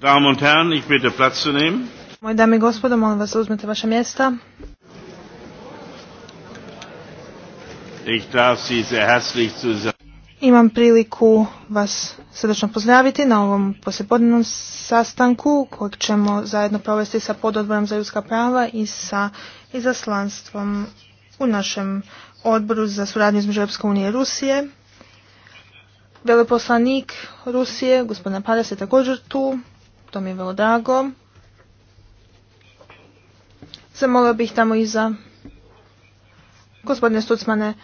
Damen ich Moje dame i gospodo, molim vas da uzmete vaša mjesta. imam priliku vas srdečno pozdraviti na ovom poslijepodnevnom sastanku kojeg ćemo zajedno provesti sa pododborom za ljudska prava i sa izaslanstvom u našem odboru za suradnju između Europske unije i Rusije. Veleposlanik Rusije, gospodina Paras, je također tu to mi je vrlo drago. Zamolio bih tamo iza. Gospodine Stucmane,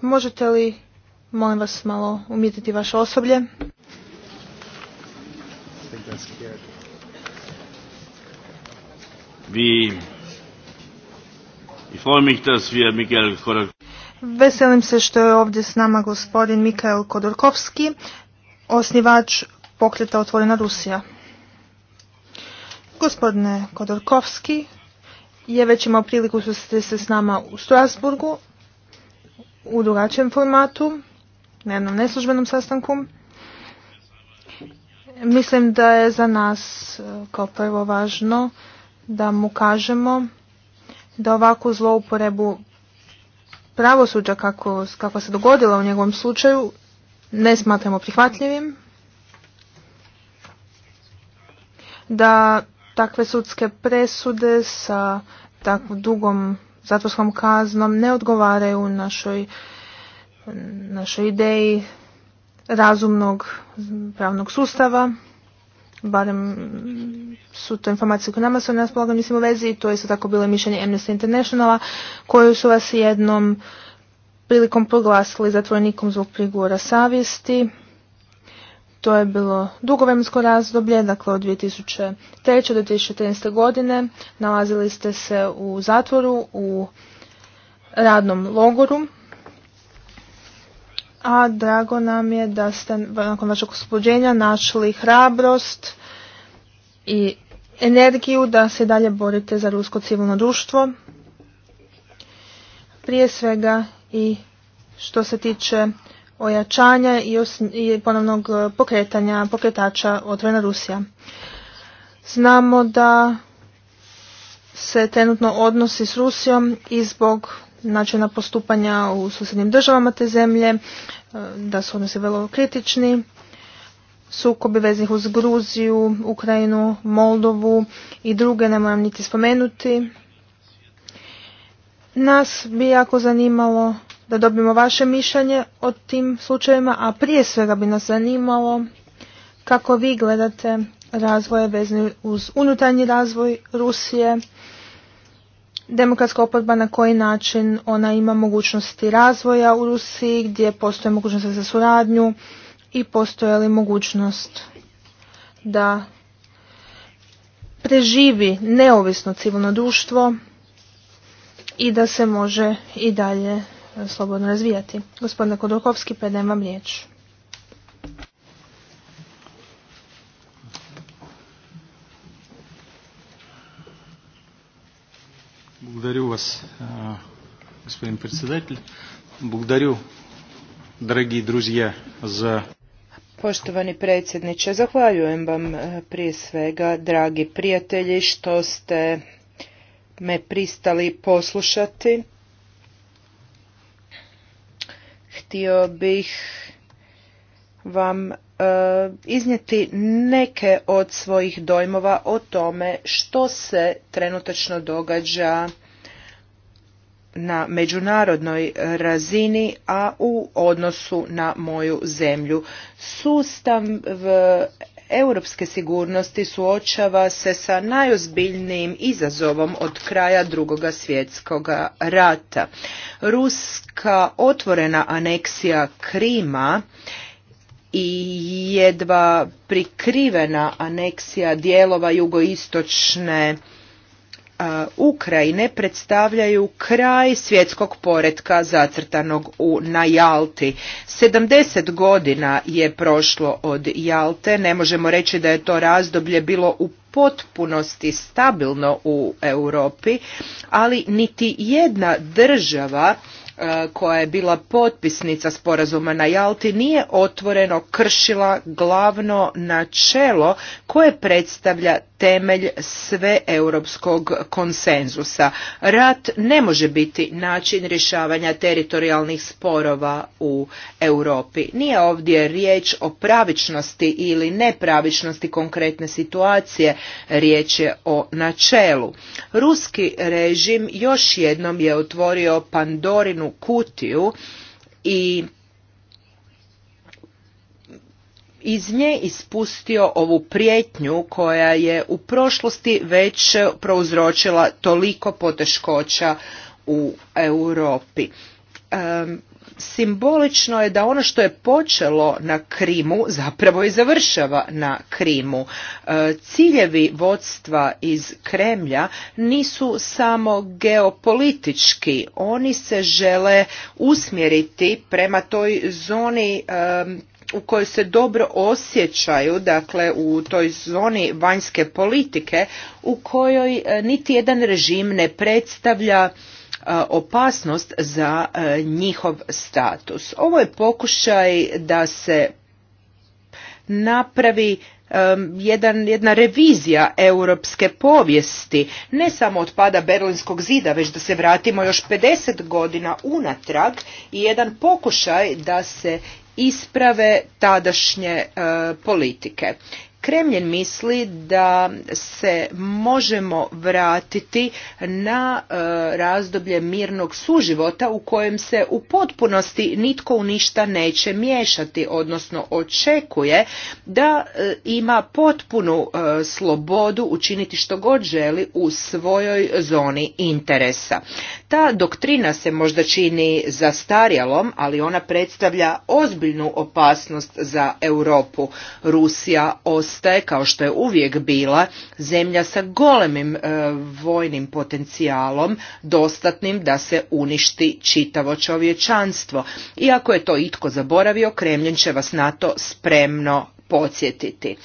možete li, molim vas, malo umjetiti vaše osoblje? Veselim se što je ovdje s nama gospodin Mikael Kodorkovski, osnivač pokreta Otvorena Rusija. Gospodine Kodorkovski je već imao priliku su se s nama u Strasburgu u drugačijem formatu, na jednom neslužbenom sastanku. Mislim da je za nas e, kao prvo važno da mu kažemo da ovakvu zlouporebu pravosuđa kako, kako se dogodila u njegovom slučaju ne smatramo prihvatljivim. Da takve sudske presude sa takvom dugom zatvorskom kaznom ne odgovaraju našoj, našoj ideji razumnog pravnog sustava, barem su to informacije koje nama su nas raspolaganju mislim u vezi to je isto tako bilo mišljenje Amnesty Internationala koju su vas jednom prilikom proglasili zatvorenikom zbog prigovora savjesti to je bilo dugovemsko razdoblje, dakle od 2003. do 2013. godine. Nalazili ste se u zatvoru, u radnom logoru. A drago nam je da ste nakon vašeg uspođenja našli hrabrost i energiju da se dalje borite za rusko civilno društvo. Prije svega i što se tiče ojačanja i, ponovnog e, pokretanja pokretača otvorena Rusija. Znamo da se trenutno odnosi s Rusijom i zbog načina postupanja u susjednim državama te zemlje, e, da su odnosi vrlo kritični, sukobi veznih uz Gruziju, Ukrajinu, Moldovu i druge ne moram niti spomenuti. Nas bi jako zanimalo da dobijemo vaše mišljenje o tim slučajevima, a prije svega bi nas zanimalo kako vi gledate razvoje vezne uz unutarnji razvoj Rusije, demokratska oporba na koji način ona ima mogućnosti razvoja u Rusiji, gdje postoje mogućnosti za suradnju i postoje li mogućnost da preživi neovisno civilno društvo i da se može i dalje slobodno razvijati. Gospodine Kodokovski, predajem vam riječ. Благодарю вас, господин председатель. Благодарю, дорогие друзья, за... Poštovani predsjedniče, zahvaljujem vam prije svega, dragi prijatelji, što ste me pristali poslušati htio bih vam e, iznijeti neke od svojih dojmova o tome što se trenutačno događa na međunarodnoj razini, a u odnosu na moju zemlju. Sustav europske sigurnosti suočava se sa najozbiljnijim izazovom od kraja drugoga svjetskog rata. Ruska otvorena aneksija Krima i jedva prikrivena aneksija dijelova jugoistočne Ukrajine predstavljaju kraj svjetskog poretka zacrtanog u, na Jalti. 70 godina je prošlo od Jalte, ne možemo reći da je to razdoblje bilo u potpunosti stabilno u Europi, ali niti jedna država koja je bila potpisnica sporazuma na Jalti nije otvoreno kršila glavno načelo koje predstavlja temelj sveeuropskog konsenzusa. Rat ne može biti način rješavanja teritorijalnih sporova u Europi. Nije ovdje riječ o pravičnosti ili nepravičnosti konkretne situacije, riječ je o načelu. Ruski režim još jednom je otvorio Pandorinu kutiju i iz nje ispustio ovu prijetnju koja je u prošlosti već prouzročila toliko poteškoća u Europi. simbolično je da ono što je počelo na Krimu zapravo i završava na Krimu. E, ciljevi vodstva iz Kremlja nisu samo geopolitički, oni se žele usmjeriti prema toj zoni u kojoj se dobro osjećaju, dakle u toj zoni vanjske politike u kojoj e, niti jedan režim ne predstavlja e, opasnost za e, njihov status. Ovo je pokušaj da se napravi jedan, jedna revizija europske povijesti, ne samo od pada Berlinskog zida, već da se vratimo još 50 godina unatrag i jedan pokušaj da se isprave tadašnje e, politike. Kremljen misli da se možemo vratiti na e, razdoblje mirnog suživota u kojem se u potpunosti nitko u ništa neće miješati, odnosno očekuje da e, ima potpunu slobodu učiniti što god želi u svojoj zoni interesa. Ta doktrina se možda čini zastarjalom, ali ona predstavlja ozbiljnu opasnost za Europu. Rusija ostaje, kao što je uvijek bila, zemlja sa golemim e, vojnim potencijalom, dostatnim da se uništi čitavo čovječanstvo. Iako je to itko zaboravio, Kremljen će vas na to spremno podsjetiti.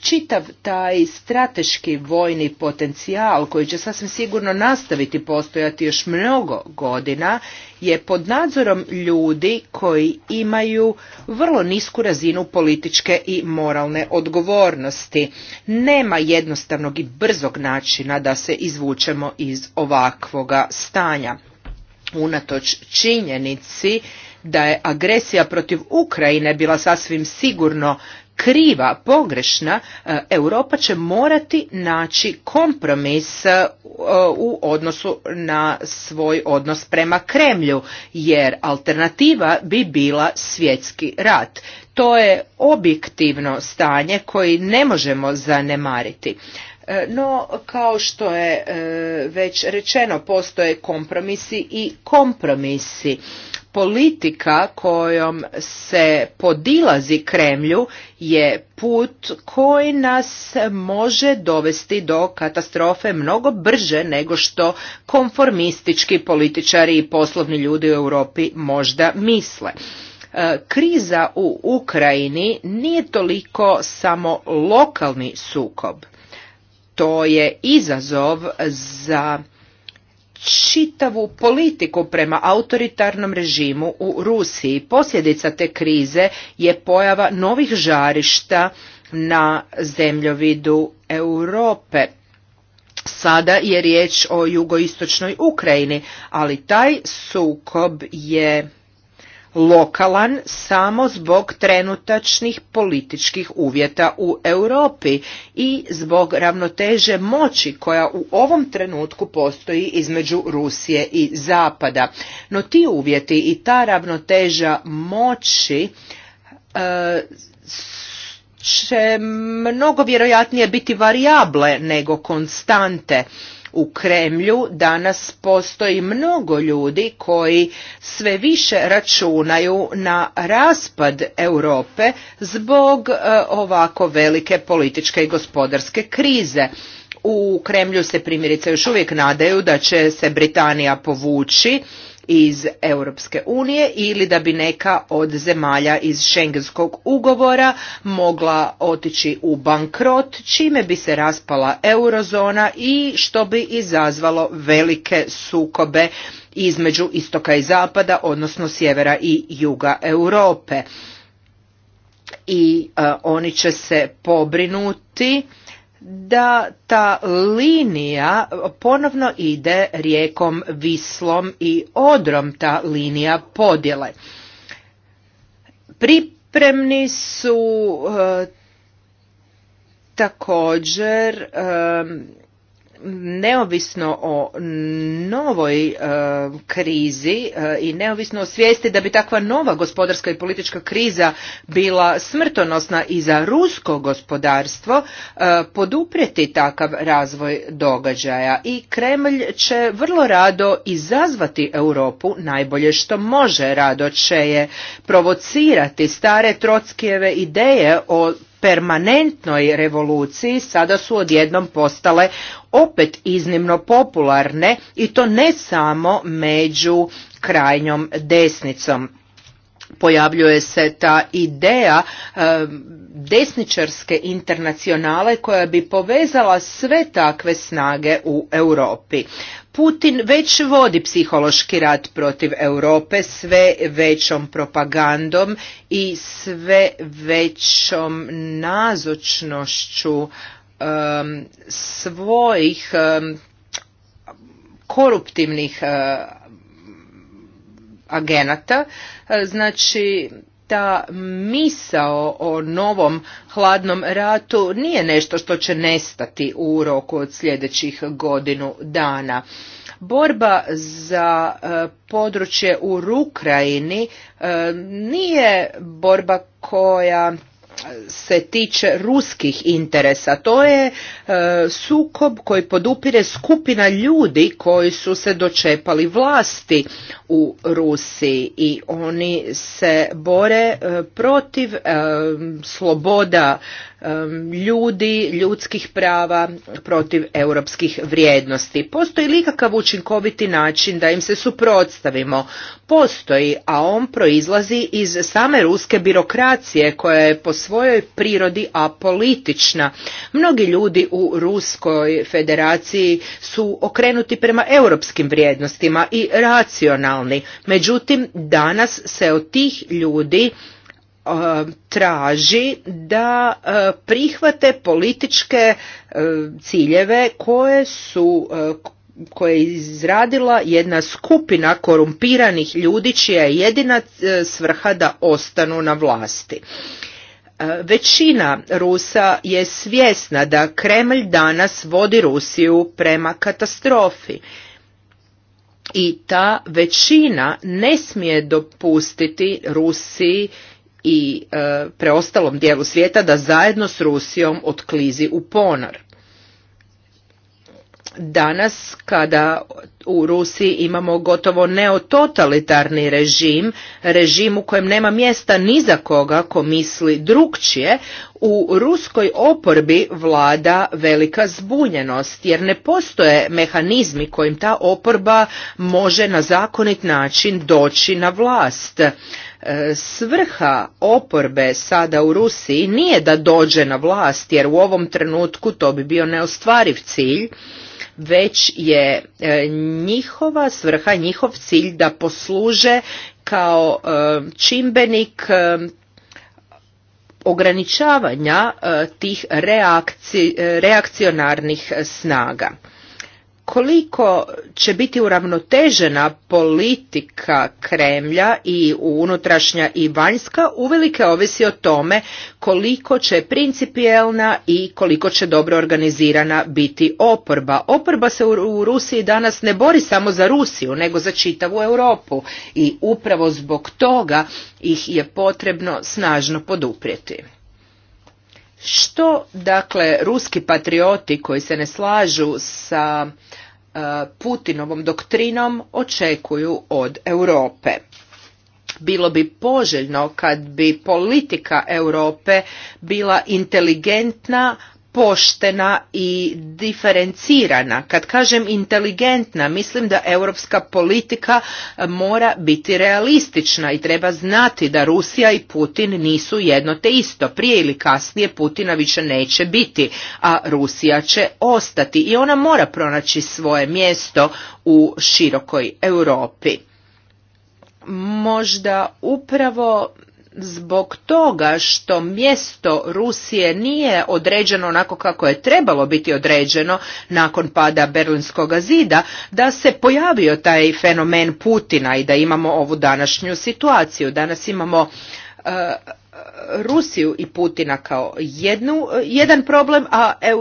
Čitav taj strateški vojni potencijal koji će sasvim sigurno nastaviti postojati još mnogo godina je pod nadzorom ljudi koji imaju vrlo nisku razinu političke i moralne odgovornosti. Nema jednostavnog i brzog načina da se izvučemo iz ovakvoga stanja. Unatoč činjenici da je agresija protiv Ukrajine bila sasvim sigurno kriva, pogrešna, e, Europa će morati naći kompromis e, u odnosu na svoj odnos prema Kremlju, jer alternativa bi bila svjetski rat. To je objektivno stanje koji ne možemo zanemariti. E, no, kao što je već rečeno, postoje kompromisi i kompromisi politika kojom se podilazi Kremlju je put koji nas može dovesti do katastrofe mnogo brže nego što konformistički političari i poslovni ljudi u Europi možda misle e, kriza u Ukrajini nije toliko samo lokalni sukob. To je izazov za čitavu politiku prema autoritarnom režimu u Rusiji. Posljedica te krize je pojava novih žarišta na zemljovidu Europe. Sada je riječ o jugoistočnoj Ukrajini, ali taj sukob je lokalan samo zbog trenutačnih političkih uvjeta u Europi i zbog ravnoteže moći koja u ovom trenutku postoji između Rusije i Zapada. No ti uvjeti i ta ravnoteža moći e, će mnogo vjerojatnije biti variable nego konstante u Kremlju danas postoji mnogo ljudi koji sve više računaju na raspad Europe zbog e, ovako velike političke i gospodarske krize. U Kremlju se primjerice još uvijek nadaju da će se Britanija povući iz Europske unije ili da bi neka od zemalja iz Schengenskog ugovora mogla otići u bankrot, čime bi se raspala eurozona i što bi izazvalo velike sukobe između istoka i zapada, odnosno sjevera i juga Europe. I e, oni će se pobrinuti da ta linija ponovno ide rijekom Vislom i Odrom ta linija podjele. Pripremni su eh, također eh, neovisno o novoj e, krizi e, i neovisno o svijesti da bi takva nova gospodarska i politička kriza bila smrtonosna i za rusko gospodarstvo e, poduprijeti takav razvoj događaja i Kremlj će vrlo rado izazvati Europu najbolje što može rado će je provocirati stare trockijeve ideje o permanentnoj revoluciji sada su odjednom postale opet iznimno popularne i to ne samo među krajnjom desnicom pojavljuje se ta ideja e, desničarske internacionale koja bi povezala sve takve snage u Europi. Putin već vodi psihološki rat protiv Europe sve većom propagandom i sve većom nazočnošću svojih koruptivnih agenata. Znači, ta misao o novom hladnom ratu nije nešto što će nestati u roku od sljedećih godinu dana. Borba za e, područje u Ukrajini e, nije borba koja se tiče ruskih interesa. To je e, sukob koji podupire skupina ljudi koji su se dočepali vlasti u Rusiji i oni se bore e, protiv e, sloboda ljudi, ljudskih prava protiv europskih vrijednosti. Postoji li ikakav učinkoviti način da im se suprotstavimo? Postoji, a on proizlazi iz same ruske birokracije koja je po svojoj prirodi apolitična. Mnogi ljudi u Ruskoj federaciji su okrenuti prema europskim vrijednostima i racionalni. Međutim, danas se od tih ljudi Eh, traži da eh, prihvate političke eh, ciljeve koje su koje je izradila jedna skupina korumpiranih ljudi čija je jedina svrha da ostanu na vlasti. Većina Rusa je svjesna da Kremlj danas vodi Rusiju prema katastrofi i ta većina ne smije dopustiti Rusiji i e, preostalom dijelu svijeta da zajedno s Rusijom otklizi u ponor. Danas kada u Rusiji imamo gotovo neototalitarni režim, režim u kojem nema mjesta ni za koga ko misli drukčije, u ruskoj oporbi vlada velika zbunjenost jer ne postoje mehanizmi kojim ta oporba može na zakonit način doći na vlast. E, svrha oporbe sada u Rusiji nije da dođe na vlast, jer u ovom trenutku to bi bio neostvariv cilj, već je e, njihova svrha, njihov cilj da posluže kao e, čimbenik ograničavanja tih reakcionarnih snaga koliko će biti uravnotežena politika Kremlja i unutrašnja i vanjska uvelike ovisi o tome koliko će principijelna i koliko će dobro organizirana biti oporba. Oporba se u Rusiji danas ne bori samo za Rusiju nego za čitavu Europu i upravo zbog toga ih je potrebno snažno poduprijeti. Što dakle ruski patrioti koji se ne slažu sa E, Putinovom doktrinom očekuju od Europe. Bilo bi poželjno kad bi politika Europe bila inteligentna, poštena i diferencirana. Kad kažem inteligentna, mislim da europska politika mora biti realistična i treba znati da Rusija i Putin nisu jedno te isto. Prije ili kasnije Putina više neće biti, a Rusija će ostati i ona mora pronaći svoje mjesto u širokoj Europi možda upravo zbog toga što mjesto Rusije nije određeno onako kako je trebalo biti određeno nakon pada Berlinskog zida, da se pojavio taj fenomen Putina i da imamo ovu današnju situaciju. Danas imamo e, Rusiju i Putina kao jednu, jedan problem, a e,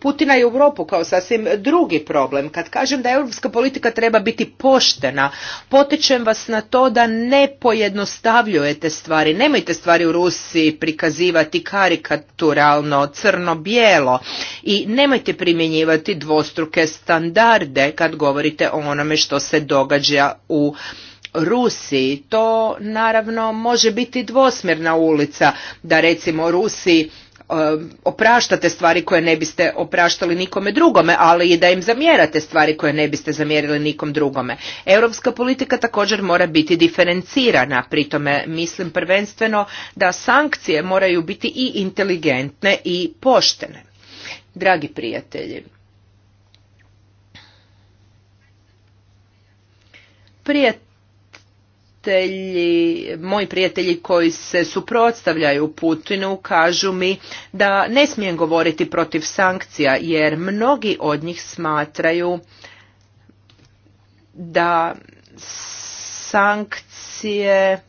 Putina i Europu kao sasvim drugi problem. Kad kažem da europska politika treba biti poštena, potičem vas na to da ne pojednostavljujete stvari. Nemojte stvari u Rusiji prikazivati karikaturalno, crno-bijelo i nemojte primjenjivati dvostruke standarde kad govorite o onome što se događa u Rusiji. To naravno može biti dvosmjerna ulica, da recimo Rusiji e, opraštate stvari koje ne biste opraštali nikome drugome, ali i da im zamjerate stvari koje ne biste zamjerili nikom drugome. Europska politika također mora biti diferencirana, pritome mislim prvenstveno da sankcije moraju biti i inteligentne i poštene. Dragi prijatelji, prije prijatelji, moji prijatelji koji se suprotstavljaju Putinu kažu mi da ne smijem govoriti protiv sankcija jer mnogi od njih smatraju da sankcije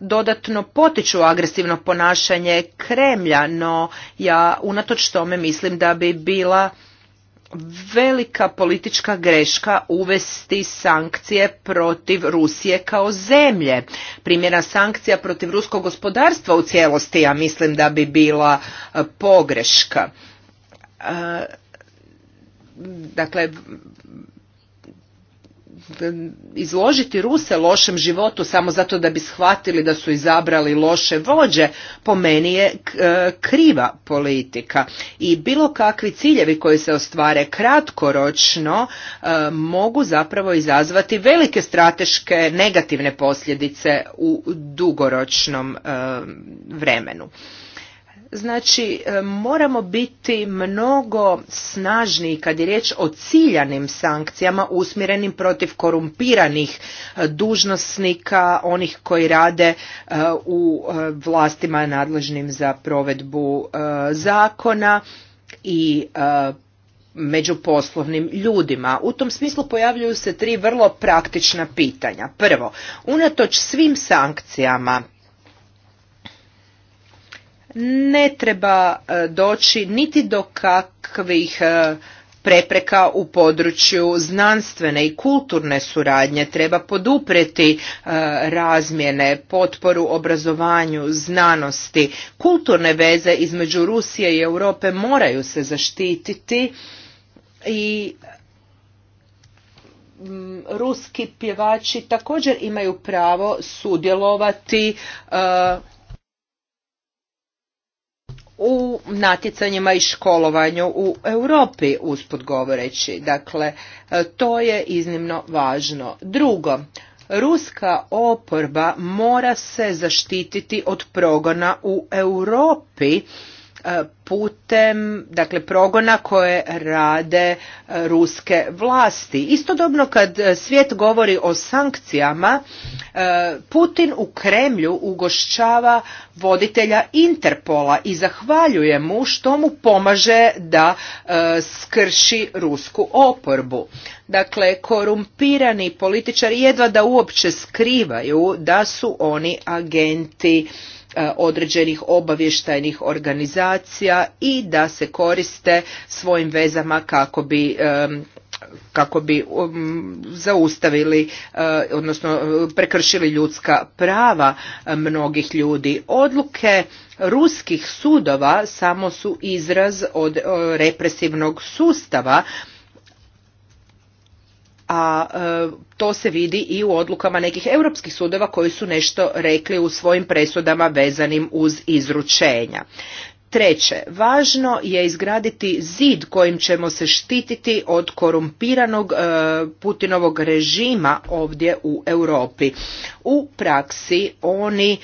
dodatno potiču agresivno ponašanje Kremlja, no ja unatoč tome mislim da bi bila velika politička greška uvesti sankcije protiv Rusije kao zemlje. Primjera sankcija protiv ruskog gospodarstva u cijelosti ja mislim da bi bila e, pogreška. E, dakle, izložiti Ruse lošem životu samo zato da bi shvatili da su izabrali loše vođe, po meni je e, kriva politika. I bilo kakvi ciljevi koji se ostvare kratkoročno e, mogu zapravo izazvati velike strateške negativne posljedice u dugoročnom e, vremenu. Znači, e, moramo biti mnogo snažniji kad je riječ o ciljanim sankcijama usmjerenim protiv korumpiranih e, dužnosnika, onih koji rade e, u vlastima nadležnim za provedbu zakona i među poslovnim ljudima. U tom smislu pojavljuju se tri vrlo praktična pitanja. Prvo, unatoč svim sankcijama ne treba e, doći niti do kakvih e, prepreka u području znanstvene i kulturne suradnje treba podupreti e, razmjene potporu obrazovanju znanosti kulturne veze između Rusije i Europe moraju se zaštititi i ruski pjevači također imaju pravo sudjelovati u u natjecanjima i školovanju u Europi usput govoreći. Dakle, e, to je iznimno važno. Drugo, ruska oporba mora se zaštititi od progona u Europi E, putem dakle progona koje rade e, ruske vlasti. Istodobno kad svijet govori o sankcijama, e, Putin u Kremlju ugošćava voditelja Interpola i zahvaljuje mu što mu pomaže da skrši rusku oporbu. Dakle, korumpirani političari jedva da uopće skrivaju da su oni agenti E, određenih obavještajnih organizacija i da se koriste svojim vezama kako bi e, kako bi um, zaustavili e, odnosno prekršili ljudska prava mnogih ljudi odluke ruskih sudova samo su izraz od represivnog sustava a e, to se vidi i u odlukama nekih europskih sudova koji su nešto rekli u svojim presudama vezanim uz izručenja Treće, važno je izgraditi zid kojim ćemo se štititi od korumpiranog e, Putinovog režima ovdje u Europi. U praksi oni e,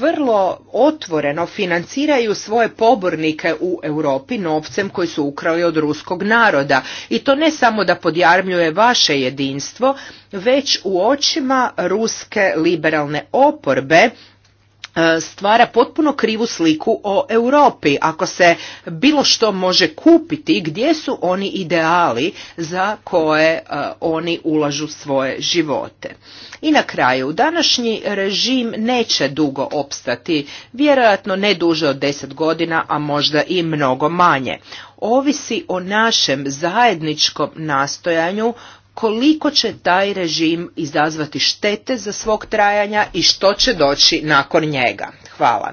vrlo otvoreno financiraju svoje pobornike u Europi novcem koji su ukrali od ruskog naroda. I to ne samo da podjarmljuje vaše jedinstvo, već u očima ruske liberalne oporbe E, stvara potpuno krivu sliku o Europi. Ako se bilo što može kupiti, gdje su oni ideali za koje e, oni ulažu svoje živote. I na kraju, današnji režim neće dugo opstati, vjerojatno ne duže od deset godina, a možda i mnogo manje. Ovisi o našem zajedničkom nastojanju koliko će taj režim izazvati štete za svog trajanja i što će doći nakon njega. Hvala.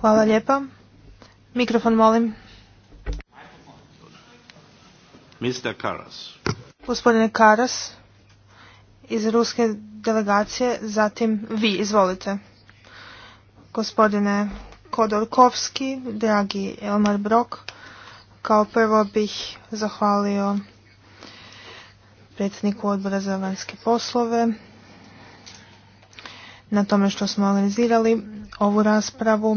Hvala lijepa. Mikrofon molim. Mr. Karas. Gospodine Karas iz ruske delegacije, zatim vi, izvolite. Gospodine Kodorkovski, dragi Elmar Brok, kao prvo bih zahvalio predsjedniku odbora za vanjske poslove na tome što smo organizirali ovu raspravu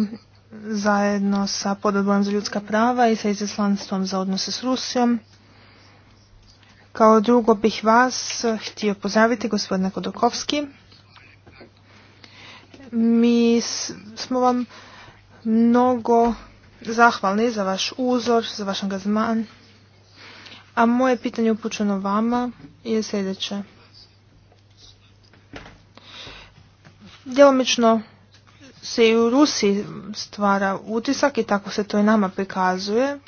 zajedno sa pododborom za ljudska prava i sa izaslanstvom za odnose s Rusijom. Kao drugo bih vas htio pozdraviti gospodine Kodorkovski. Mi smo vam mnogo zahvalni za vaš uzor, za vaš angazman. A moje pitanje upućeno vama je sljedeće. Djelomično se i u Rusiji stvara utisak i tako se to i nama prikazuje,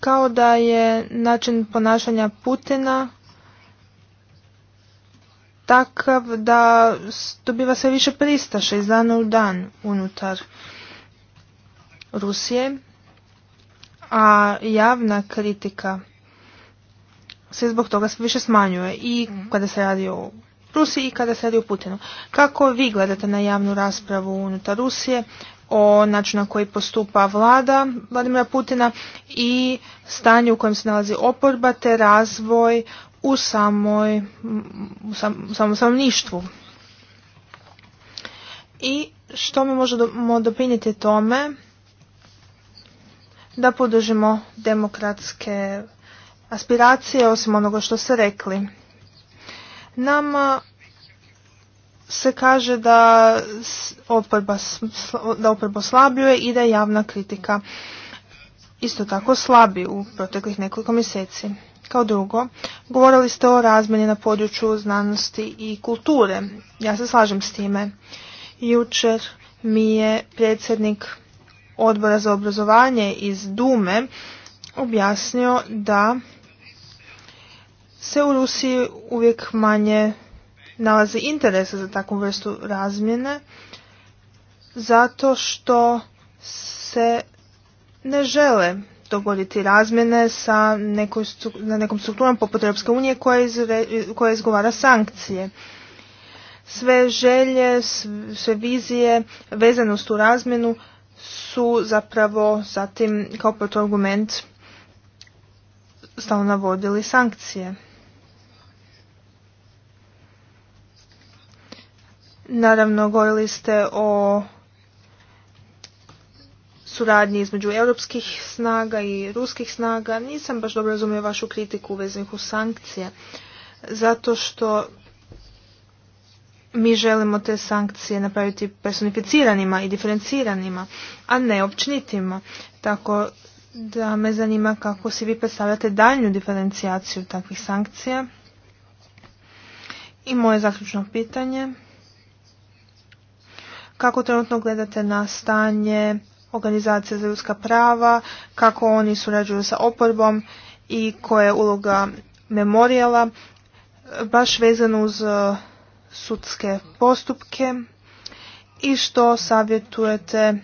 kao da je način ponašanja Putina takav da dobiva sve više pristaša iz dana u dan unutar Rusije, a javna kritika se zbog toga sve više smanjuje i kada se radi o Rusiji i kada se radi o Putinu. Kako vi gledate na javnu raspravu unutar Rusije o načinu na koji postupa vlada Vladimira Putina i stanje u kojem se nalazi oporba te razvoj u, samoj, u, sam, samom stanovništvu. I što mi možemo doprinijeti tome da podržimo demokratske aspiracije osim onoga što ste rekli. Nama se kaže da oporba, da oporba slabljuje i da je javna kritika isto tako slabi u proteklih nekoliko mjeseci. Kao drugo, govorili ste o razmjeni na području znanosti i kulture. Ja se slažem s time. Jučer mi je predsjednik odbora za obrazovanje iz Dume objasnio da se u Rusiji uvijek manje nalazi interesa za takvu vrstu razmjene zato što se ne žele dogoditi razmjene sa nekoj, na nekom strukturom poput Europske unije koja, koja izgovara sankcije. Sve želje, sve vizije vezane uz tu razmjenu su zapravo zatim kao argument stalno navodili sankcije. Naravno, govorili ste o suradnji između europskih snaga i ruskih snaga. Nisam baš dobro razumio vašu kritiku veznih u sankcije, zato što mi želimo te sankcije napraviti personificiranima i diferenciranima, a ne općenitima. Tako da me zanima kako si vi predstavljate daljnju diferencijaciju takvih sankcija. I moje zaključno pitanje. Kako trenutno gledate na stanje Organizacija za ljudska prava, kako oni surađuju sa oporbom i koja je uloga memorijala, baš vezano uz e, sudske postupke i što savjetujete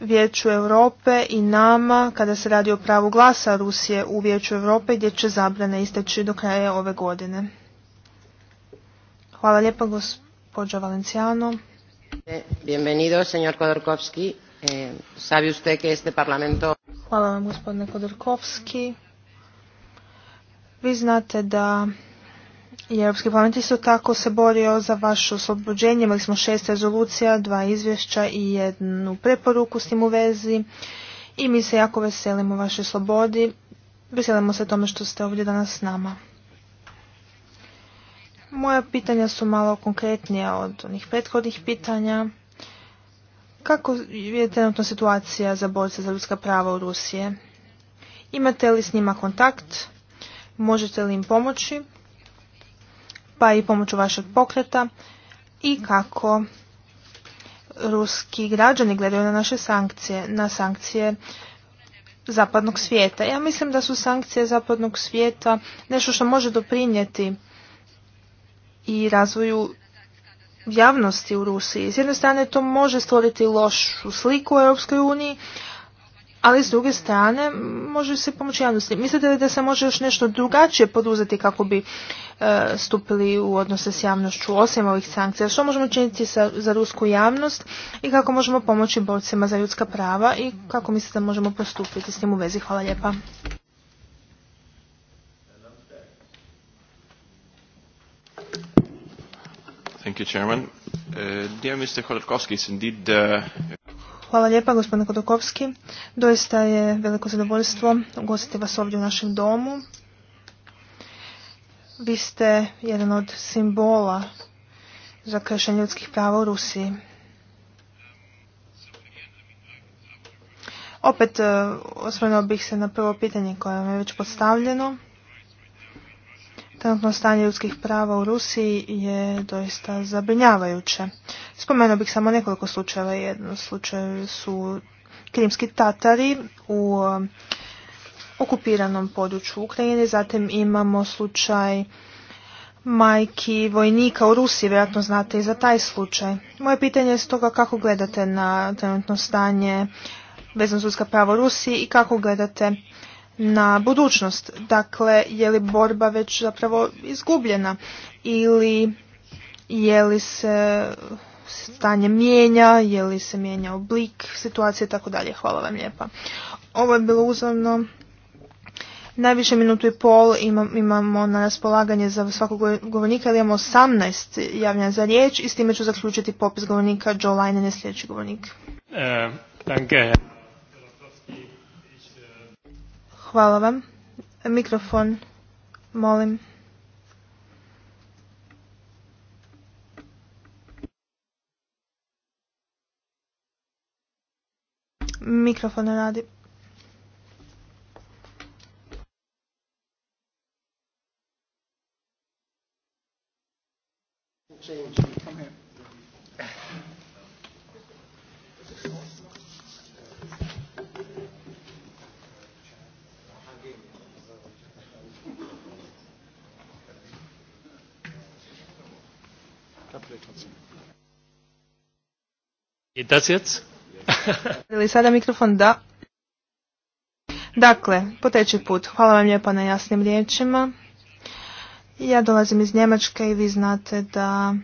Vijeću Europe i nama kada se radi o pravu glasa Rusije u Vijeću Europe gdje će zabrane isteći do kraja ove godine. Hvala lijepa gospođo Valenciano. Bienvenido, señor Kodorkovski. Eh, sabe usted que este Hvala vam gospodine Kodorkovski. Vi znate da i Europski parlament isto tako se borio za vaše oslobođenje. Imali smo šest rezolucija, dva izvješća i jednu preporuku s tim u vezi. I mi se jako veselimo vašoj slobodi. Veselimo se tome što ste ovdje danas s nama. Moja pitanja su malo konkretnija od onih prethodnih pitanja. Kako je trenutno situacija za borce za ljudska prava u Rusije? Imate li s njima kontakt? Možete li im pomoći? Pa i pomoću vašeg pokreta? I kako ruski građani gledaju na naše sankcije, na sankcije zapadnog svijeta. Ja mislim da su sankcije zapadnog svijeta nešto što može doprinijeti i razvoju javnosti u Rusiji. S jedne strane to može stvoriti lošu sliku u Europskoj uniji, ali s druge strane može se pomoći javnosti. Mislite li da se može još nešto drugačije poduzeti kako bi e, stupili u odnose s javnošću osim ovih sankcija? Što možemo činiti za rusku javnost i kako možemo pomoći borcima za ljudska prava i kako mislite da možemo postupiti s tim u vezi? Hvala lijepa. Thank you, Chairman. Uh, dear Mr. indeed, uh, Hvala lijepa, gospodine Kodokovski. Doista je veliko zadovoljstvo ugostiti vas ovdje u našem domu. Vi ste jedan od simbola za kršenje ljudskih prava u Rusiji. Opet uh, osvrnuo bih se na prvo pitanje koje vam je već postavljeno. Trenutno stanje ljudskih prava u Rusiji je doista zabrinjavajuće. Spomenuo bih samo nekoliko slučajeva. Jedno slučaj su krimski tatari u um, okupiranom području Ukrajine. Zatim imamo slučaj majki vojnika u Rusiji, vjerojatno znate i za taj slučaj. Moje pitanje je stoga kako gledate na trenutno stanje vezano ljudska prava u Rusiji i kako gledate na budućnost. Dakle, je li borba već zapravo izgubljena ili je li se stanje mijenja, je li se mijenja oblik situacije i tako dalje. Hvala vam lijepa. Ovo je bilo uzavno. Najviše minutu i pol imamo na raspolaganje za svakog govornika, ali imamo 18 javljanja za riječ i s time ću zaključiti popis govornika. Joe Linen je sljedeći govornik. Eh, Hvala vam. Mikrofon, molim. Mikrofon ne radi. Change. Come here. Geht das Ili sada mikrofon? Da. Dakle, po treći put. Hvala vam lijepa na jasnim riječima. Ja dolazim iz Njemačke i vi znate da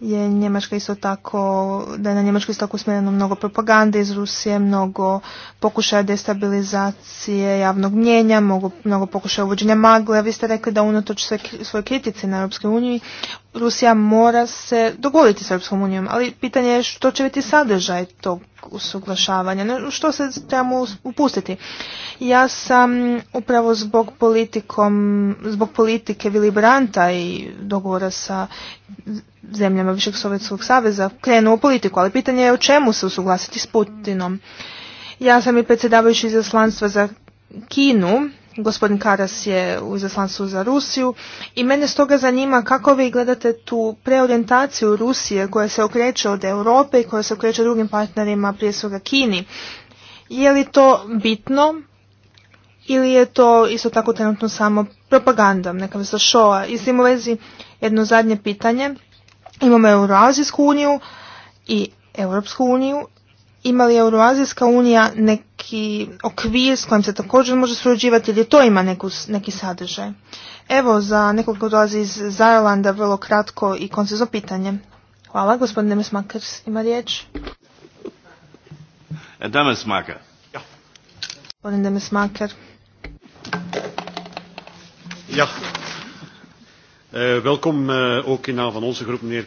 je Njemačka isto tako, da je na Njemačku isto tako usmjereno mnogo propagande iz Rusije, mnogo pokušaja destabilizacije javnog mnjenja, mnogo, pokušaja uvođenja magle. Vi ste rekli da unatoč svoj kritici na Europskoj uniji Rusija mora se dogoditi s Europskom unijom, ali pitanje je što će biti sadržaj tog usuglašavanja, što se trebamo upustiti. Ja sam upravo zbog, politikom, zbog politike Vili Branta i dogovora sa zemljama Višeg Sovjetskog saveza krenuo u politiku, ali pitanje je o čemu se usuglasiti s Putinom. Ja sam i predsjedavajući izaslanstva za Kinu Gospodin Karas je u izaslanstvu za Rusiju i mene stoga zanima kako vi gledate tu preorientaciju Rusije koja se okreće od Europe i koja se okreće drugim partnerima, prije svega Kini. Je li to bitno ili je to isto tako trenutno samo propaganda, neka vrsta šoa? I s tim u vezi jedno zadnje pitanje. Imamo Euroazijsku uniju i Europsku uniju ima li Euroazijska unija neki okvir s kojim se također može surađivati ili to ima neku, neki sadržaj? Evo za nekog ko dolazi iz Zajlanda, vrlo kratko i koncizno pitanje. Hvala, gospodine Mesmakers ima riječ. E, makar Ja. Gospodin Smaker. Ja. E, welkom eh, ook in naam van onze groep, meneer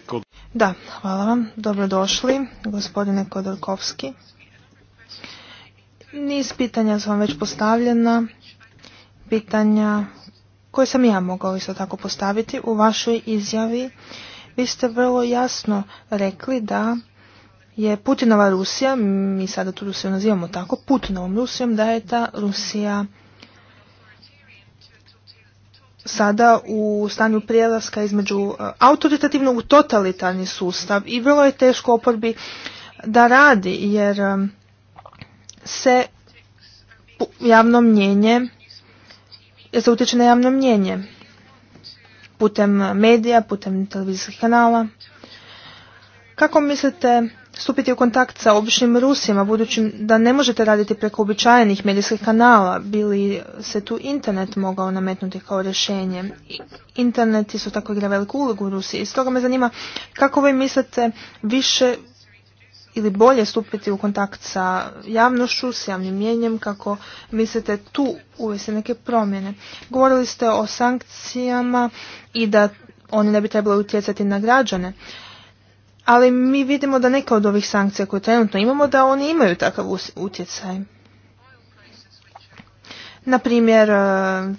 da, hvala vam. Dobrodošli, gospodine Kodorkovski. Niz pitanja su vam već postavljena. Pitanja koje sam ja mogao isto tako postaviti. U vašoj izjavi vi ste vrlo jasno rekli da je Putinova Rusija, mi sada tu Rusiju nazivamo tako, Putinovom Rusijom, da je ta Rusija sada u stanju prijelaska između e, autoritativnog u totalitarni sustav i vrlo je teško oporbi da radi jer e, se javno mnjenje jer se utječe na javno mnjenje putem medija, putem televizijskih kanala. Kako mislite stupiti u kontakt sa običnim Rusima, budući da ne možete raditi preko običajenih medijskih kanala, bili se tu internet mogao nametnuti kao rješenje. Internet su tako igra veliku ulogu u Rusiji. I stoga me zanima kako vi mislite više ili bolje stupiti u kontakt sa javnošću, s javnim mjenjem, kako mislite tu uvesti neke promjene. Govorili ste o sankcijama i da oni ne bi trebali utjecati na građane ali mi vidimo da neka od ovih sankcija koje trenutno imamo, da oni imaju takav utjecaj. Na primjer, e,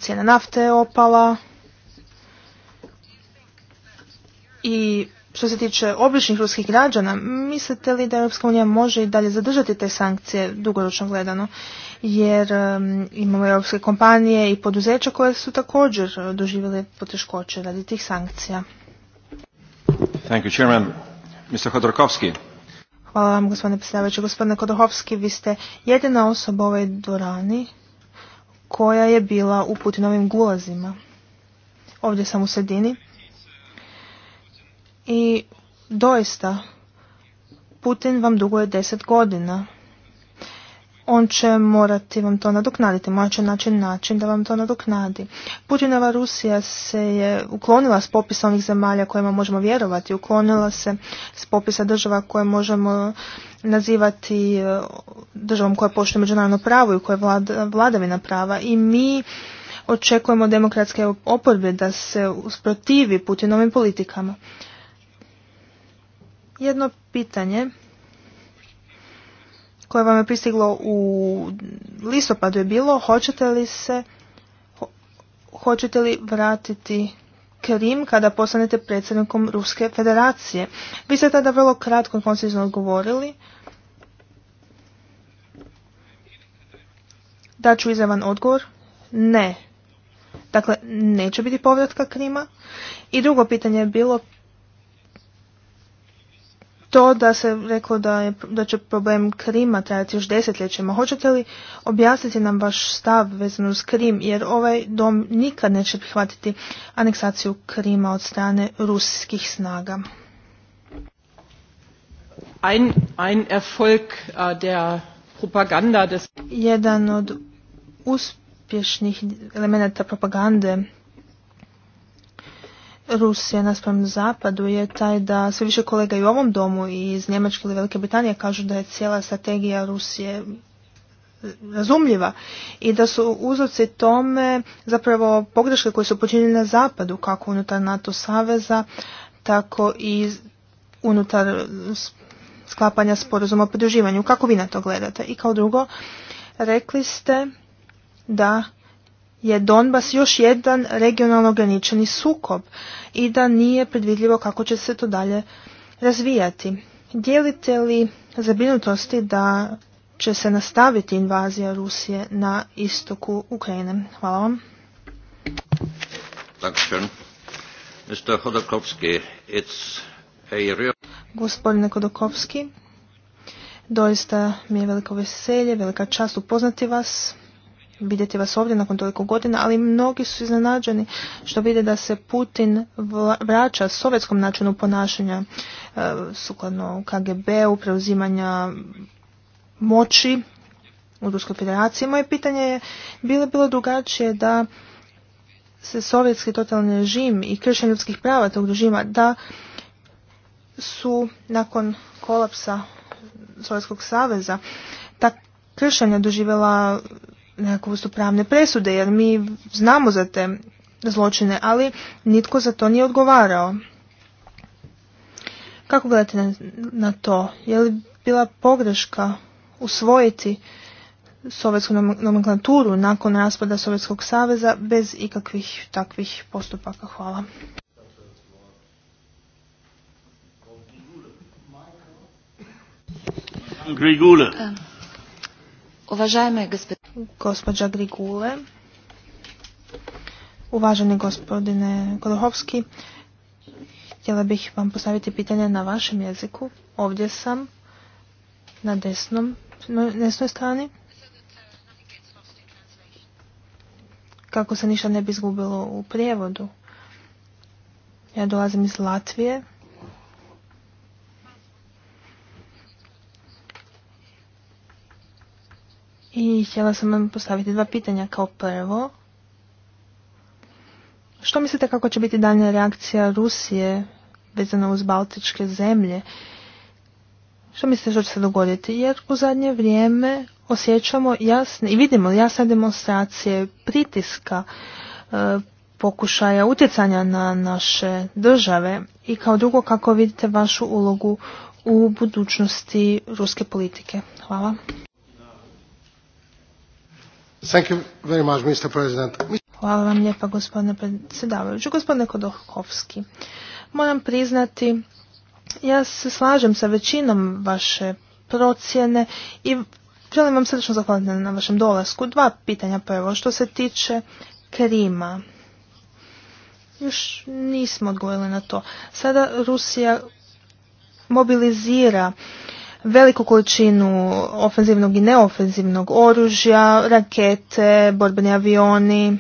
cijena nafte je opala i što se tiče običnih ruskih građana, mislite li da Europska unija može i dalje zadržati te sankcije dugoročno gledano? Jer e, imamo europske kompanije i poduzeća koje su također e, doživjele poteškoće radi tih sankcija. Mr. Hvala vam, gospodine predsjedavajući. Gospodine Kodohovski, vi ste jedina osoba u ovoj dvorani koja je bila u Putinovim gulazima. Ovdje sam u sredini. I doista, Putin vam duguje deset godina on će morati vam to nadoknaditi, Moja će naći način da vam to nadoknadi. Putinova Rusija se je uklonila s popisa onih zemalja kojima možemo vjerovati, uklonila se s popisa država koje možemo nazivati e, državom koja poštuje međunarodno pravo i koja je vladavina prava i mi očekujemo demokratske oporbe da se usprotivi Putinovim politikama. Jedno pitanje koje vam je pristiglo u listopadu je bilo hoćete li se hoćete li vratiti Krim kada postanete predsjednikom Ruske federacije. Vi ste tada vrlo kratko i koncizno odgovorili da ću izravan odgovor ne. Dakle, neće biti povratka Krima. I drugo pitanje je bilo to da se reklo da, je, da će problem Krima trajati još desetljećima. Hoćete li objasniti nam vaš stav vezan uz Krim, jer ovaj dom nikad neće prihvatiti aneksaciju Krima od strane ruskih snaga? Ein, ein Erfolg äh, der Propaganda des... Jedan od uspješnih elemenata propagande Rusije naspram zapadu je taj da sve više kolega i u ovom domu i iz Njemačke ili Velike Britanije kažu da je cijela strategija Rusije razumljiva i da su uzroci tome zapravo pogreške koje su počinjene na zapadu kako unutar NATO saveza tako i unutar sklapanja sporazuma o pridruživanju. Kako vi na to gledate? I kao drugo, rekli ste da je Donbas još jedan regionalno ograničeni sukob i da nije predvidljivo kako će se to dalje razvijati. Dijelite li zabrinutosti da će se nastaviti invazija Rusije na istoku Ukrajine? Hvala vam. Gospodine Kodokovski, doista mi je veliko veselje, velika čast upoznati vas vidjeti vas ovdje nakon toliko godina, ali mnogi su iznenađeni što vide da se Putin vraća sovjetskom načinu ponašanja e, sukladno KGB-u, preuzimanja moći u Ruskoj federaciji. Moje pitanje je, bilo bilo drugačije da se sovjetski totalni režim i kršenje ljudskih prava tog režima, da su nakon kolapsa Sovjetskog saveza ta kršenja doživjela nekakvu su pravne presude, jer mi znamo za te zločine, ali nitko za to nije odgovarao. Kako gledate na, to? Je li bila pogreška usvojiti sovjetsku nomenklaturu nakon raspada Sovjetskog saveza bez ikakvih takvih postupaka? Hvala. Um, Uvažajme gospođa Grigule, uvaženi gospodine Golohovski, htjela bih vam postaviti pitanje na vašem jeziku. Ovdje sam, na desnom, na desnoj strani. Kako se ništa ne bi izgubilo u prijevodu. Ja dolazim iz Latvije. I htjela sam vam postaviti dva pitanja. Kao prvo, što mislite kako će biti daljnja reakcija Rusije vezana uz Baltičke zemlje? Što mislite što će se dogoditi? Jer u zadnje vrijeme osjećamo jasne i vidimo jasne demonstracije pritiska, e, pokušaja utjecanja na naše države i kao drugo kako vidite vašu ulogu u budućnosti ruske politike. Hvala. Hvala vam lijepa gospodine predsjedavajući. Gospodine Kodohovski, moram priznati, ja se slažem sa većinom vaše procjene i želim vam srdečno zahvaliti na vašem dolasku. Dva pitanja prvo. Što se tiče Krima, još nismo odgovorili na to. Sada Rusija mobilizira veliku količinu ofenzivnog i neofenzivnog oružja, rakete, borbeni avioni,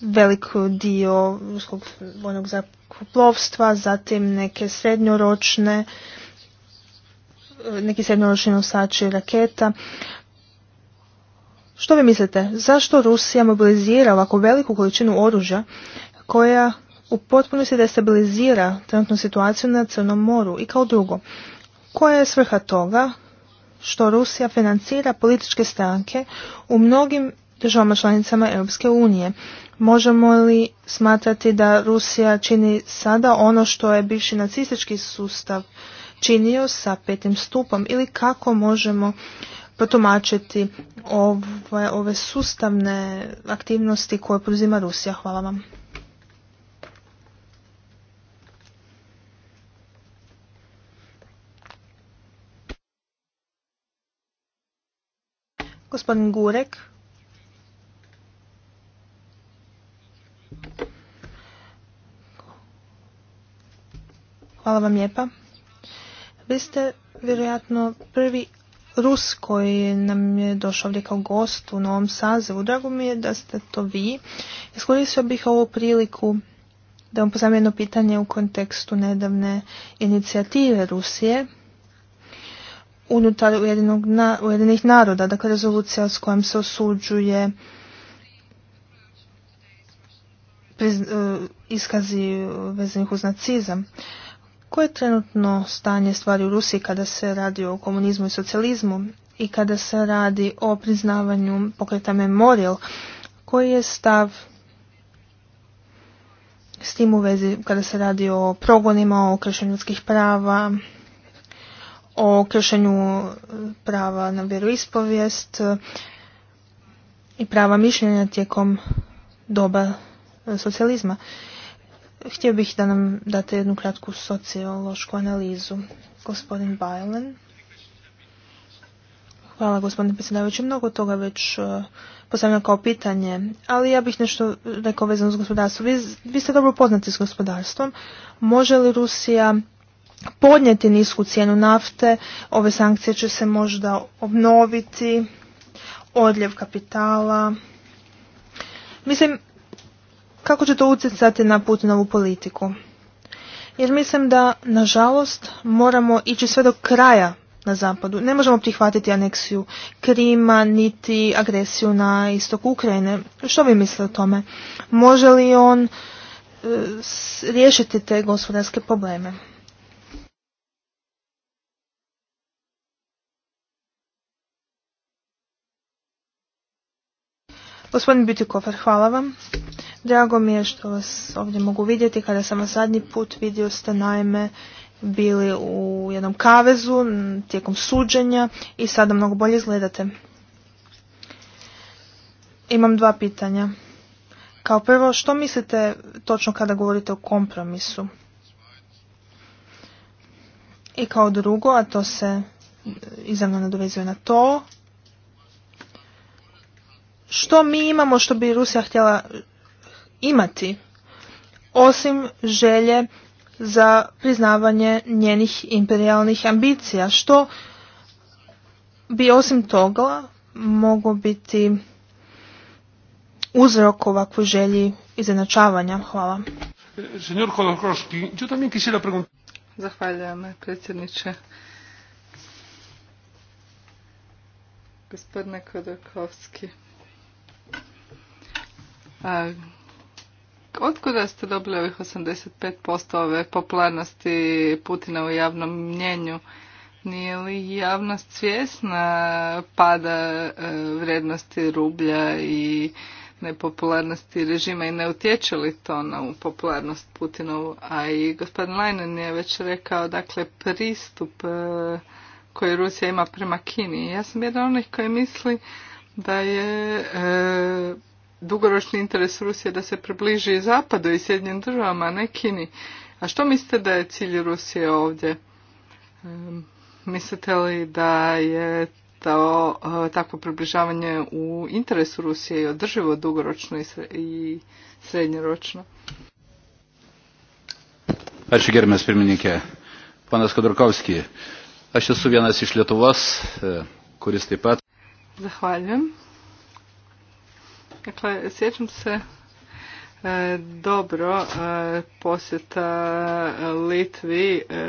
velik dio ruskog vojnog zakuplovstva, zatim neke srednjoročne neki srednjoročni nosači raketa. Što vi mislite, zašto Rusija mobilizira ovako veliku količinu oružja koja u potpunosti destabilizira trenutnu situaciju na Crnom moru. I kao drugo, koja je svrha toga što Rusija financira političke stranke u mnogim državama članicama Europske unije? Možemo li smatrati da Rusija čini sada ono što je bivši nacistički sustav činio sa petim stupom ili kako možemo protumačiti ove, ove sustavne aktivnosti koje poduzima Rusija? Hvala vam. Gospodin Gurek. Hvala vam lijepa. Vi ste vjerojatno prvi Rus koji nam je došao ovdje kao gost u novom sazivu. Drago mi je da ste to vi. Iskoristio bih ovu priliku da vam poznam jedno pitanje u kontekstu nedavne inicijative Rusije unutar Ujedinog, Ujedinih naroda, dakle rezolucija s kojom se osuđuje e, iskazi vezanih uz nacizam. Koje je trenutno stanje stvari u Rusiji kada se radi o komunizmu i socijalizmu i kada se radi o priznavanju pokreta Memorial? Koji je stav s tim u vezi kada se radi o progonima, o kršenju ljudskih prava, o kršenju prava na vjeroispovijest i prava mišljenja tijekom doba e, socijalizma. Htio bih da nam date jednu kratku sociološku analizu. Gospodin Bajlen. Hvala gospodine predsjedavajući. Mnogo toga već e, postavljam kao pitanje, ali ja bih nešto rekao vezano s gospodarstvom. Vi, vi ste dobro poznati s gospodarstvom. Može li Rusija podnijeti nisku cijenu nafte, ove sankcije će se možda obnoviti, odljev kapitala. Mislim, kako će to utjecati na ovu politiku? Jer mislim da, nažalost, moramo ići sve do kraja na zapadu. Ne možemo prihvatiti aneksiju Krima, niti agresiju na istok Ukrajine. Što vi mislite o tome? Može li on e, riješiti te gospodarske probleme? Gospodin Bitikofer, hvala vam. Drago mi je što vas ovdje mogu vidjeti. Kada sam vas zadnji put vidio ste naime bili u jednom kavezu tijekom suđenja i sada mnogo bolje izgledate. Imam dva pitanja. Kao prvo, što mislite točno kada govorite o kompromisu? I kao drugo, a to se izravno nadovezuje na to, što mi imamo što bi Rusija htjela imati osim želje za priznavanje njenih imperialnih ambicija što bi osim toga moglo biti uzrok ovakvoj želji izjednačavanja. Hvala. Zahvaljujem predsjedniče. Gospodine Kodorkovski. Otkuda ste dobili ovih 85% ove popularnosti Putina u javnom mnjenju? Nije li javnost svjesna pada e, vrijednosti rublja i nepopularnosti režima i ne utječe li to na popularnost Putinovu? A i gospodin Leinen je već rekao, dakle, pristup e, koji Rusija ima prema Kini. Ja sam jedan onih koji misli da je e, dugoročni interes Rusije da se približi zapadu i Sjednim državama, ne Kini. A što mislite da je cilj Rusije ovdje? Mislite li da je to e, takvo približavanje u interesu Rusije i održivo dugoročno i srednjoročno? Ačiū gerbiamas pirmininkė. Panas Kodorkovskij. aš esu vienas iš Lietuvos, e, kuris taip pat. Zahvaljujem. Dakle, sjećam se e, dobro e, posjeta Litvi e,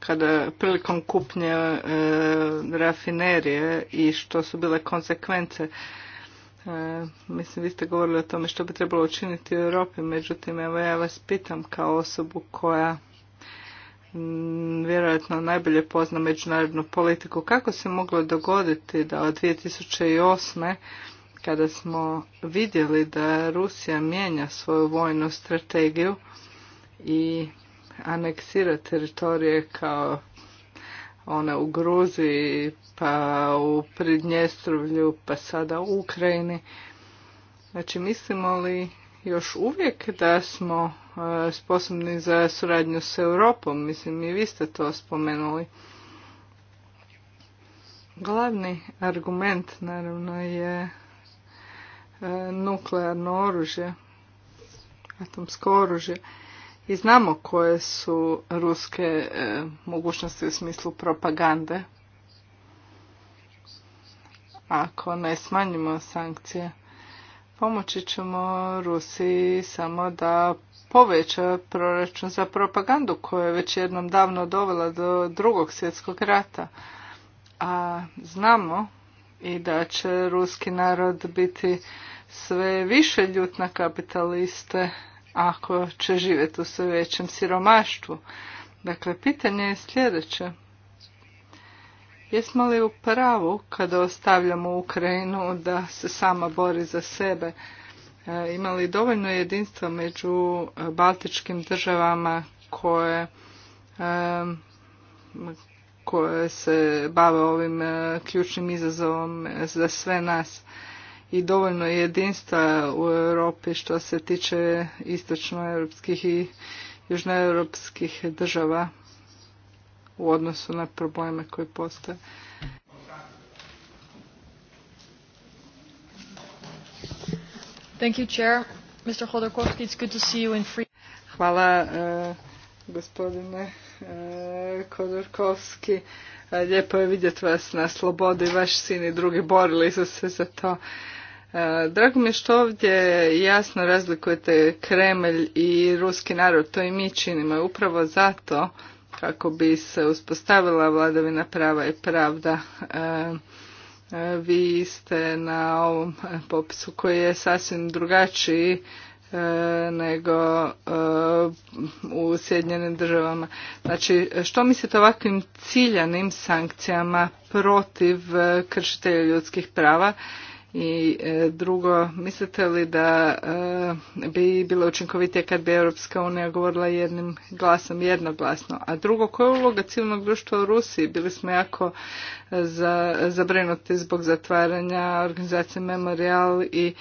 kada prilikom kupnje rafinerije i što su bile konsekvence. Mislim, vi ste govorili o tome što bi trebalo učiniti u Europi, međutim, evo ja vas pitam kao osobu koja vjerojatno najbolje pozna međunarodnu politiku. Kako se moglo dogoditi da od 2008 kada smo vidjeli da Rusija mijenja svoju vojnu strategiju i aneksira teritorije kao one u Gruziji, pa u Pridnjestrovlju, pa sada u Ukrajini. Znači, mislimo li još uvijek da smo e, sposobni za suradnju s Europom? Mislim, i vi ste to spomenuli. Glavni argument, naravno, je E, nuklearno oružje, atomsko oružje. I znamo koje su ruske e, mogućnosti u smislu propagande. Ako ne smanjimo sankcije, pomoći ćemo Rusiji samo da poveća proračun za propagandu koja je već jednom davno dovela do drugog svjetskog rata. A znamo i da će ruski narod biti sve više ljut na kapitaliste ako će živjeti u sve većem siromaštvu. Dakle, pitanje je sljedeće. Jesmo li u pravu kada ostavljamo Ukrajinu da se sama bori za sebe? E, Ima li dovoljno jedinstva među e, baltičkim državama koje e, koje se bave ovim e, ključnim izazovom za sve nas i dovoljno jedinstva u Europi što se tiče istočnoeuropskih i južnoeuropskih država u odnosu na probleme koji postoje. Thank Hvala, e, gospodine E, Kodorkovski. E, lijepo je vidjeti vas na slobodi, vaš sin i drugi borili su se za to. E, drago mi je što ovdje jasno razlikujete Kremlj i ruski narod, to i mi činimo. Upravo zato kako bi se uspostavila vladavina prava i pravda. Vi ste na ovom popisu koji je sasvim drugačiji E, nego e, u Sjedinjenim državama. Znači, što mislite ovakvim ciljanim sankcijama protiv e, kršitelja ljudskih prava? I drugo, mislite li da bi bilo učinkovitije kad bi Europska unija govorila jednim glasom, jednoglasno? A drugo, koja je uloga civilnog društva u Rusiji? Bili smo jako zabrinuti zbog zatvaranja organizacije Memorial i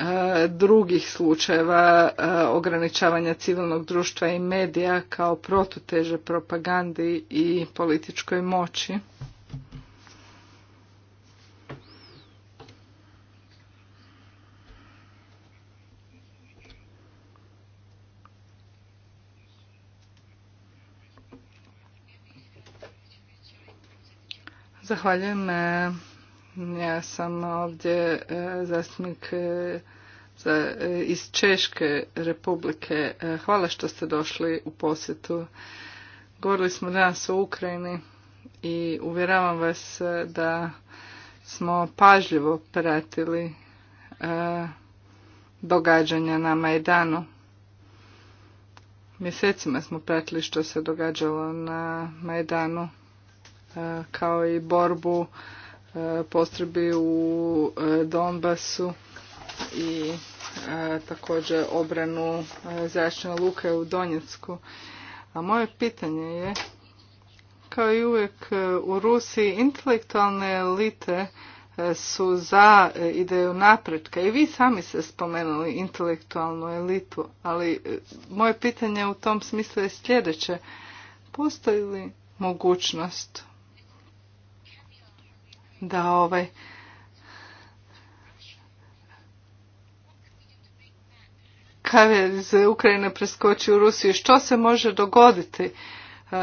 E, drugih slučajeva e, ograničavanja civilnog društva i medija kao protuteže propagandi i političkoj moći. Zahvaljujem e, ja sam ovdje e, zastupnik e, e, iz Češke republike. Hvala što ste došli u posjetu. Govorili smo danas o Ukrajini i uvjeravam vas da smo pažljivo pratili događanja na Majdanu. Mjesecima smo pratili što se događalo na Majdanu kao i borbu E, postrebi u e, Donbasu i e, također obranu zračne luke u Donjecku. A moje pitanje je, kao i uvijek u Rusiji, intelektualne elite su za ideju napretka i vi sami ste spomenuli intelektualnu elitu, ali moje pitanje u tom smislu je sljedeće. Postoji li mogućnost da ovaj kaver iz Ukrajine preskoči u Rusiju. Što se može dogoditi? E,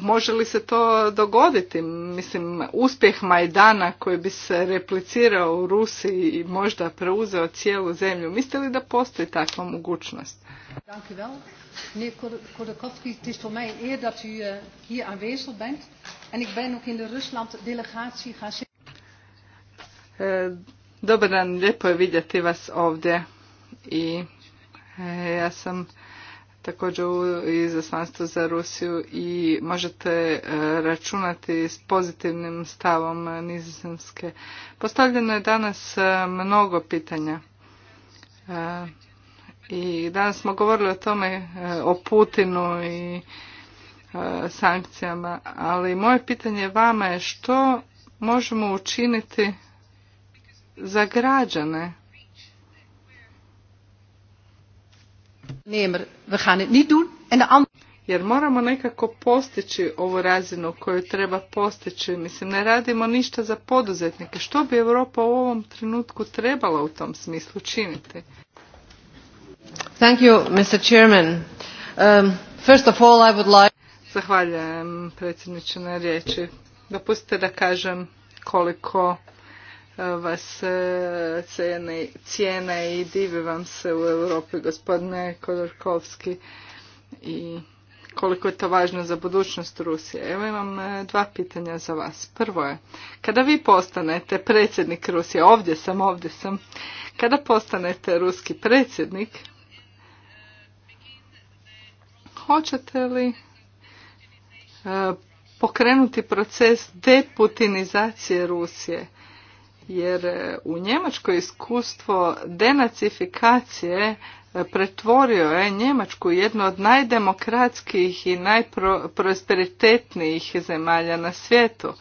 može li se to dogoditi? Mislim, uspjeh Majdana koji bi se replicirao u Rusiji i možda preuzeo cijelu zemlju, mislite li da postoji takva mogućnost? Dobar dan, lijepo je vidjeti vas ovdje. I e, ja sam također u izaslanstvu za Rusiju i možete e, računati s pozitivnim stavom nizozemske. Postavljeno je danas e, mnogo pitanja. E, I danas smo govorili o tome, o Putinu i sankcijama, ali moje pitanje vama je što možemo učiniti za građane Jer moramo nekako postići ovu razinu koju treba postići. Mislim, ne radimo ništa za poduzetnike. Što bi Europa u ovom trenutku trebala u tom smislu činiti? Thank you, Mr. Chairman. Um, Zahvaljujem predsjedniče na riječi. Dopustite da kažem koliko vas e, cijene, cijene i divi vam se u Europi, gospodine Kodorkovski, i koliko je to važno za budućnost Rusije. Evo imam e, dva pitanja za vas. Prvo je, kada vi postanete predsjednik Rusije, ovdje sam, ovdje sam, kada postanete ruski predsjednik, hoćete li e, pokrenuti proces deputinizacije Rusije? jer e, u Njemačkoj iskustvo denacifikacije e, pretvorio je Njemačku jednu od najdemokratskih i najprosperitetnijih zemalja na svijetu.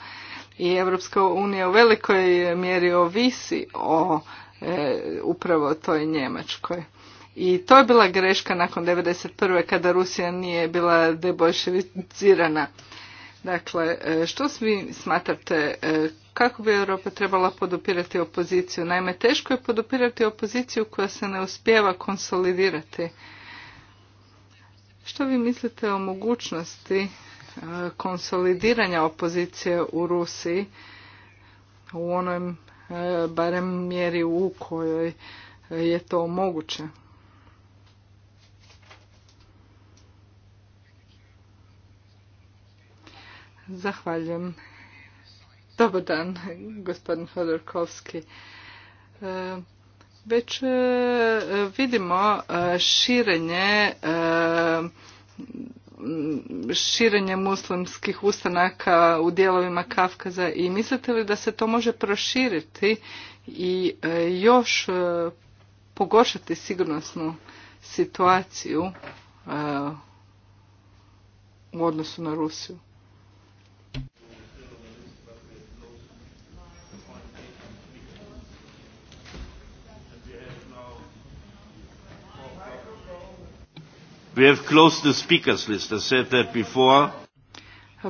I Europska unija u velikoj mjeri ovisi o e, upravo toj Njemačkoj. I to je bila greška nakon 1991. kada Rusija nije bila deboljševicirana. Dakle, što vi smatrate kako bi Europa trebala podupirati opoziciju. Naime, teško je podupirati opoziciju koja se ne uspjeva konsolidirati. Što vi mislite o mogućnosti e, konsolidiranja opozicije u Rusiji u onoj e, barem mjeri u kojoj je to moguće? Zahvaljujem Dobar dan, gospodin Hodorkovski. E, već e, vidimo e, širenje širenje muslimskih ustanaka u dijelovima Kafkaza i mislite li da se to može proširiti i još pogoršati sigurnosnu situaciju u odnosu na Rusiju? We have closed the speakers list. I said that before.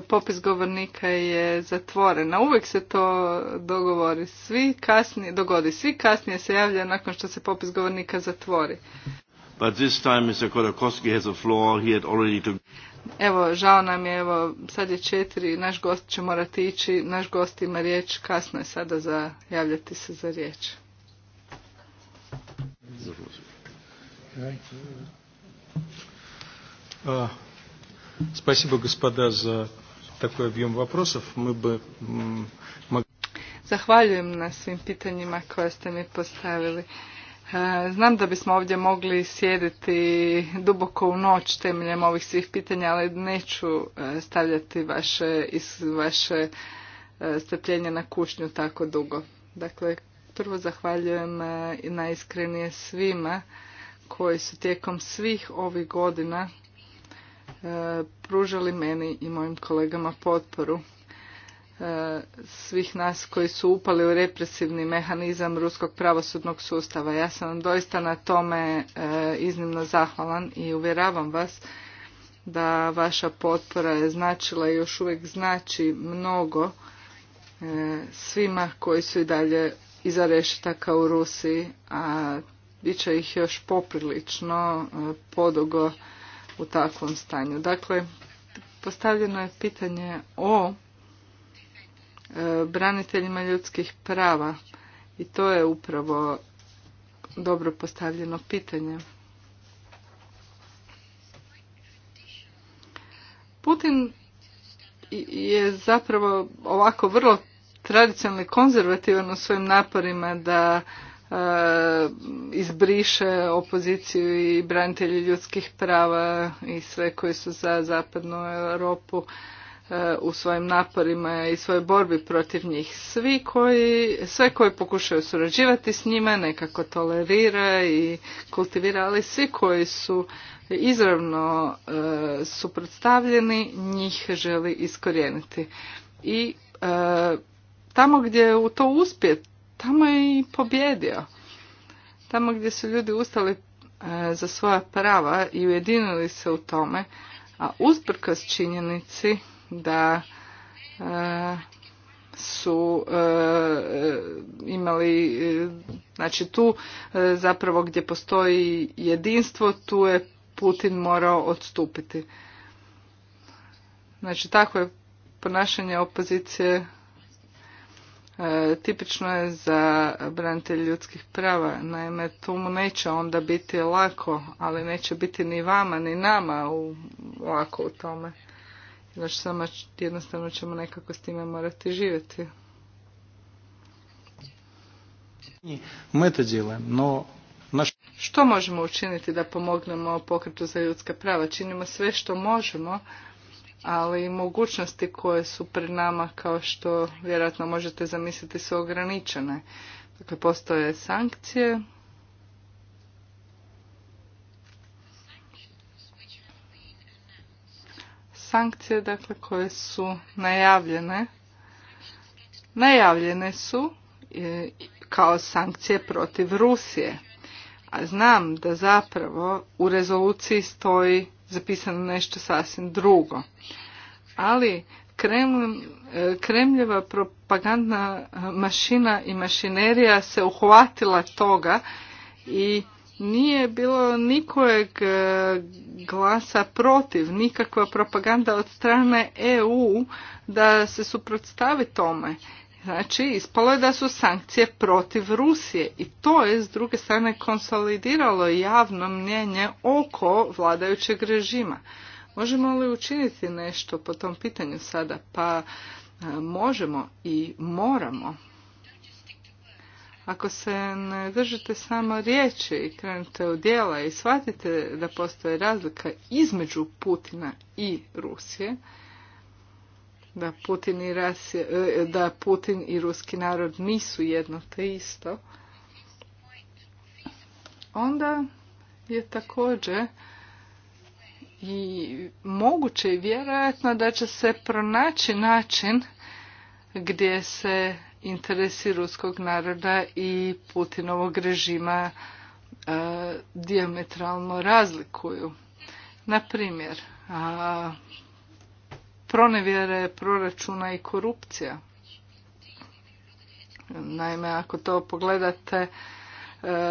Popis govornika je zatvoren. A uvijek se to dogovori svi kasnije, dogodi. Svi kasnije se javlja nakon što se popis govornika zatvori. But this time Mr. Kodakowski has a floor. He had already to... Evo, žao nam je, evo, sad je četiri, naš gost će morati ići, naš gost ima riječ, kasno je sada za javljati se za riječ. Završi. Спасибо, господа, за такой объем вопросов. Мы бы Zahvaljujem na svim pitanjima koje ste mi postavili. Znam da bismo ovdje mogli sjediti duboko u noć temeljem ovih svih pitanja, ali neću stavljati vaše, vaše strpljenje na kušnju tako dugo. Dakle, prvo zahvaljujem i najiskrenije svima koji su tijekom svih ovih godina E, pružali meni i mojim kolegama potporu e, svih nas koji su upali u represivni mehanizam ruskog pravosudnog sustava. Ja sam vam doista na tome e, iznimno zahvalan i uvjeravam vas da vaša potpora je značila i još uvijek znači mnogo svima koji su i dalje iza rešetaka u Rusiji, a bit će ih još poprilično podugo u takvom stanju. Dakle, postavljeno je pitanje o e, braniteljima ljudskih prava i to je upravo dobro postavljeno pitanje. Putin je zapravo ovako vrlo tradicionalno i konzervativan u svojim naporima da E, izbriše opoziciju i branitelji ljudskih prava i sve koji su za zapadnu Europu e, u svojim naporima i svojoj borbi protiv njih. Svi koji, sve koji pokušaju surađivati s njima nekako tolerira i kultivira, ali svi koji su izravno e, suprotstavljeni njih želi iskorijeniti. I e, tamo gdje u to uspjet tamo je i pobjedio. Tamo gdje su ljudi ustali e, za svoja prava i ujedinili se u tome, a usprkos činjenici da e, su e, imali, znači tu zapravo gdje postoji jedinstvo, tu je Putin morao odstupiti. Znači tako je ponašanje opozicije E, tipično je za branitelj ljudskih prava. Naime, tu mu neće onda biti lako, ali neće biti ni vama, ni nama u, lako u tome. Znači, samo jednostavno ćemo nekako s time morati živjeti. Mi to no... Što možemo učiniti da pomognemo pokretu za ljudska prava? Činimo sve što možemo, ali mogućnosti koje su pred nama kao što vjerojatno možete zamisliti su ograničene. Dakle, postoje sankcije. Sankcije, dakle, koje su najavljene. Najavljene su e, kao sankcije protiv Rusije. A znam da zapravo u rezoluciji stoji zapisano nešto sasvim drugo. Ali Kreml, e, Kremljeva propagandna mašina i mašinerija se uhvatila toga i nije bilo nikojeg e, glasa protiv, nikakva propaganda od strane EU da se suprotstavi tome. Znači, ispalo je da su sankcije protiv Rusije i to je s druge strane konsolidiralo javno mnjenje oko vladajućeg režima. Možemo li učiniti nešto po tom pitanju sada? Pa e, možemo i moramo. Ako se ne držite samo riječi i krenete u djela i shvatite da postoji razlika između Putina i Rusije, da Putin i, Rasija, e, da Putin i ruski narod nisu jedno te isto, onda je također i moguće i vjerojatno da će se pronaći način gdje se interesi ruskog naroda i Putinovog režima e, diametralno razlikuju. Na primjer, a, pronevjere proračuna i korupcija. Naime, ako to pogledate e,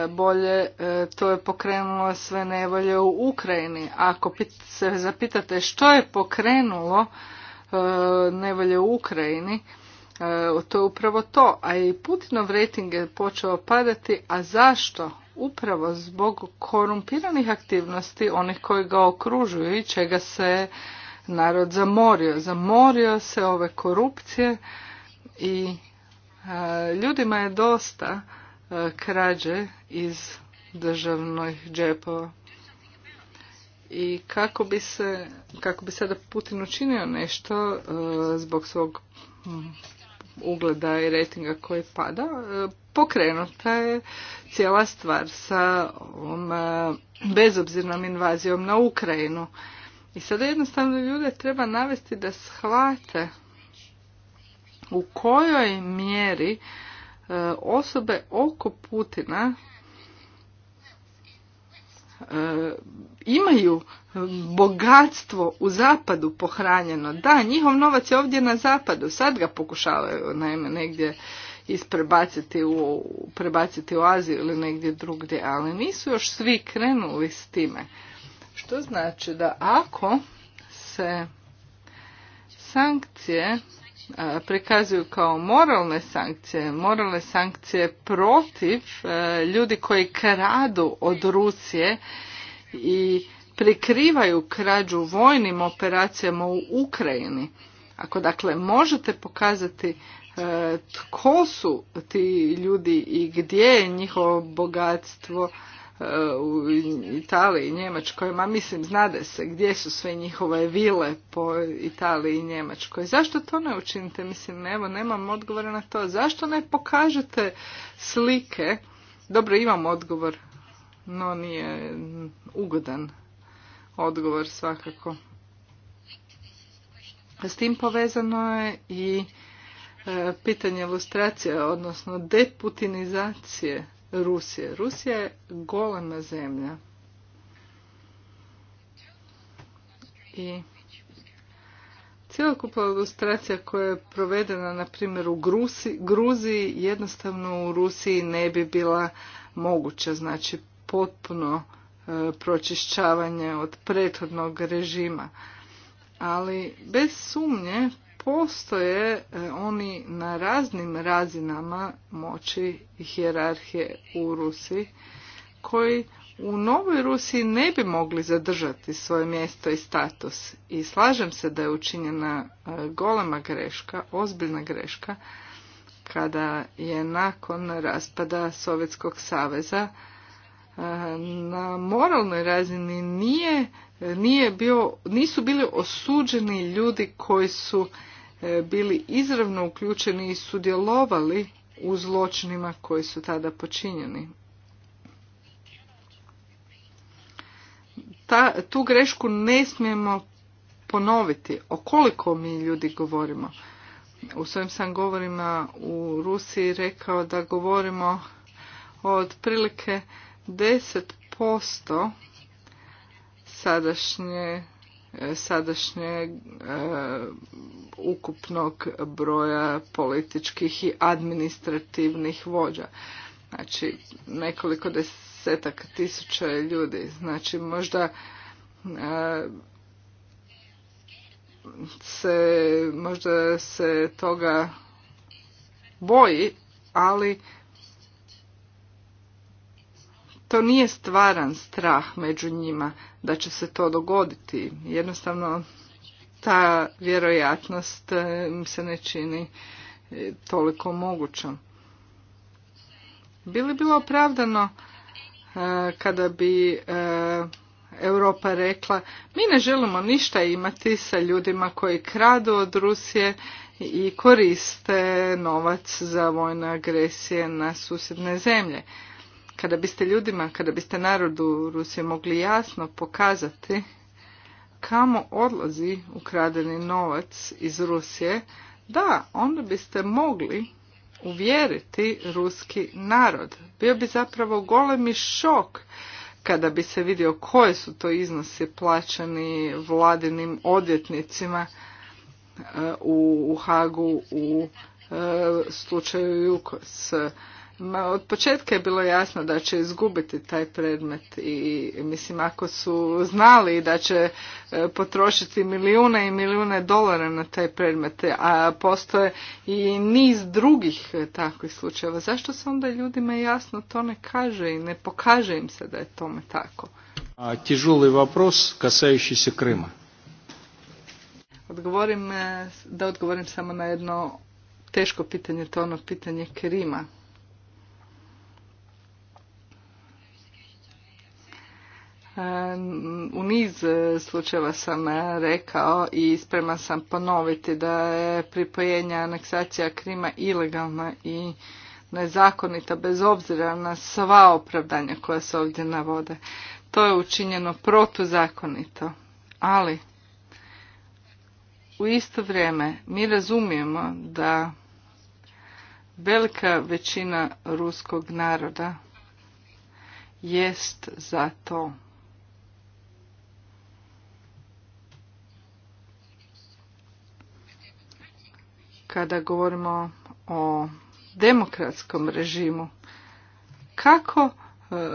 bolje, e, to je pokrenulo sve nevolje u Ukrajini. Ako se zapitate što je pokrenulo e, nevolje u Ukrajini, to je upravo to. A i Putinov rating je počeo padati, a zašto? Upravo zbog korumpiranih aktivnosti onih koji ga okružuju i čega se narod zamorio. Zamorio se ove korupcije i e, ljudima je dosta e, krađe iz državnih džepova. I kako bi, se, kako bi sada Putin učinio nešto e, zbog svog ugleda i rejtinga koji pada, pokrenuta je cijela stvar sa ovom bezobzirnom invazijom na Ukrajinu. I sada jednostavno ljude treba navesti da shvate u kojoj mjeri e, osobe oko Putina e, imaju bogatstvo u zapadu pohranjeno. Da, njihov novac je ovdje na zapadu. Sad ga pokušavaju naime negdje isprebaciti u, prebaciti u Aziju ili negdje drugdje, ali nisu još svi krenuli s time. Što znači da ako se sankcije prikazuju kao moralne sankcije, moralne sankcije protiv ljudi koji kradu od Rusije i prikrivaju krađu vojnim operacijama u Ukrajini. Ako dakle možete pokazati tko su ti ljudi i gdje je njihovo bogatstvo, E, u Italiji i Njemačkoj, ma mislim znade se gdje su sve njihove vile po Italiji i Njemačkoj. Zašto to ne učinite? Mislim, evo, nemam odgovora na to. Zašto ne pokažete slike? Dobro, imam odgovor, no nije ugodan odgovor svakako. S tim povezano je i e, pitanje ilustracije, odnosno deputinizacije Rusije. Rusija je golema zemlja. I cijelokupna ilustracija koja je provedena, na primjer, u Gruziji, jednostavno u Rusiji ne bi bila moguća. Znači, potpuno e, pročišćavanje od prethodnog režima. Ali, bez sumnje, postoje e, oni na raznim razinama moći i hjerarhije u Rusiji koji u Novoj Rusiji ne bi mogli zadržati svoje mjesto i status. I slažem se da je učinjena e, golema greška, ozbiljna greška, kada je nakon raspada Sovjetskog saveza e, na moralnoj razini nije, nije bio, nisu bili osuđeni ljudi koji su E, bili izravno uključeni i sudjelovali u zločinima koji su tada počinjeni. Ta, tu grešku ne smijemo ponoviti. O koliko mi ljudi govorimo? U svojim sam govorima u Rusiji rekao da govorimo o otprilike 10% sadašnje sadašnjeg eh, ukupnog broja političkih i administrativnih vođa. Znači nekoliko desetak tisuća ljudi. Znači možda eh, se možda se toga boji, ali to nije stvaran strah među njima da će se to dogoditi. Jednostavno ta vjerojatnost e, se ne čini e, toliko mogućom. Bi bilo opravdano e, kada bi Europa rekla mi ne želimo ništa imati sa ljudima koji kradu od Rusije i koriste novac za vojne agresije na susjedne zemlje. Kada biste ljudima, kada biste narodu Rusije mogli jasno pokazati kamo odlazi ukradeni novac iz Rusije, da, onda biste mogli uvjeriti ruski narod. Bio bi zapravo golemi šok kada bi se vidio koje su to iznosi plaćani vladinim odvjetnicima e, u Hagu u e, slučaju Jukos. Ma, od početka je bilo jasno da će izgubiti taj predmet i mislim ako su znali da će e, potrošiti milijune i milijune dolara na taj predmet, a postoje i niz drugih e, takvih slučajeva, zašto se onda ljudima jasno to ne kaže i ne pokaže im se da je tome tako? A vopros kasajući se Krima. Odgovorim, e, da odgovorim samo na jedno teško pitanje, to ono pitanje Krima. u niz e, slučajeva sam e, rekao i spreman sam ponoviti da je pripojenja aneksacija Krima ilegalna i nezakonita bez obzira na sva opravdanja koja se ovdje navode. To je učinjeno protuzakonito, ali u isto vrijeme mi razumijemo da velika većina ruskog naroda jest za to kada govorimo o demokratskom režimu, kako e,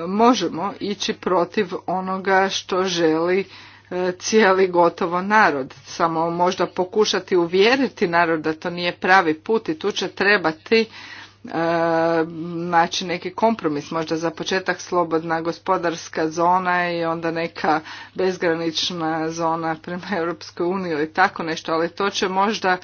možemo ići protiv onoga što želi e, cijeli gotovo narod. Samo možda pokušati uvjeriti narod da to nije pravi put i tu će trebati e, naći neki kompromis, možda za početak slobodna gospodarska zona i onda neka bezgranična zona prema Europskoj uniji ili tako nešto, ali to će možda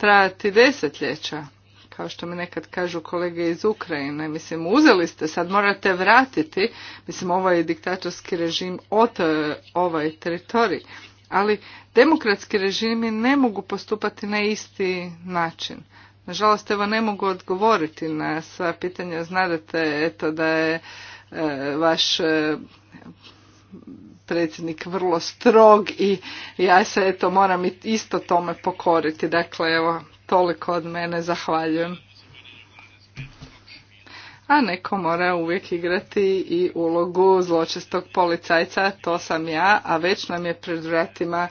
trajati desetljeća, kao što mi nekad kažu kolege iz Ukrajine. Mislim, uzeli ste, sad morate vratiti. Mislim, ovaj diktatorski režim od e, ovaj teritorij. Ali demokratski režimi ne mogu postupati na isti način. Nažalost, evo ne mogu odgovoriti na sva pitanja. Znadete, eto, da je e, vaš e, predsjednik vrlo strog i ja se eto moram isto tome pokoriti. Dakle, evo, toliko od mene, zahvaljujem. A neko mora uvijek igrati i ulogu zločestog policajca, to sam ja, a već nam je pred vratima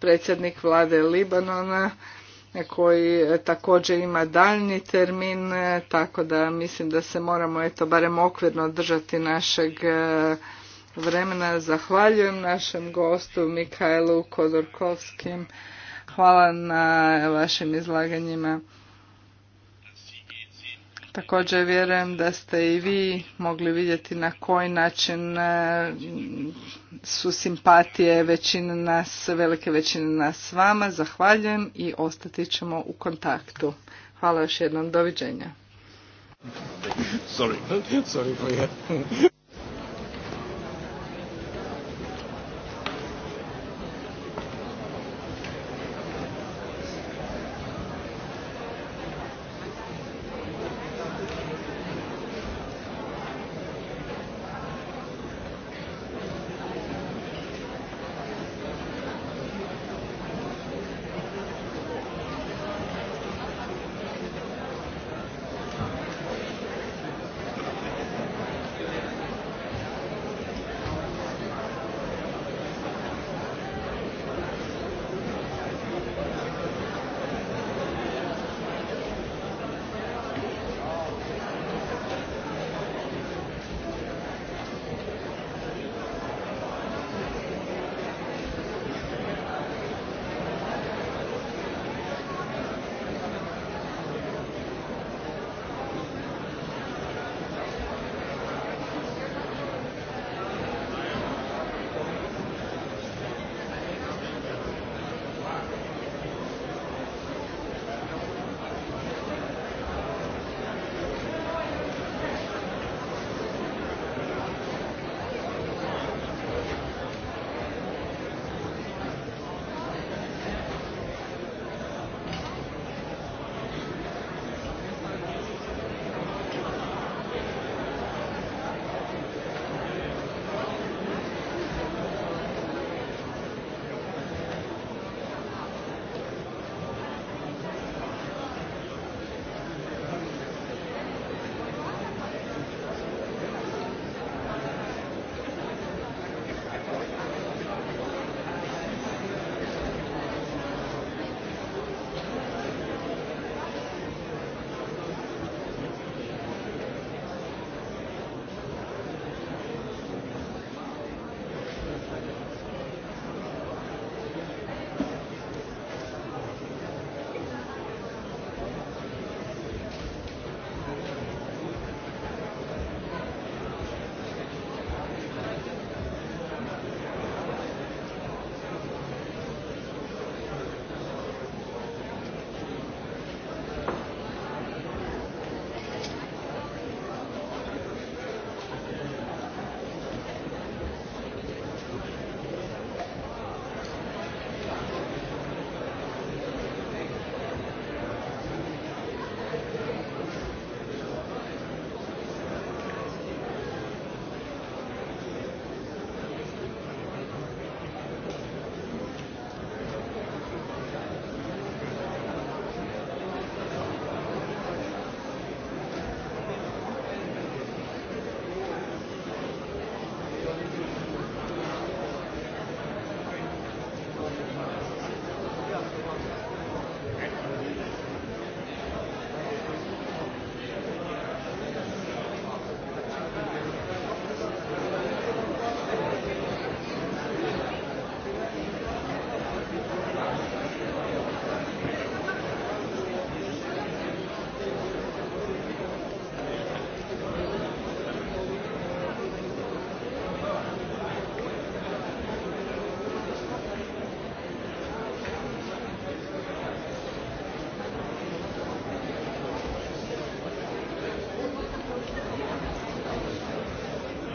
predsjednik vlade Libanona koji e, također ima daljni termin, e, tako da mislim da se moramo eto barem okvirno držati našeg e, vremena. Zahvaljujem našem gostu Mikaelu Kodorkovskim. Hvala na vašim izlaganjima. Također vjerujem da ste i vi mogli vidjeti na koji način e, su simpatije većine nas, velike većine nas s vama. Zahvaljujem i ostati ćemo u kontaktu. Hvala još jednom, doviđenja. Sorry. Sorry for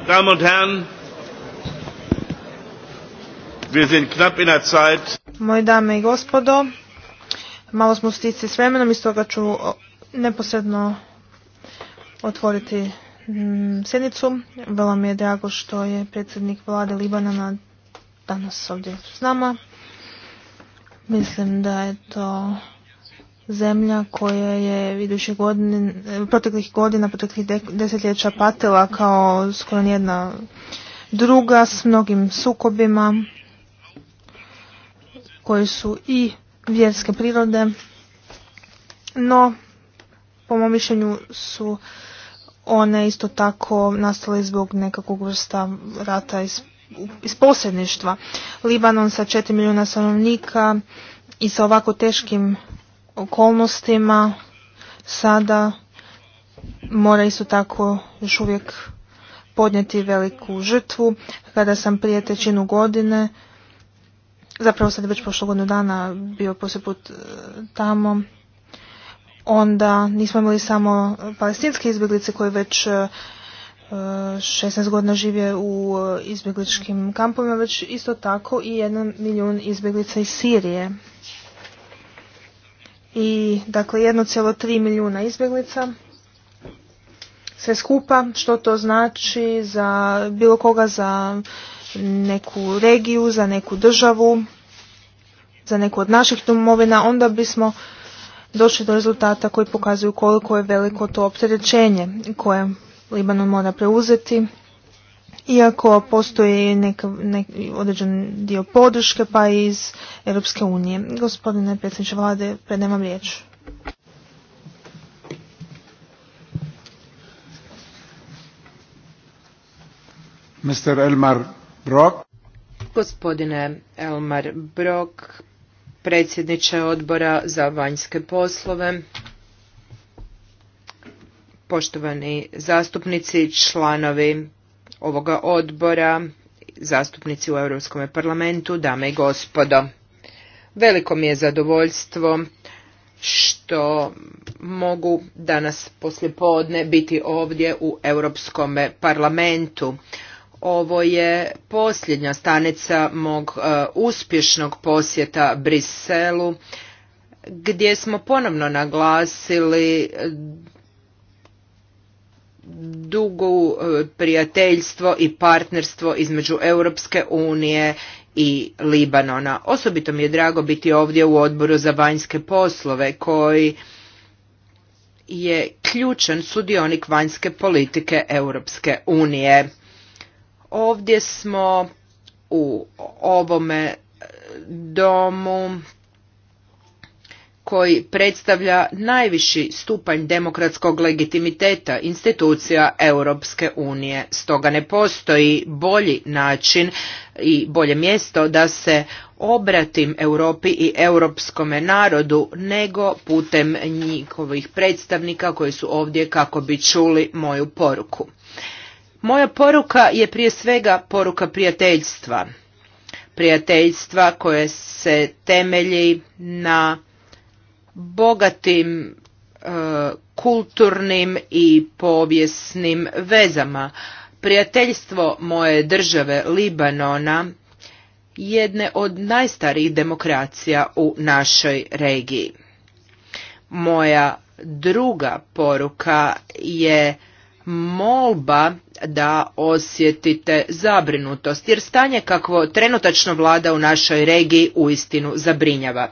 Damen und Herren, wir knapp in der Zeit. Moje dame i gospodo, malo smo stici s vremenom i stoga ću neposredno otvoriti mm, sjednicu. Vrlo mi je drago što je predsjednik vlade Libanana danas ovdje s nama. Mislim da je to zemlja koja je idući proteklih godina, proteklih desetljeća patila kao skoro nijedna druga s mnogim sukobima koji su i vjerske prirode, no po mom mišljenju su one isto tako nastale zbog nekakvog vrsta rata iz, iz posredništva. Libanon sa 4 milijuna stanovnika i sa ovako teškim okolnostima sada mora isto tako još uvijek podnijeti veliku žrtvu. Kada sam prije trećinu godine, zapravo sad već prošlo godinu dana bio poslije put e, tamo, onda nismo imali samo palestinske izbjeglice koje već 16 e, godina žive u e, izbjegličkim kampovima, već isto tako i jedan milijun izbjeglica iz Sirije i dakle 1,3 milijuna izbjeglica. Sve skupa, što to znači za bilo koga, za neku regiju, za neku državu, za neku od naših domovina, onda bismo došli do rezultata koji pokazuju koliko je veliko to opterećenje koje Libanon mora preuzeti iako postoji nek, određen dio podrške pa iz Europske unije. Gospodine predsjedniče vlade, prednemam riječ. Mr. Elmar Brock. Gospodine Elmar Brock, predsjedniče odbora za vanjske poslove, poštovani zastupnici, članovi ovoga odbora, zastupnici u Europskom parlamentu, dame i gospodo. Veliko mi je zadovoljstvo što mogu danas poslijepodne biti ovdje u Europskom parlamentu. Ovo je posljednja stanica mog e, uspješnog posjeta Briselu gdje smo ponovno naglasili dugu e, prijateljstvo i partnerstvo između Europske unije i Libanona. Osobito mi je drago biti ovdje u odboru za vanjske poslove koji je ključan sudionik vanjske politike Europske unije. Ovdje smo u ovome domu koji predstavlja najviši stupanj demokratskog legitimiteta institucija Europske unije. Stoga ne postoji bolji način i bolje mjesto da se obratim Europi i europskome narodu nego putem njihovih predstavnika koji su ovdje kako bi čuli moju poruku. Moja poruka je prije svega poruka prijateljstva. Prijateljstva koje se temelji na bogatim e, kulturnim i povijesnim vezama. Prijateljstvo moje države Libanona jedne od najstarijih demokracija u našoj regiji. Moja druga poruka je molba da osjetite zabrinutost jer stanje kakvo trenutačno vlada u našoj regiji uistinu zabrinjava.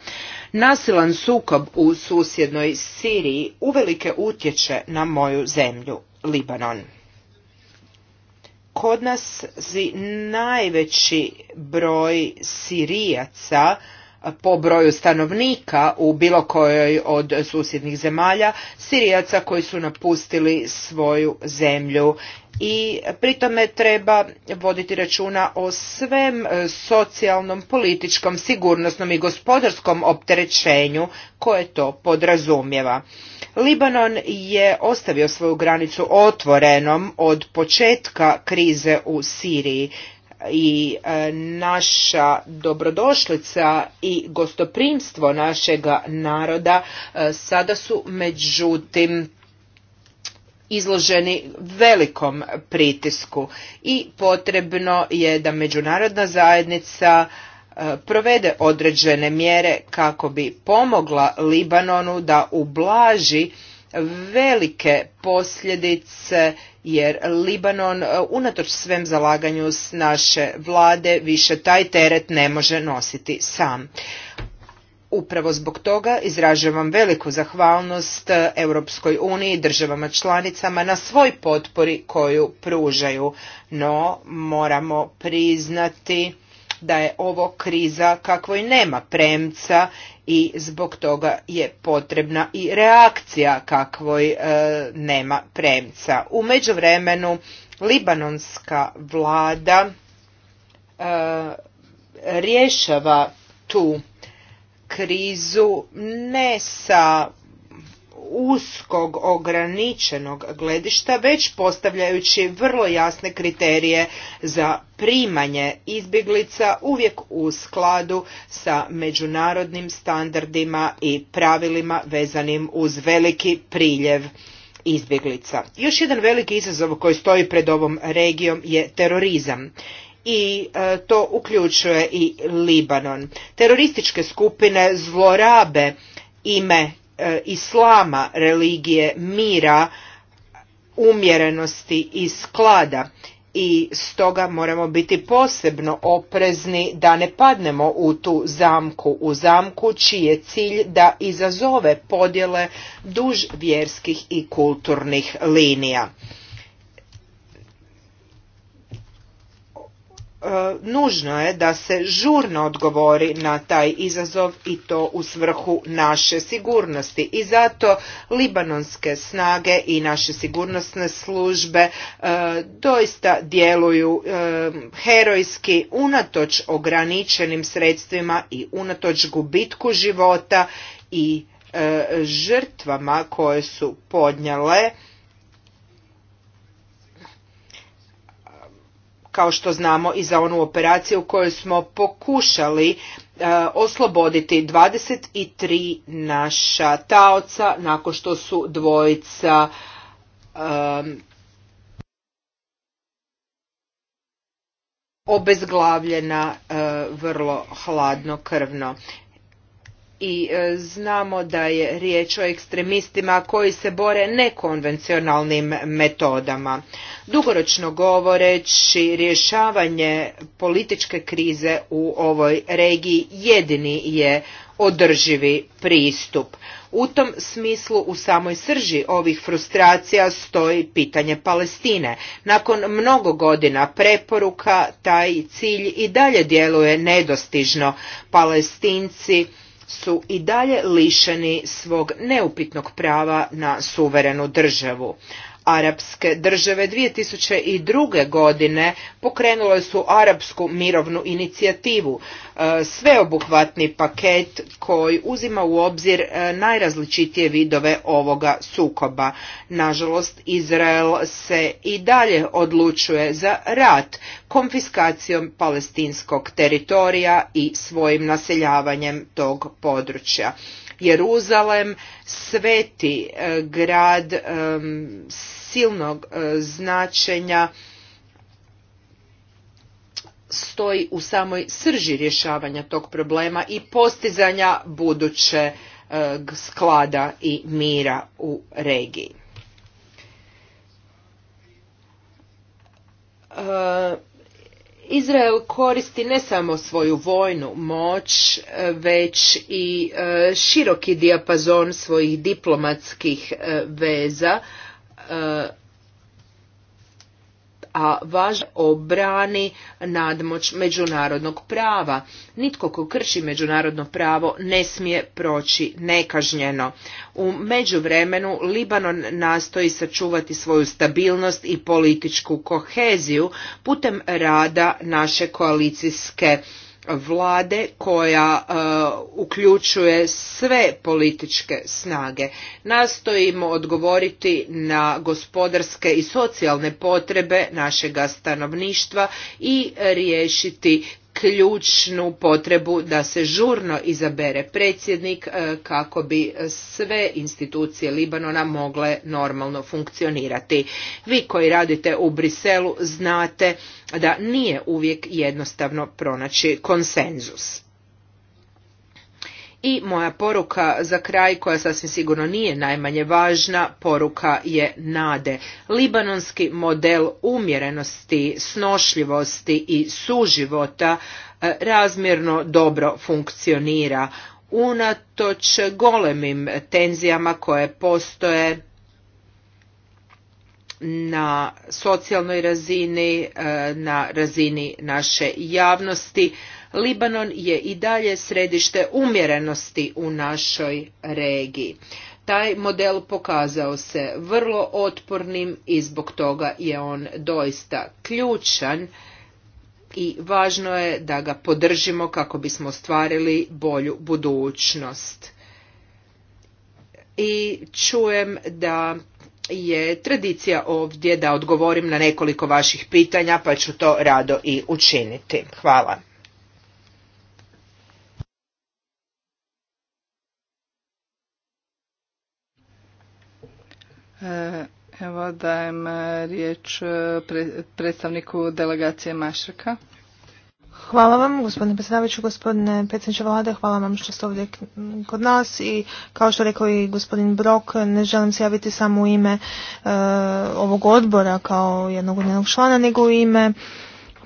Nasilan sukob u susjednoj Siriji uvelike utječe na moju zemlju, Libanon. Kod nas najveći broj Sirijaca po broju stanovnika u bilo kojoj od susjednih zemalja Sirijaca koji su napustili svoju zemlju i pritome treba voditi računa o svem e, socijalnom, političkom, sigurnosnom i gospodarskom opterećenju koje to podrazumijeva. Libanon je ostavio svoju granicu otvorenom od početka krize u Siriji i e, naša dobrodošlica i gostoprimstvo našega naroda e, sada su međutim izloženi velikom pritisku i potrebno je da međunarodna zajednica e, provede određene mjere kako bi pomogla Libanonu da ublaži velike posljedice jer Libanon e, unatoč svem zalaganju s naše vlade više taj teret ne može nositi sam. Upravo zbog toga izražavam veliku zahvalnost e, Europskoj uniji i državama članicama na svoj potpori koju pružaju, no moramo priznati da je ovo kriza kakvoj nema premca i zbog toga je potrebna i reakcija kakvoj e, nema premca. U međuvremenu libanonska vlada e, rješava tu krizu ne sa uskog ograničenog gledišta već postavljajući vrlo jasne kriterije za primanje izbjeglica uvijek u skladu sa međunarodnim standardima i pravilima vezanim uz veliki priljev izbjeglica. Još jedan veliki izazov koji stoji pred ovom regijom je terorizam i e, to uključuje i Libanon. Terorističke skupine zlorabe ime E, islama, religije, mira, umjerenosti i sklada i stoga moramo biti posebno oprezni da ne padnemo u tu zamku, u zamku čiji je cilj da izazove podjele duž vjerskih i kulturnih linija. E, nužno je da se žurno odgovori na taj izazov i to u svrhu naše sigurnosti i zato libanonske snage i naše sigurnosne službe e, doista djeluju e, herojski unatoč ograničenim sredstvima i unatoč gubitku života i žrtvama koje su podnjale kao što znamo i za onu operaciju u kojoj smo pokušali e, osloboditi 23 naša taoca nakon što su dvojica obezglavljena e, vrlo hladno krvno i e, znamo da je riječ o ekstremistima koji se bore nekonvencionalnim metodama. Dugoročno govoreći, rješavanje političke krize u ovoj regiji jedini je održivi pristup. U tom smislu u samoj srži ovih frustracija stoji pitanje Palestine. Nakon mnogo godina preporuka taj cilj i dalje djeluje nedostižno. Palestinci su i dalje lišeni svog neupitnog prava na suverenu državu Arapske države 2002. godine pokrenule su Arapsku mirovnu inicijativu, e, sveobuhvatni paket koji uzima u obzir e, najrazličitije vidove ovoga sukoba. Nažalost, Izrael se i dalje odlučuje za rat konfiskacijom palestinskog teritorija i svojim naseljavanjem tog područja. Jeruzalem, sveti e, grad e, silnog e, značenja stoji u samoj srži rješavanja tog problema i postizanja buduće sklada i mira u regiji. Izrael koristi ne samo svoju vojnu moć, e, već i e, široki dijapazon svojih diplomatskih e, veza, a važno obrani nadmoć međunarodnog prava. Nitko ko krši međunarodno pravo ne smije proći nekažnjeno. U međuvremenu Libanon nastoji sačuvati svoju stabilnost i političku koheziju putem rada naše koalicijske vlade koja e, uključuje sve političke snage. Nastojimo odgovoriti na gospodarske i socijalne potrebe našega stanovništva i riješiti ključnu potrebu da se žurno izabere predsjednik e, kako bi sve institucije Libanona mogle normalno funkcionirati. Vi koji radite u Briselu znate da nije uvijek jednostavno pronaći konsenzus. I moja poruka za kraj, koja sasvim sigurno nije najmanje važna, poruka je nade. Libanonski model umjerenosti, snošljivosti i suživota e, razmjerno dobro funkcionira unatoč golemim tenzijama koje postoje na socijalnoj razini, e, na razini naše javnosti, Libanon je i dalje središte umjerenosti u našoj regiji. Taj model pokazao se vrlo otpornim i zbog toga je on doista ključan i važno je da ga podržimo kako bismo ostvarili bolju budućnost. I čujem da je tradicija ovdje da odgovorim na nekoliko vaših pitanja, pa ću to rado i učiniti. Hvala. E, evo dajem e, riječ e, predstavniku delegacije Mašrka. Hvala vam, gospodine predsjedavajući, gospodine predsjedniče vlade, hvala vam što ste ovdje kod nas i kao što rekao i gospodin Brok, ne želim se javiti samo u ime ovog odbora kao jednog njenog člana, nego u ime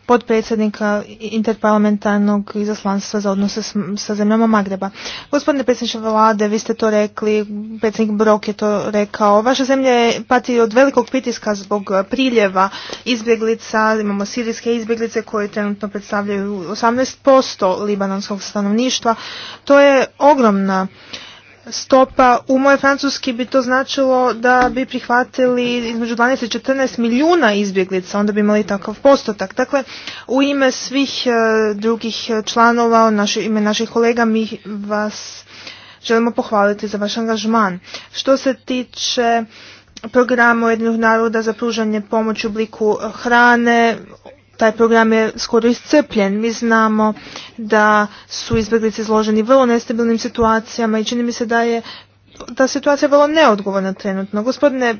podpredsjednika interparlamentarnog izaslanstva za odnose sa zemljama Magreba. Gospodine predsjedniče vlade, vi ste to rekli, predsjednik Brok je to rekao. Vaša zemlja pati od velikog pritiska zbog priljeva izbjeglica, imamo sirijske izbjeglice koje trenutno predstavljaju 18% libanonskog stanovništva. To je ogromna stopa u moje francuski bi to značilo da bi prihvatili između 12 i 14 milijuna izbjeglica, onda bi imali takav postotak. Dakle, u ime svih e, drugih članova, u ime naših kolega, mi vas želimo pohvaliti za vaš angažman. Što se tiče programa Jednog naroda za pružanje pomoći u obliku hrane, taj program je skoro iscrpljen. Mi znamo da su izbjeglice izloženi vrlo nestabilnim situacijama i čini mi se da je ta situacija vrlo neodgovorna trenutno. Gospodine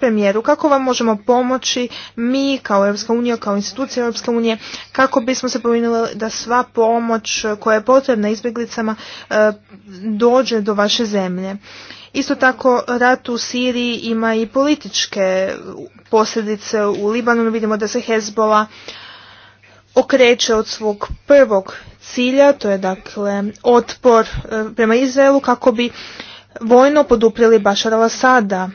premijeru, kako vam možemo pomoći mi kao Europska unija, kao institucija Europske unije, kako bismo se povinili da sva pomoć koja je potrebna izbjeglicama eh, dođe do vaše zemlje. Isto tako rat u Siriji ima i političke posljedice u Libanonu. Vidimo da se Hezbola okreće od svog prvog cilja, to je dakle otpor e, prema Izraelu kako bi vojno poduprili Bašar al-Asada.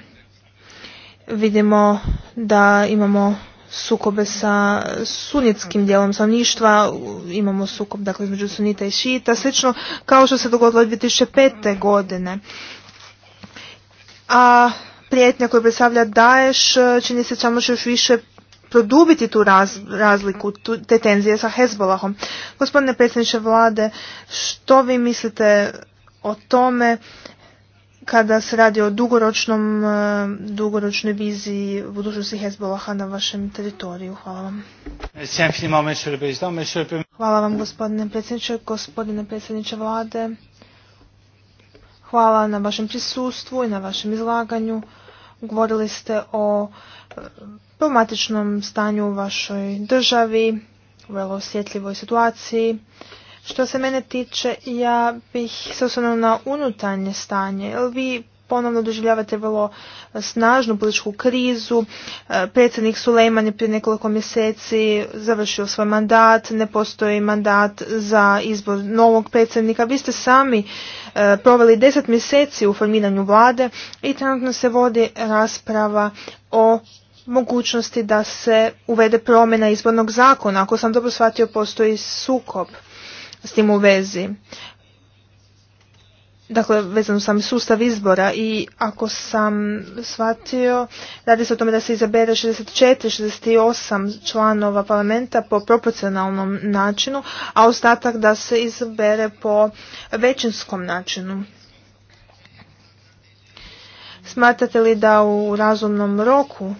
Vidimo da imamo sukobe sa sunitskim dijelom stanovništva, imamo sukob dakle između sunita i šita, slično kao što se dogodilo 2005. godine a prijetnja koju predstavlja Daesh e, čini se samo još više produbiti tu razliku, tu, te tenzije sa Hezbolahom. Gospodine predsjedniče vlade, što vi mislite o tome kada se radi o dugoročnom, e, dugoročnoj viziji budućnosti Hezbolaha na vašem teritoriju? Hvala vam. Hvala vam gospodine predsjedniče, gospodine predsjedniče vlade. Hvala na vašem prisustvu i na vašem izlaganju. Govorili ste o e, problematičnom stanju u vašoj državi, vrlo osjetljivoj situaciji. Što se mene tiče, ja bih se osnovno na unutarnje stanje, vi ponovno doživljavate vrlo snažnu političku krizu. E, predsjednik Sulejman je prije nekoliko mjeseci završio svoj mandat, ne postoji mandat za izbor novog predsjednika. Vi ste sami E, proveli deset mjeseci u formiranju vlade i trenutno se vodi rasprava o mogućnosti da se uvede promjena izbornog zakona. Ako sam dobro shvatio, postoji sukob s tim u vezi dakle vezano sam sustav izbora i ako sam shvatio radi se o tome da se izabere 64 68 članova parlamenta po proporcionalnom načinu a ostatak da se izabere po većinskom načinu smatrate li da u razumnom roku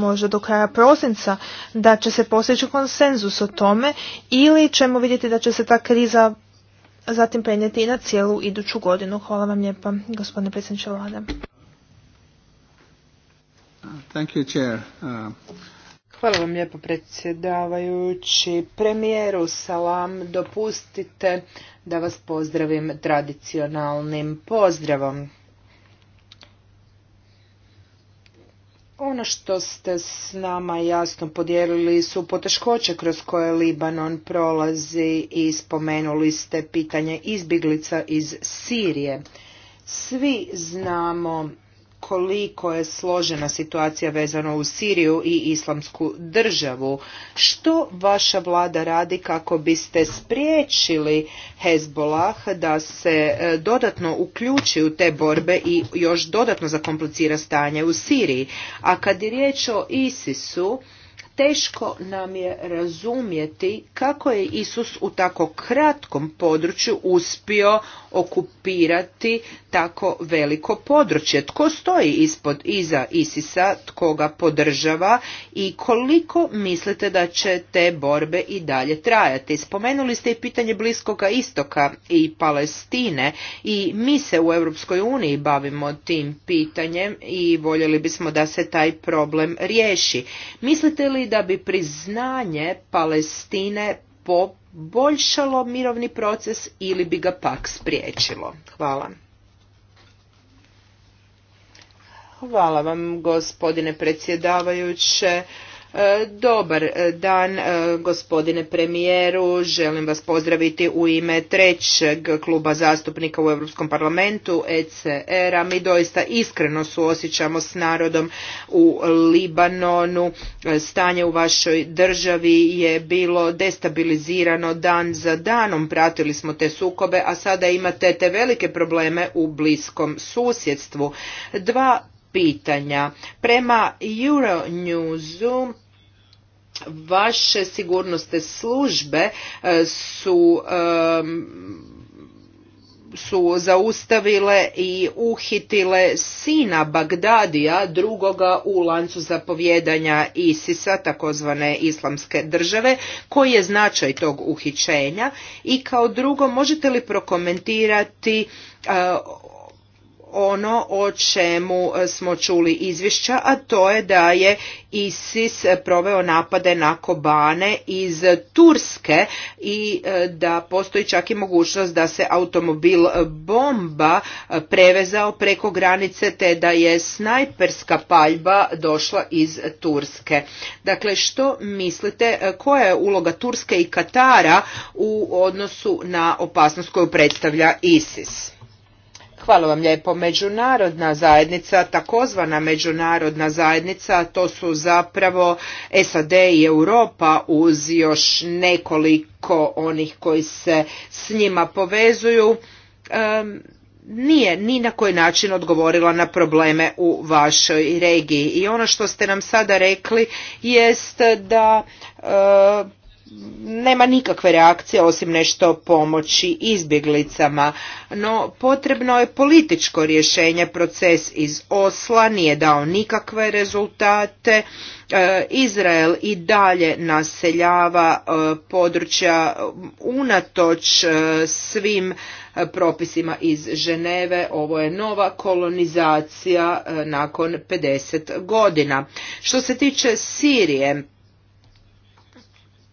možda do kraja prosinca da će se postići konsenzus o tome ili ćemo vidjeti da će se ta kriza zatim prenijeti i na cijelu iduću godinu. Hvala vam lijepa, gospodine predsjedniče vlade. Thank you, chair. Uh, Hvala vam lijepo predsjedavajući. Premijeru Salam, dopustite da vas pozdravim tradicionalnim pozdravom. Ono što ste s nama jasno podijelili su poteškoće kroz koje Libanon prolazi i spomenuli ste pitanje izbjeglica iz Sirije. Svi znamo koliko je složena situacija vezana u Siriju i islamsku državu. Što vaša vlada radi kako biste spriječili Hezbolah da se e, dodatno uključi u te borbe i još dodatno zakomplicira stanje u Siriji? A kad je riječ o Isisu, Teško nam je razumjeti kako je Isus u tako kratkom području uspio okupirati tako veliko područje. Tko stoji ispod iza Isisa, tko ga podržava i koliko mislite da će te borbe i dalje trajati? Spomenuli ste i pitanje Bliskoga istoka i Palestine i mi se u Europskoj uniji bavimo tim pitanjem i voljeli bismo da se taj problem riješi. Mislite li da bi priznanje Palestine poboljšalo mirovni proces ili bi ga pak spriječilo? Hvala. Hvala vam, gospodine predsjedavajuće. E, dobar dan e, gospodine premijeru, želim vas pozdraviti u ime trećeg kluba zastupnika u Europskom parlamentu ECR-a. Mi doista iskreno suosjećamo s narodom u Libanonu. E, stanje u vašoj državi je bilo destabilizirano dan za danom, pratili smo te sukobe, a sada imate te velike probleme u bliskom susjedstvu. Dva pitanja. Prema Euronewsu vaše sigurnosne službe e, su su zaustavile i uhitile sina Bagdadija, drugoga u lancu zapovjedanja Isisa, a takozvane islamske države, koji je značaj tog uhićenja i kao drugo možete li prokomentirati e, ono o čemu e, smo čuli izvješća, a to je da je ISIS proveo napade na Kobane iz Turske i e, da postoji čak i mogućnost da se automobil bomba e, prevezao preko granice te da je snajperska paljba došla iz Turske. Dakle, što mislite, koja je uloga Turske i Katara u odnosu na opasnost koju predstavlja ISIS? Hvala vam lijepo. Međunarodna zajednica, takozvana međunarodna zajednica, to su zapravo SAD i Europa uz još nekoliko onih koji se s njima povezuju. nije ni na koji način odgovorila na probleme u vašoj regiji. I ono što ste nam sada rekli jest da nema nikakve reakcije osim nešto pomoći izbjeglicama, no potrebno je političko rješenje, proces iz Osla nije dao nikakve rezultate, e, Izrael i dalje naseljava e, područja unatoč e, svim propisima iz Ženeve. Ovo je nova kolonizacija nakon 50 godina. Što se tiče Sirije,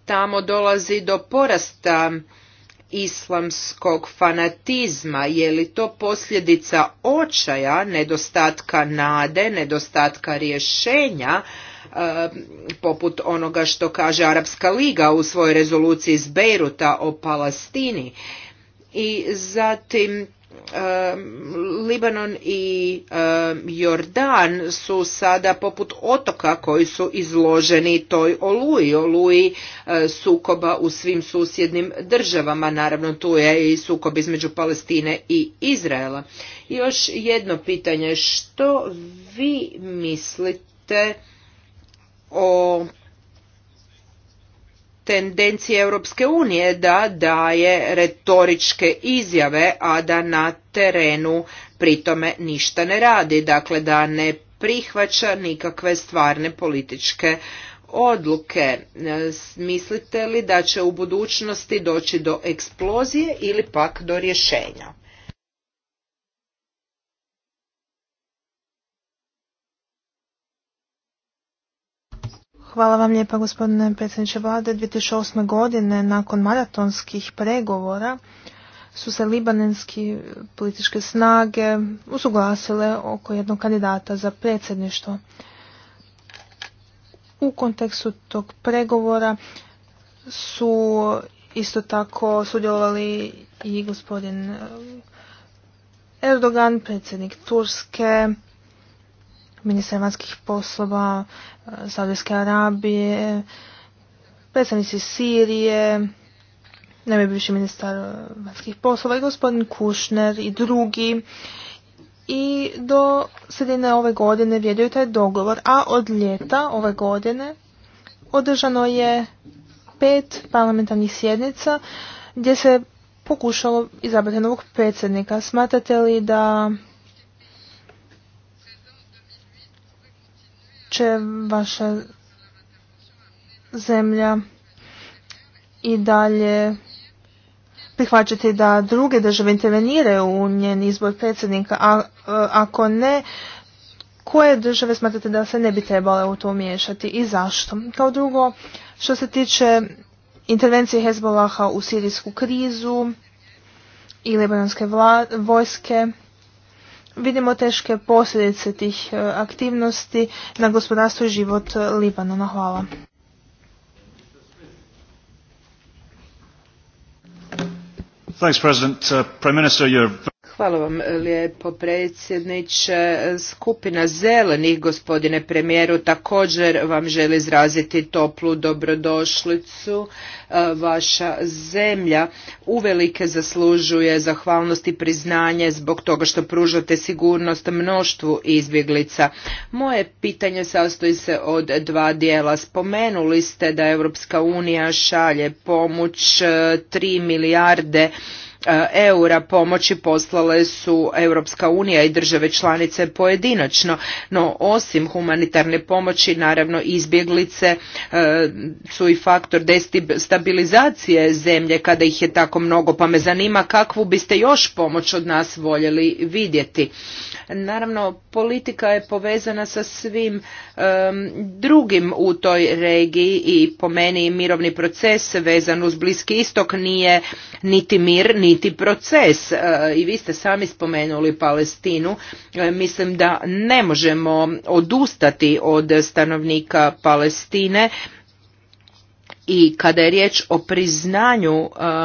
tamo dolazi do porasta islamskog fanatizma, je li to posljedica očaja, nedostatka nade, nedostatka rješenja, e, poput onoga što kaže Arapska liga u svojoj rezoluciji iz Bejruta o Palestini. I zatim Libanon i Jordan su sada poput otoka koji su izloženi toj oluji, oluji e, sukoba u svim susjednim državama. Naravno tu je i sukob između Palestine i Izraela. Još jedno pitanje, što vi mislite o tendencije Europske unije da daje retoričke izjave, a da na terenu pritome ništa ne radi, dakle da ne prihvaća nikakve stvarne političke odluke. Mislite li da će u budućnosti doći do eksplozije ili pak do rješenja? Hvala vam lijepa gospodine predsjedniče vlade. 2008. godine nakon maratonskih pregovora su se libanenski političke snage usuglasile oko jednog kandidata za predsjedništvo. U kontekstu tog pregovora su isto tako sudjelovali i gospodin eh, Erdogan, predsjednik Turske, ministar vanjskih poslova e, Saudijske Arabije, predstavnici Sirije, najbolji bivši ministar e, vanjskih poslova i gospodin Kušner i drugi. I do sredine ove godine vjeruju taj dogovor, a od ljeta ove godine održano je pet parlamentarnih sjednica gdje se pokušalo izabrati novog predsjednika. Smatrate li da će vaša zemlja i dalje prihvaćati da druge države interveniraju u njen izbor predsjednika, a e, ako ne, koje države smatrate da se ne bi trebale u to umiješati i zašto? Kao drugo, što se tiče intervencije Hezbolaha u sirijsku krizu i libanonske vojske, vidimo teške posljedice tih e, aktivnosti na gospodarstvo i život e, Libanona. Hvala. Thanks, President. Uh, Prime Minister, you're Hvala vam e, lijepo predsjedniče. Skupina zelenih, gospodine premijeru, također vam želi izraziti toplu dobrodošlicu. E, vaša zemlja uvelike zaslužuje zahvalnost i priznanje zbog toga što pružate sigurnost mnoštvu izbjeglica. Moje pitanje sastoji se od dva dijela. Spomenuli ste da Europska unija šalje pomoć 3 e, milijarde E, eura pomoći poslale su Europska unija i države članice pojedinačno, no osim humanitarne pomoći naravno izbjeglice e, su i faktor destabilizacije zemlje kada ih je tako mnogo, pa me zanima kakvu biste još pomoć od nas voljeli vidjeti. Naravno, politika je povezana sa svim e, drugim u toj regiji i po meni mirovni proces vezan uz Bliski istok nije niti mir, ni niti proces. E, I vi ste sami spomenuli Palestinu. E, mislim da ne možemo odustati od stanovnika Palestine i kada je riječ o priznanju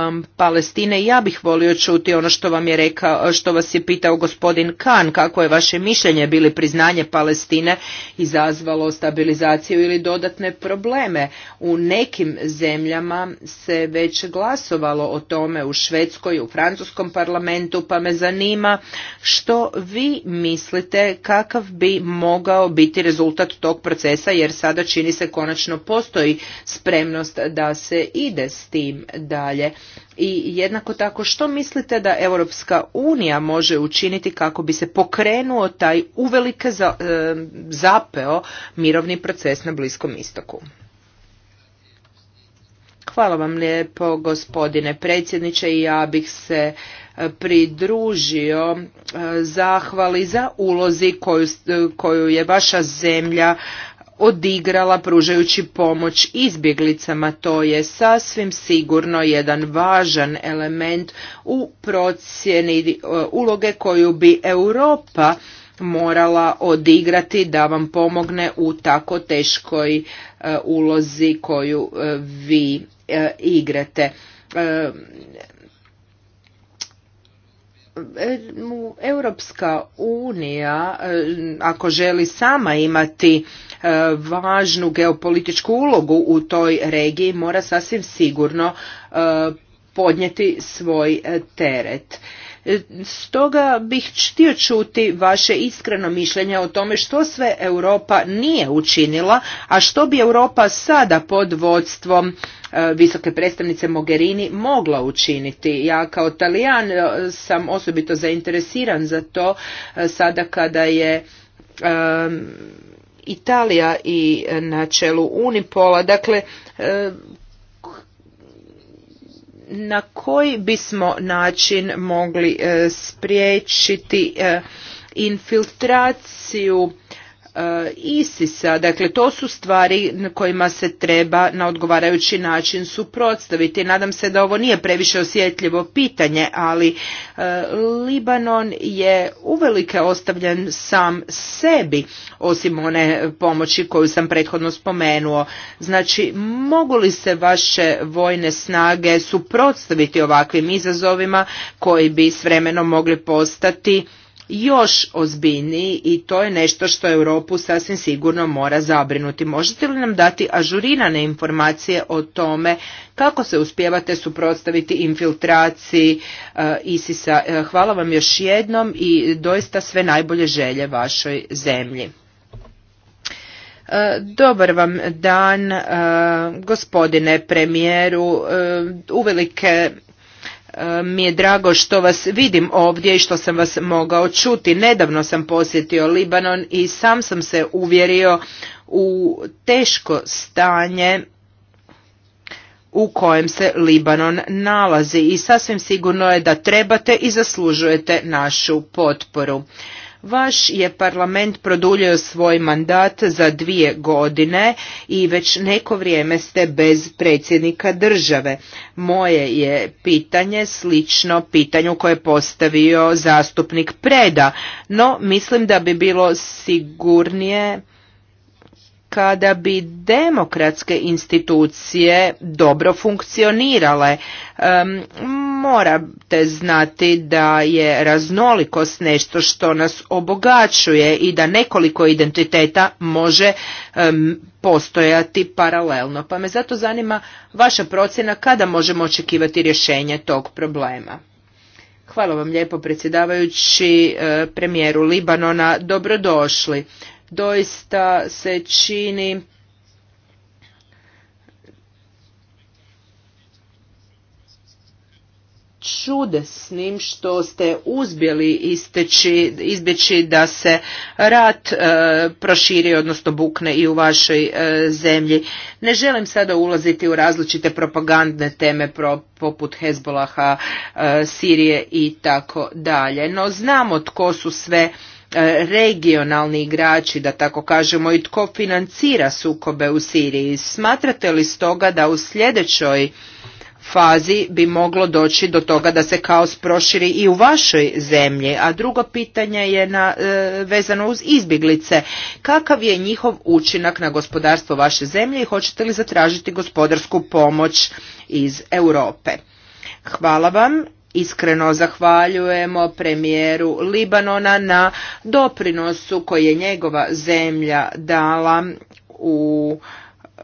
um, Palestine, ja bih volio čuti ono što vam je rekao, što vas je pitao gospodin Kan, kako je vaše mišljenje bili priznanje Palestine izazvalo stabilizaciju ili dodatne probleme. U nekim zemljama se već glasovalo o tome u Švedskoj, u Francuskom parlamentu, pa me zanima što vi mislite kakav bi mogao biti rezultat tog procesa, jer sada čini se konačno postoji spremnost da se ide s tim dalje. I jednako tako što mislite da Europska unija može učiniti kako bi se pokrenuo taj uvelike e, zapeo mirovni proces na Bliskom istoku? Hvala vam lijepo gospodine predsjedniče i ja bih se e, pridružio e, zahvali za ulozi koju, koju je vaša zemlja odigrala pružajući pomoć izbjeglicama. To je sasvim sigurno jedan važan element u procjeni e, uloge koju bi Europa morala odigrati da vam pomogne u tako teškoj e, ulozi koju e, vi igrate. Europska unija, ako želi sama imati E, važnu geopolitičku ulogu u toj regiji mora sasvim sigurno e, podnijeti svoj e, teret. Stoga bih htio čuti vaše iskreno mišljenje o tome što sve Europa nije učinila, a što bi Europa sada pod vodstvom visoke predstavnice Mogherini mogla učiniti. Ja kao talijan sam osobito zainteresiran za to sada kada je Italija i e, na čelu Unipola. Dakle, e, na koji bismo način mogli e, spriječiti infiltraciju E, ISIS-a. Dakle, to su stvari kojima se treba na odgovarajući način suprotstaviti. Nadam se da ovo nije previše osjetljivo pitanje, ali e, Libanon je uvelike ostavljen sam sebi, osim one pomoći koju sam prethodno spomenuo. Znači, mogu li se vaše vojne snage suprotstaviti ovakvim izazovima koji bi s vremenom mogli postati još ozbiljniji i to je nešto što Europu sasvim sigurno mora zabrinuti. Možete li nam dati ažurirane informacije o tome kako se uspijevate suprotstaviti infiltraciji e, isisa e, hvala vam još jednom i doista sve najbolje želje vašoj zemlji. E, dobar vam dan, gospodine premijeru. Uvelike E, mi je drago što vas vidim ovdje i što sam vas mogao čuti. Nedavno sam posjetio Libanon i sam sam se uvjerio u teško stanje u kojem se Libanon nalazi i sasvim sigurno je da trebate i zaslužujete našu potporu. Vaš je parlament produljio svoj mandat za dvije godine i već neko vrijeme ste bez predsjednika države. Moje je pitanje slično pitanju koje je postavio zastupnik Preda, no mislim da bi bilo sigurnije kada bi demokratske institucije dobro funkcionirale. morate znati da je raznolikost nešto što nas obogaćuje i da nekoliko identiteta može postojati paralelno. Pa me zato zanima vaša procjena kada možemo očekivati rješenje tog problema. Hvala vam lijepo predsjedavajući eh, premijeru Libanona, dobrodošli doista se čini čudesnim što ste uzbjeli izbjeći da se rat e, proširi, odnosno bukne i u vašoj e, zemlji. Ne želim sada ulaziti u različite propagandne teme poput Hezbolaha, e, Sirije i tako dalje, no znamo tko su sve E, regionalni igrači, da tako kažemo, i tko financira sukobe u Siriji. Smatrate li stoga da u sljedećoj fazi bi moglo doći do toga da se kaos proširi i u vašoj zemlji. A drugo pitanje je na, e, vezano uz izbjeglice. Kakav je njihov učinak na gospodarstvo vaše zemlje i hoćete li zatražiti gospodarsku pomoć iz Europe? Hvala vam. Iskreno zahvaljujemo premijeru Libanona na doprinosu koji je njegova zemlja dala u eh,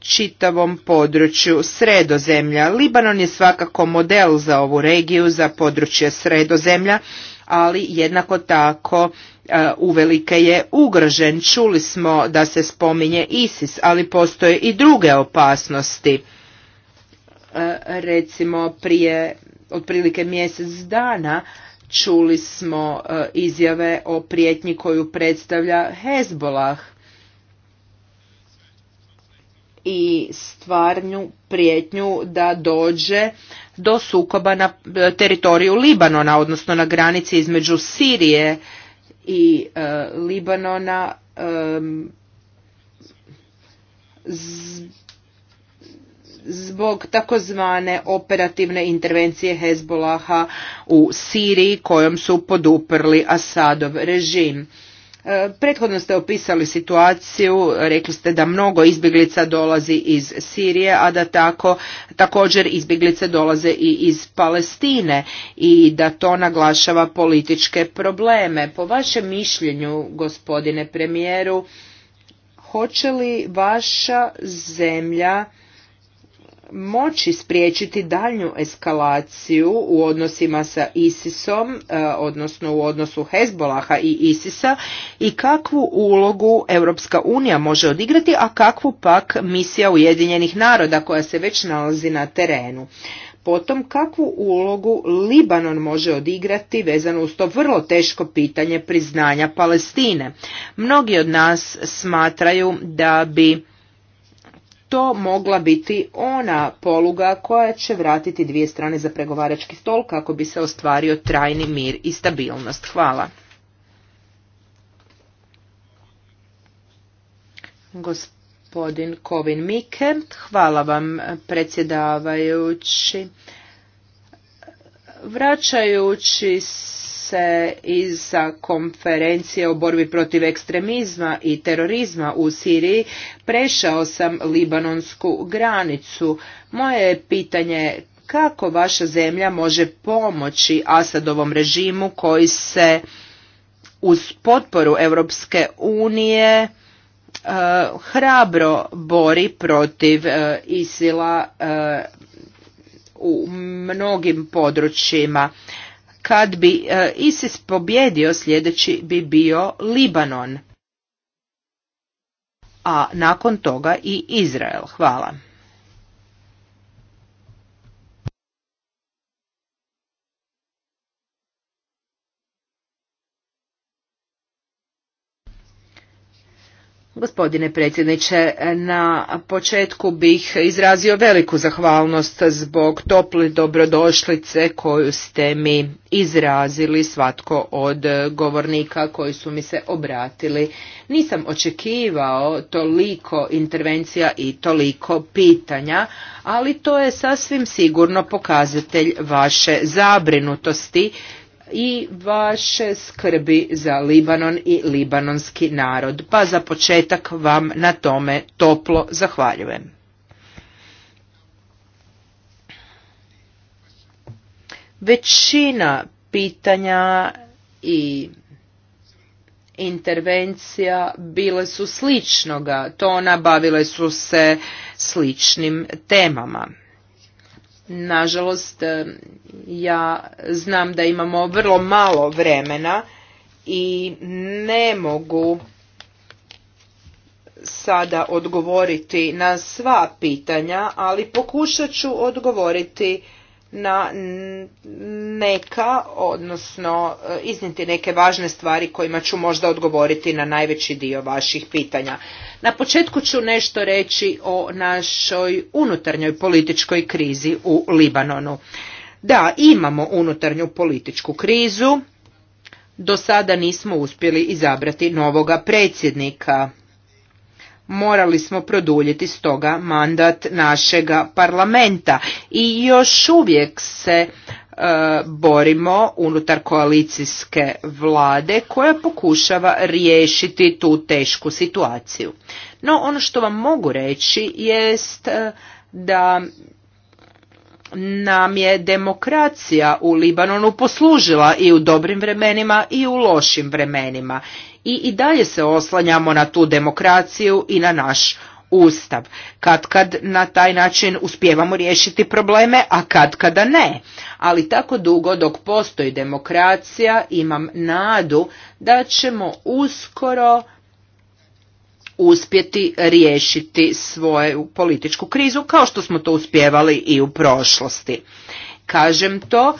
čitavom području sredozemlja. Libanon je svakako model za ovu regiju, za područje sredozemlja, ali jednako tako eh, uvelike je ugrožen. Čuli smo da se spominje ISIS, ali postoje i druge opasnosti eh, recimo prije otprilike mjesec dana čuli smo e, izjave o prijetnji koju predstavlja Hezbolah i stvarnju prijetnju da dođe do sukoba na e, teritoriju Libanona, odnosno na granici između Sirije i e, Libanona zbog takozvane operativne intervencije Hezbolaha u Siriji kojom su poduprli Asadov režim. E, prethodno ste opisali situaciju, rekli ste da mnogo izbjeglica dolazi iz Sirije, a da tako također izbjeglice dolaze i iz Palestine i da to naglašava političke probleme. Po vašem mišljenju, gospodine premijeru, hoće li vaša zemlja moći spriječiti daljnju eskalaciju u odnosima sa ISISom, e, odnosno u odnosu Hezbolaha i ISISa i kakvu ulogu Europska unija može odigrati, a kakvu pak misija Ujedinjenih naroda koja se već nalazi na terenu. Potom kakvu ulogu Libanon može odigrati vezano uz to vrlo teško pitanje priznanja Palestine. Mnogi od nas smatraju da bi to mogla biti ona poluga koja će vratiti dvije strane za pregovarački stol kako bi se ostvario trajni mir i stabilnost. Hvala. Gospodin Kovin Mike, hvala vam predsjedavajući. Vraćajući se iz konferencije o borbi protiv ekstremizma i terorizma u Siriji prešao sam libanonsku granicu. Moje pitanje kako vaša zemlja može pomoći Asadovom režimu koji se uz potporu Europske unije e, hrabro bori protiv e, Isila e, u mnogim područjima. Kad bi e, ISIS pobjedio, sljedeći bi bio Libanon, a nakon toga i Izrael. Hvala. Gospodine predsjedniče, na početku bih izrazio veliku zahvalnost zbog tople dobrodošlice koju ste mi izrazili svatko od govornika koji su mi se obratili. Nisam očekivao toliko intervencija i toliko pitanja, ali to je sasvim sigurno pokazatelj vaše zabrinutosti i vaše skrbi za Libanon i libanonski narod. Pa za početak vam na tome toplo zahvaljujem. Većina pitanja i intervencija bile su sličnoga, To nabavile su se sličnim temama. Nažalost, e, ja znam da imamo vrlo malo vremena i ne mogu sada odgovoriti na sva pitanja, ali pokušat ću odgovoriti na neka, odnosno e, izniti neke važne stvari kojima ću možda odgovoriti na najveći dio vaših pitanja. Na početku ću nešto reći o našoj unutarnjoj političkoj krizi u Libanonu. Da, imamo unutarnju političku krizu, do sada nismo uspjeli izabrati novoga predsjednika morali smo produljiti stoga mandat našega parlamenta i još uvijek se e, borimo unutar koalicijske vlade koja pokušava riješiti tu tešku situaciju. No ono što vam mogu reći jest e, da nam je demokracija u Libanonu poslužila i u dobrim vremenima i u lošim vremenima i i dalje se oslanjamo na tu demokraciju i na naš ustav. Kad kad na taj način uspijevamo riješiti probleme, a kad kada ne. Ali tako dugo dok postoji demokracija imam nadu da ćemo uskoro uspjeti riješiti svoju političku krizu kao što smo to uspjevali i u prošlosti. Kažem to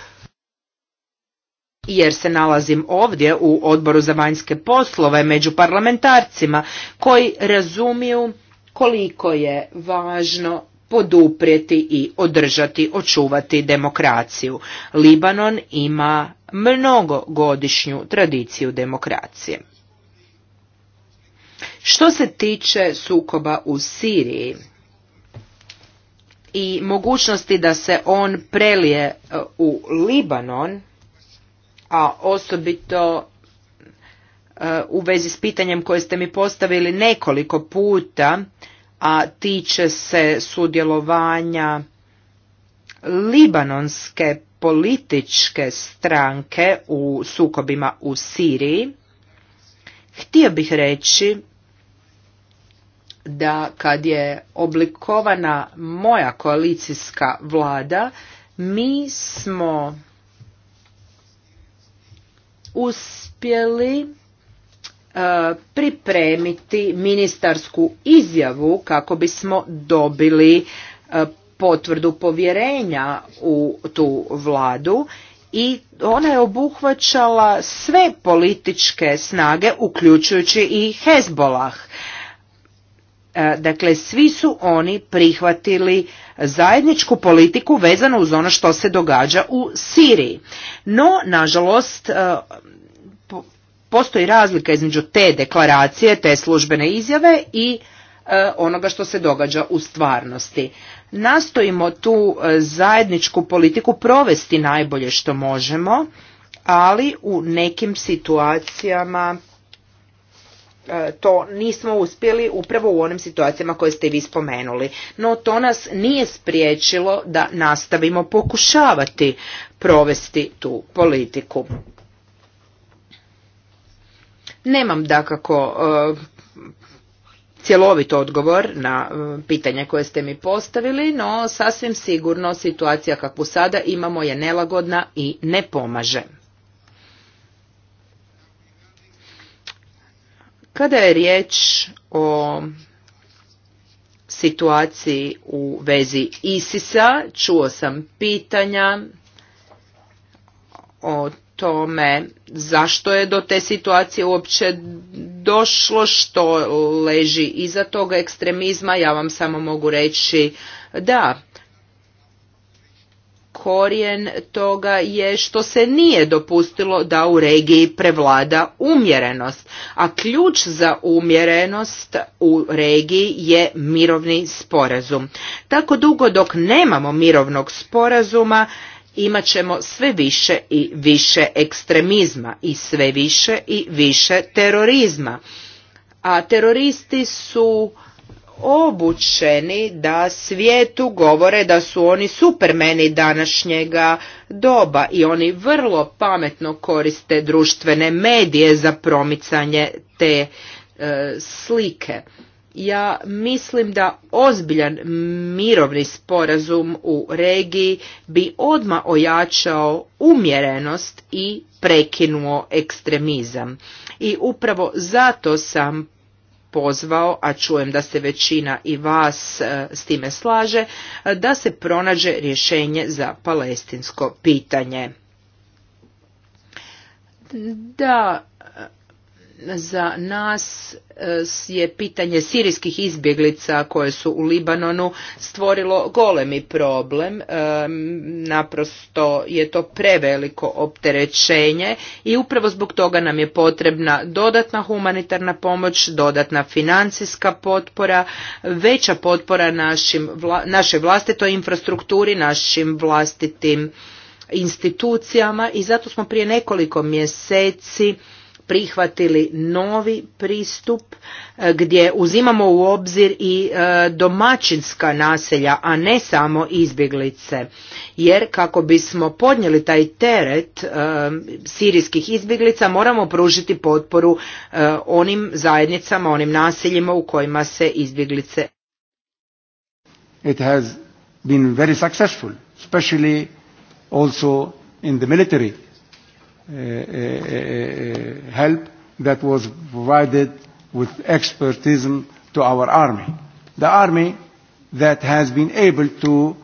jer se nalazim ovdje u odboru za vanjske poslove među parlamentarcima koji razumiju koliko je važno poduprijeti i održati, očuvati demokraciju. Libanon ima mnogo godišnju tradiciju demokracije. Što se tiče sukoba u Siriji i mogućnosti da se on prelije e, u Libanon, a osobito e, u vezi s pitanjem koje ste mi postavili nekoliko puta, a tiče se sudjelovanja libanonske političke stranke u sukobima u Siriji, htio bih reći da kad je oblikovana moja koalicijska vlada, mi smo uspjeli e, pripremiti ministarsku izjavu kako bismo dobili e, potvrdu povjerenja u tu vladu i ona je obuhvaćala sve političke snage uključujući i Hezbolah. E, dakle, svi su oni prihvatili zajedničku politiku vezanu uz ono što se događa u Siriji. No, nažalost, e, postoji razlika između te deklaracije, te službene izjave i e, onoga što se događa u stvarnosti. Nastojimo tu zajedničku politiku provesti najbolje što možemo, ali u nekim situacijama E, to nismo uspjeli upravo u onim situacijama koje ste vi spomenuli. No to nas nije spriječilo da nastavimo pokušavati provesti tu politiku. Nemam dakako e, cjelovit odgovor na e, pitanje koje ste mi postavili, no sasvim sigurno situacija kakvu sada imamo je nelagodna i ne pomaže. Kada je riječ o situaciji u vezi Isisa, čuo sam pitanja o tome zašto je do te situacije uopće došlo, što leži iza toga ekstremizma, ja vam samo mogu reći da korijen toga je što se nije dopustilo da u regiji prevlada umjerenost, a ključ za umjerenost u regiji je mirovni sporazum. Tako dugo dok nemamo mirovnog sporazuma, imat ćemo sve više i više ekstremizma i sve više i više terorizma. A teroristi su obučeni da svijetu govore da su oni supermeni današnjega doba i oni vrlo pametno koriste društvene medije za promicanje te e, slike ja mislim da ozbiljan mirovni sporazum u regiji bi odma ojačao umjerenost i prekinuo ekstremizam i upravo zato sam pozvao, a čujem da se većina i vas e, s time slaže, e, da se pronađe rješenje za palestinsko pitanje. Da, za nas e, je pitanje sirijskih izbjeglica koje su u Libanonu stvorilo golemi problem. E, naprosto je to preveliko opterećenje i upravo zbog toga nam je potrebna dodatna humanitarna pomoć, dodatna financijska potpora, veća potpora našim, našoj vlastitoj infrastrukturi, našim vlastitim institucijama i zato smo prije nekoliko mjeseci prihvatili novi pristup e, gdje uzimamo u obzir i e, domaćinska naselja, a ne samo izbjeglice. Jer kako bismo podnijeli taj teret e, sirijskih izbjeglica moramo pružiti potporu onim zajednicama, onim naseljima u kojima se izbjeglice. It has been very successful, especially also in the military help that was provided with expertise to our army. The army that has been able to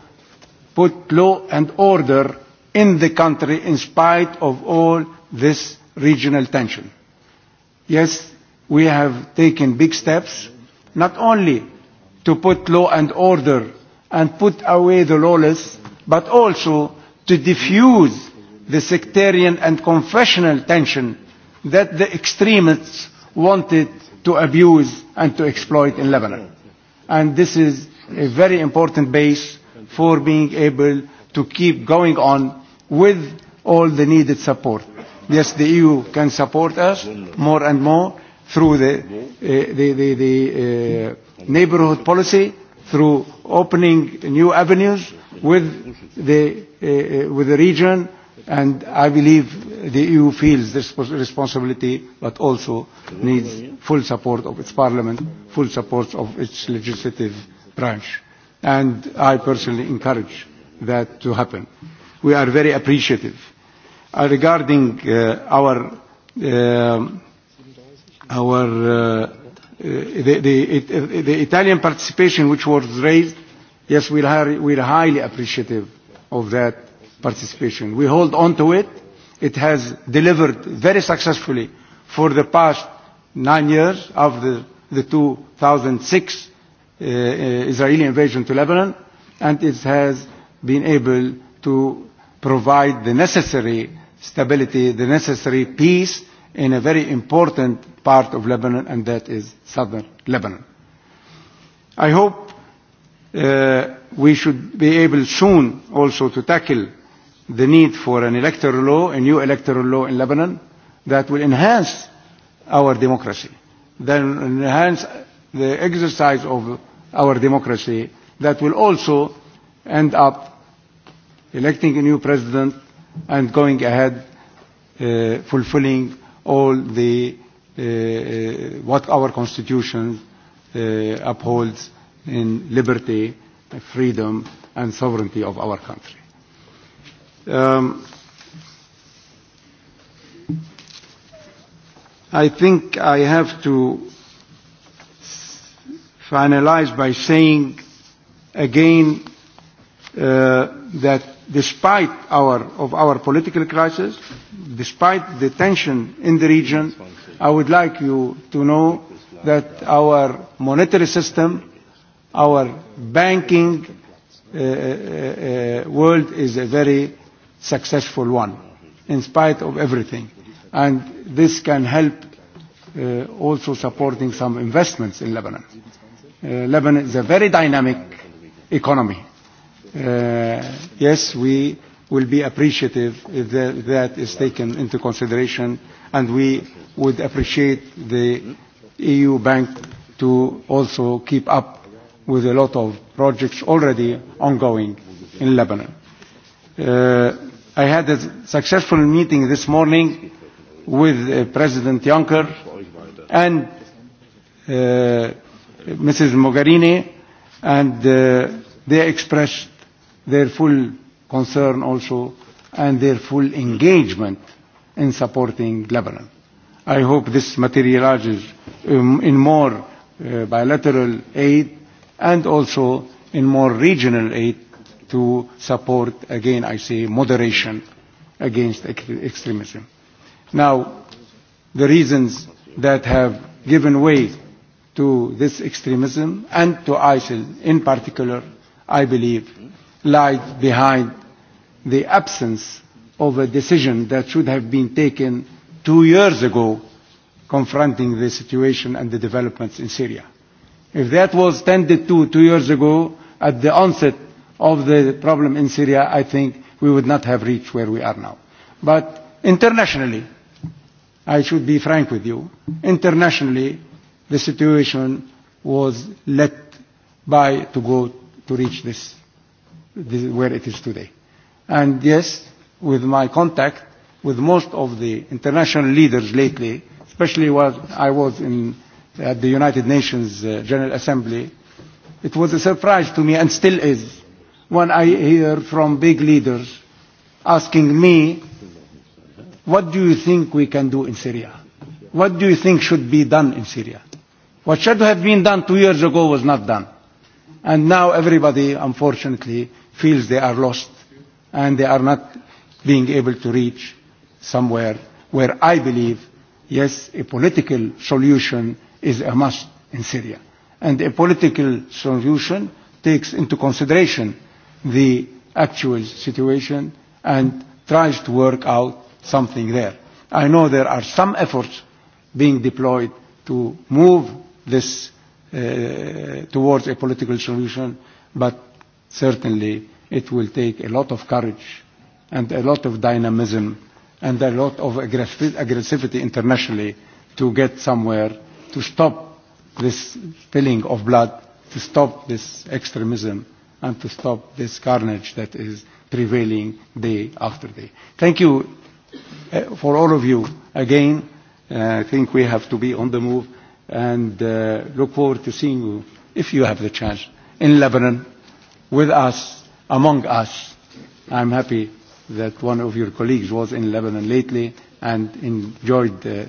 put law and order in the country in spite of all this regional tension. Yes, we have taken big steps, not only to put law and order and put away the lawless, but also to diffuse the sectarian and confessional tension that the extremists wanted to abuse and to exploit in Lebanon. And this is a very important base for being able to keep going on with all the needed support. Yes, the EU can support us more and more through the, uh, the, the, the uh, neighborhood policy, through opening new avenues with the, uh, uh with the region, and I believe the EU feels this responsibility but also needs full support of its parliament, full support of its legislative branch. And I personally encourage that to happen. We are very appreciative. Uh, regarding uh, our, um, our uh, the, the Italian participation which was raised, yes, we we are highly appreciative of that participation. We hold on to it. It has delivered very successfully for the past nine years of the, 2006 uh, uh, Israeli invasion to Lebanon, and it has been able to provide the necessary stability, the necessary peace in a very important part of Lebanon, and that is southern Lebanon. I hope uh, we should be able soon also to tackle the need for an electoral law, a new electoral law in Lebanon that will enhance our democracy, that will enhance the exercise of our democracy, that will also end up electing a new president and going ahead uh, fulfilling all the uh, uh what our constitution uh, upholds in liberty, freedom and sovereignty of our country. Um, I think I have to finalize by saying again uh, that despite our, of our political crisis, despite the tension in the region, I would like you to know that our monetary system, our banking uh, uh, uh world is a very successful one in spite of everything and this can help uh, also supporting some investments in Lebanon. Uh, Lebanon is a very dynamic economy. Uh, yes, we will be appreciative if that, that is taken into consideration and we would appreciate the EU Bank to also keep up with a lot of projects already ongoing in Lebanon. Uh, i had a successful meeting this morning with uh, President Juncker and uh, Mrs. Mogherini, and uh, they expressed their full concern also and their full engagement in supporting Lebanon. I hope this materializes um, in more bilateral aid and also in more regional aid to support, again I say, moderation against extremism. Now, the reasons that have given way to this extremism and to ISIL in particular, I believe, lie behind the absence of a decision that should have been taken two years ago confronting the situation and the developments in Syria. If that was tended to two years ago at the onset of the problem in Syria, I think we would not have reached where we are now. But internationally, I should be frank with you, internationally the situation was let by to go to reach this, this where it is today. And yes, with my contact with most of the international leaders lately, especially while I was in, at the United Nations uh, General Assembly, it was a surprise to me and still is when I hear from big leaders asking me, what do you think we can do in Syria? What do you think should be done in Syria? What should have been done two years ago was not done. And now everybody, unfortunately, feels they are lost and they are not being able to reach somewhere where I believe, yes, a political solution is a must in Syria. And a political solution takes into consideration the actual situation and tries to work out something there. I know there are some efforts being deployed to move this uh, towards a political solution, but certainly it will take a lot of courage and a lot of dynamism and a lot of aggressivity internationally to get somewhere to stop this spilling of blood, to stop this extremism and to stop this carnage that is prevailing day after day. Thank you eh, for all of you again. Eh, I think we have to be on the move and uh, look forward to seeing you, if you have the chance, in Lebanon with us, among us. I'm happy that one of your colleagues was in Lebanon lately and enjoyed uh,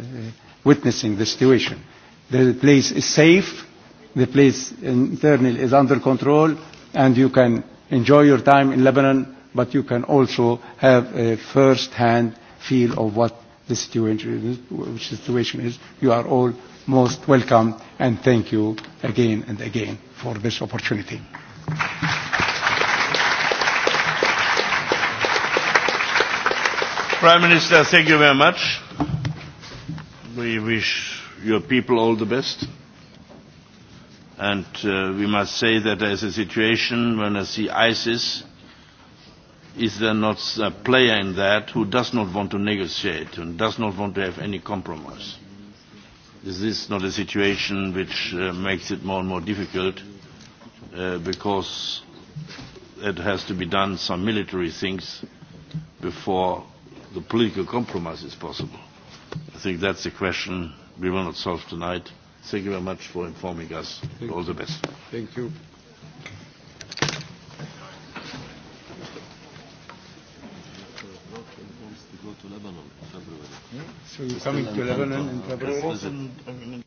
witnessing the situation. The place is safe, the place internally is under control and you can enjoy your time in Lebanon, but you can also have a first-hand feel of what the situation is, the situation is. You are all most welcome, and thank you again and again for this opportunity. Prime Minister, thank you very much. We wish your people all the best. And uh, we must say that there is a situation when I see ISIS, is there not a player in that who does not want to negotiate and does not want to have any compromise? Is this not a situation which uh, makes it more and more difficult uh, because it has to be done some military things before the political compromise is possible? I think that's a question we will not solve tonight Thank you very much for informing us. Thank All the best. Thank you. to Lebanon in February. So you're coming to Lebanon in February?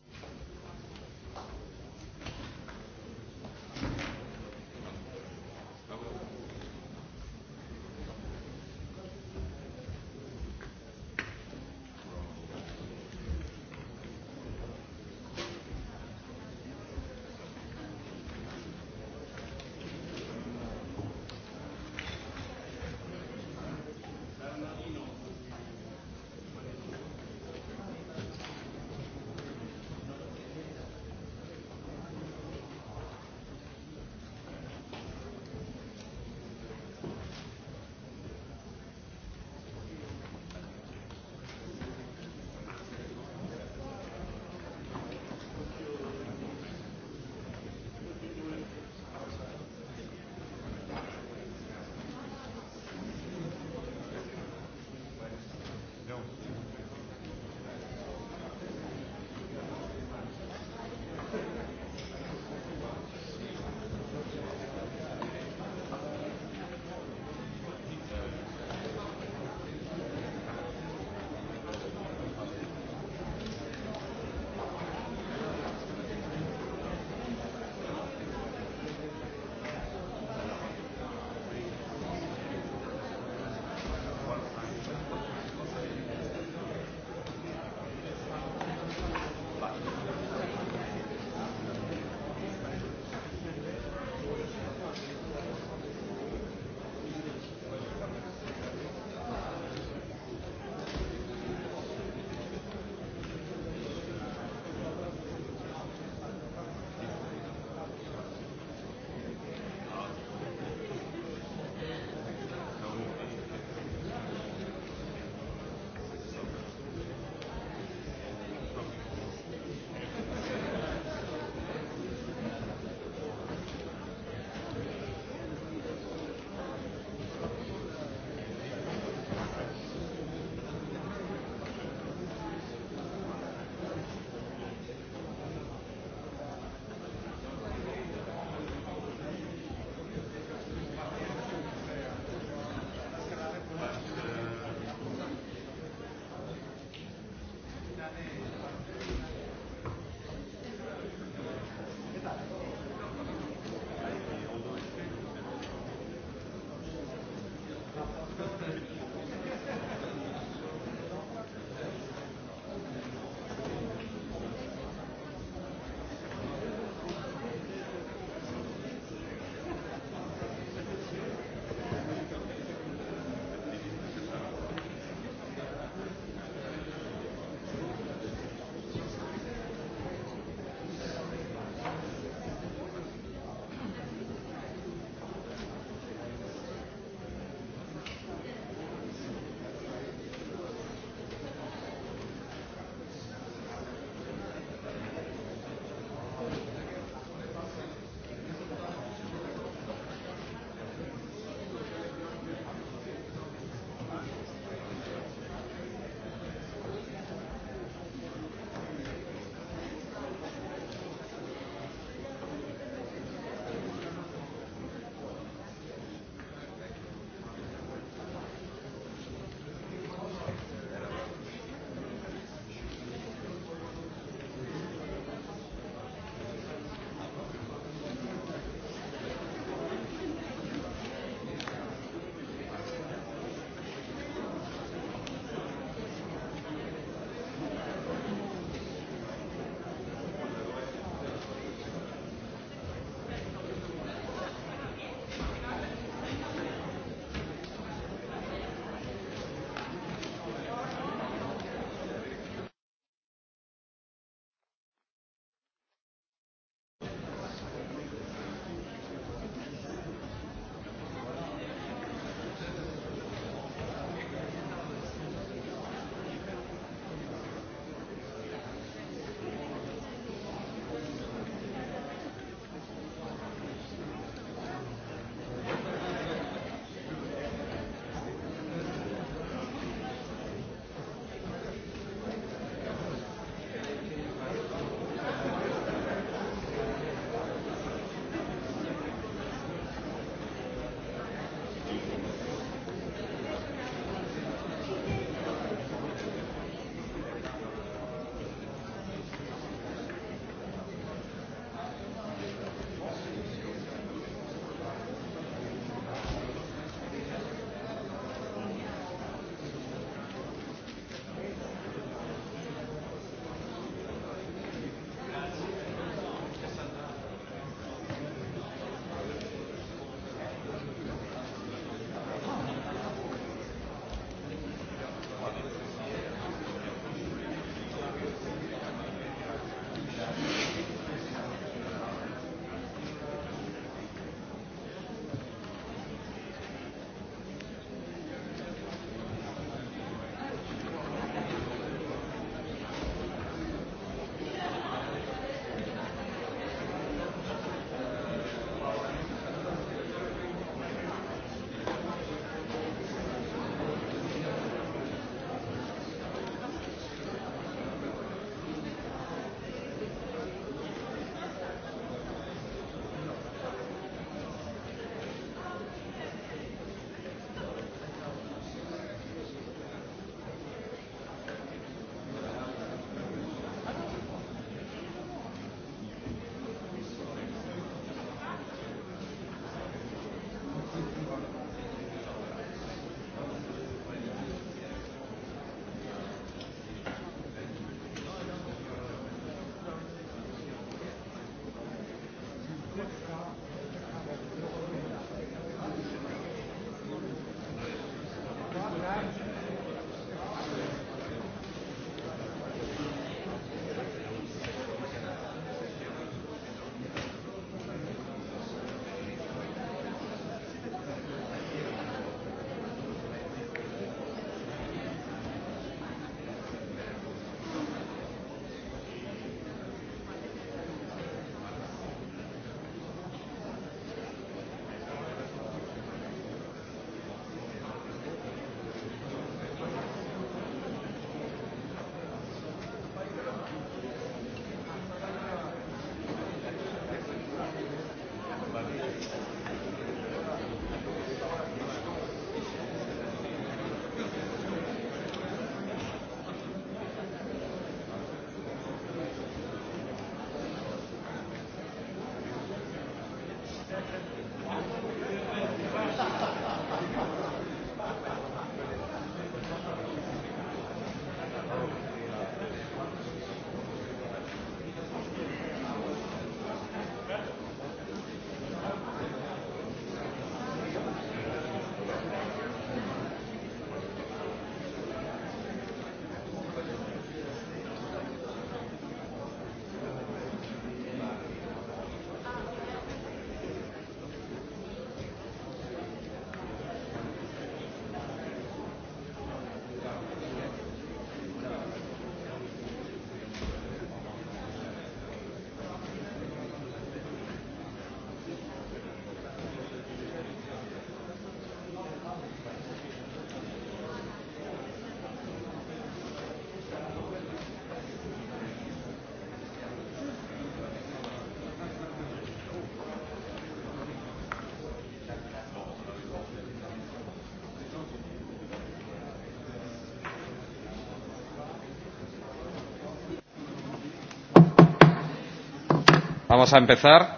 Vamos a empezar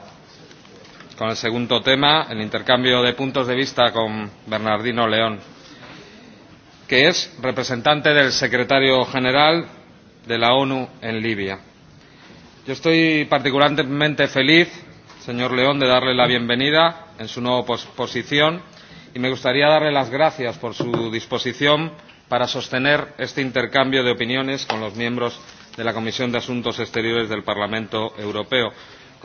con el segundo tema, el intercambio de puntos de vista con Bernardino León, que es representante del secretario general de la ONU en Libia. Yo estoy particularmente feliz, señor León, de darle la bienvenida en su nueva posición y me gustaría darle las gracias por su disposición para sostener este intercambio de opiniones con los miembros de la Comisión de Asuntos Exteriores del Parlamento Europeo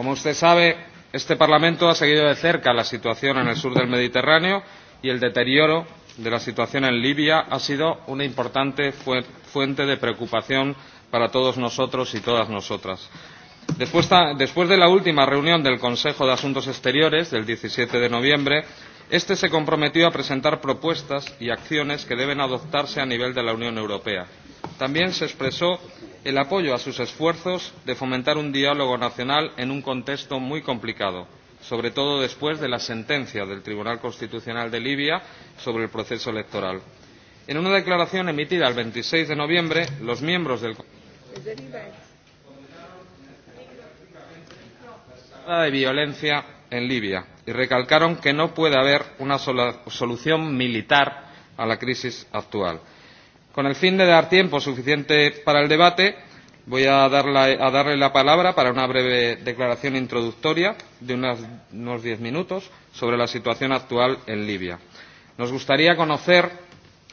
Como usted sabe, este Parlamento ha seguido de cerca la situación en el sur del Mediterráneo y el deterioro de la situación en Libia ha sido una importante fuente de preocupación para todos nosotros y todas nosotras. Después de la última reunión del Consejo de Asuntos Exteriores del 17 de noviembre, este se comprometió a presentar propuestas y acciones que deben adoptarse a nivel de la unión europea. también se expresó el apoyo a sus esfuerzos de fomentar un diálogo nacional en un contexto muy complicado sobre todo después de la sentencia del tribunal constitucional de libia sobre el proceso electoral. en una declaración emitida el 26 de noviembre los miembros del de violencia en libia y recalcaron que no puede haber una sola solución militar a la crisis actual. Con el fin de dar tiempo suficiente para el debate, voy a, darle, a darle la palabra para una breve declaración introductoria de unos diez minutos sobre la situación actual en Libia. Nos gustaría conocer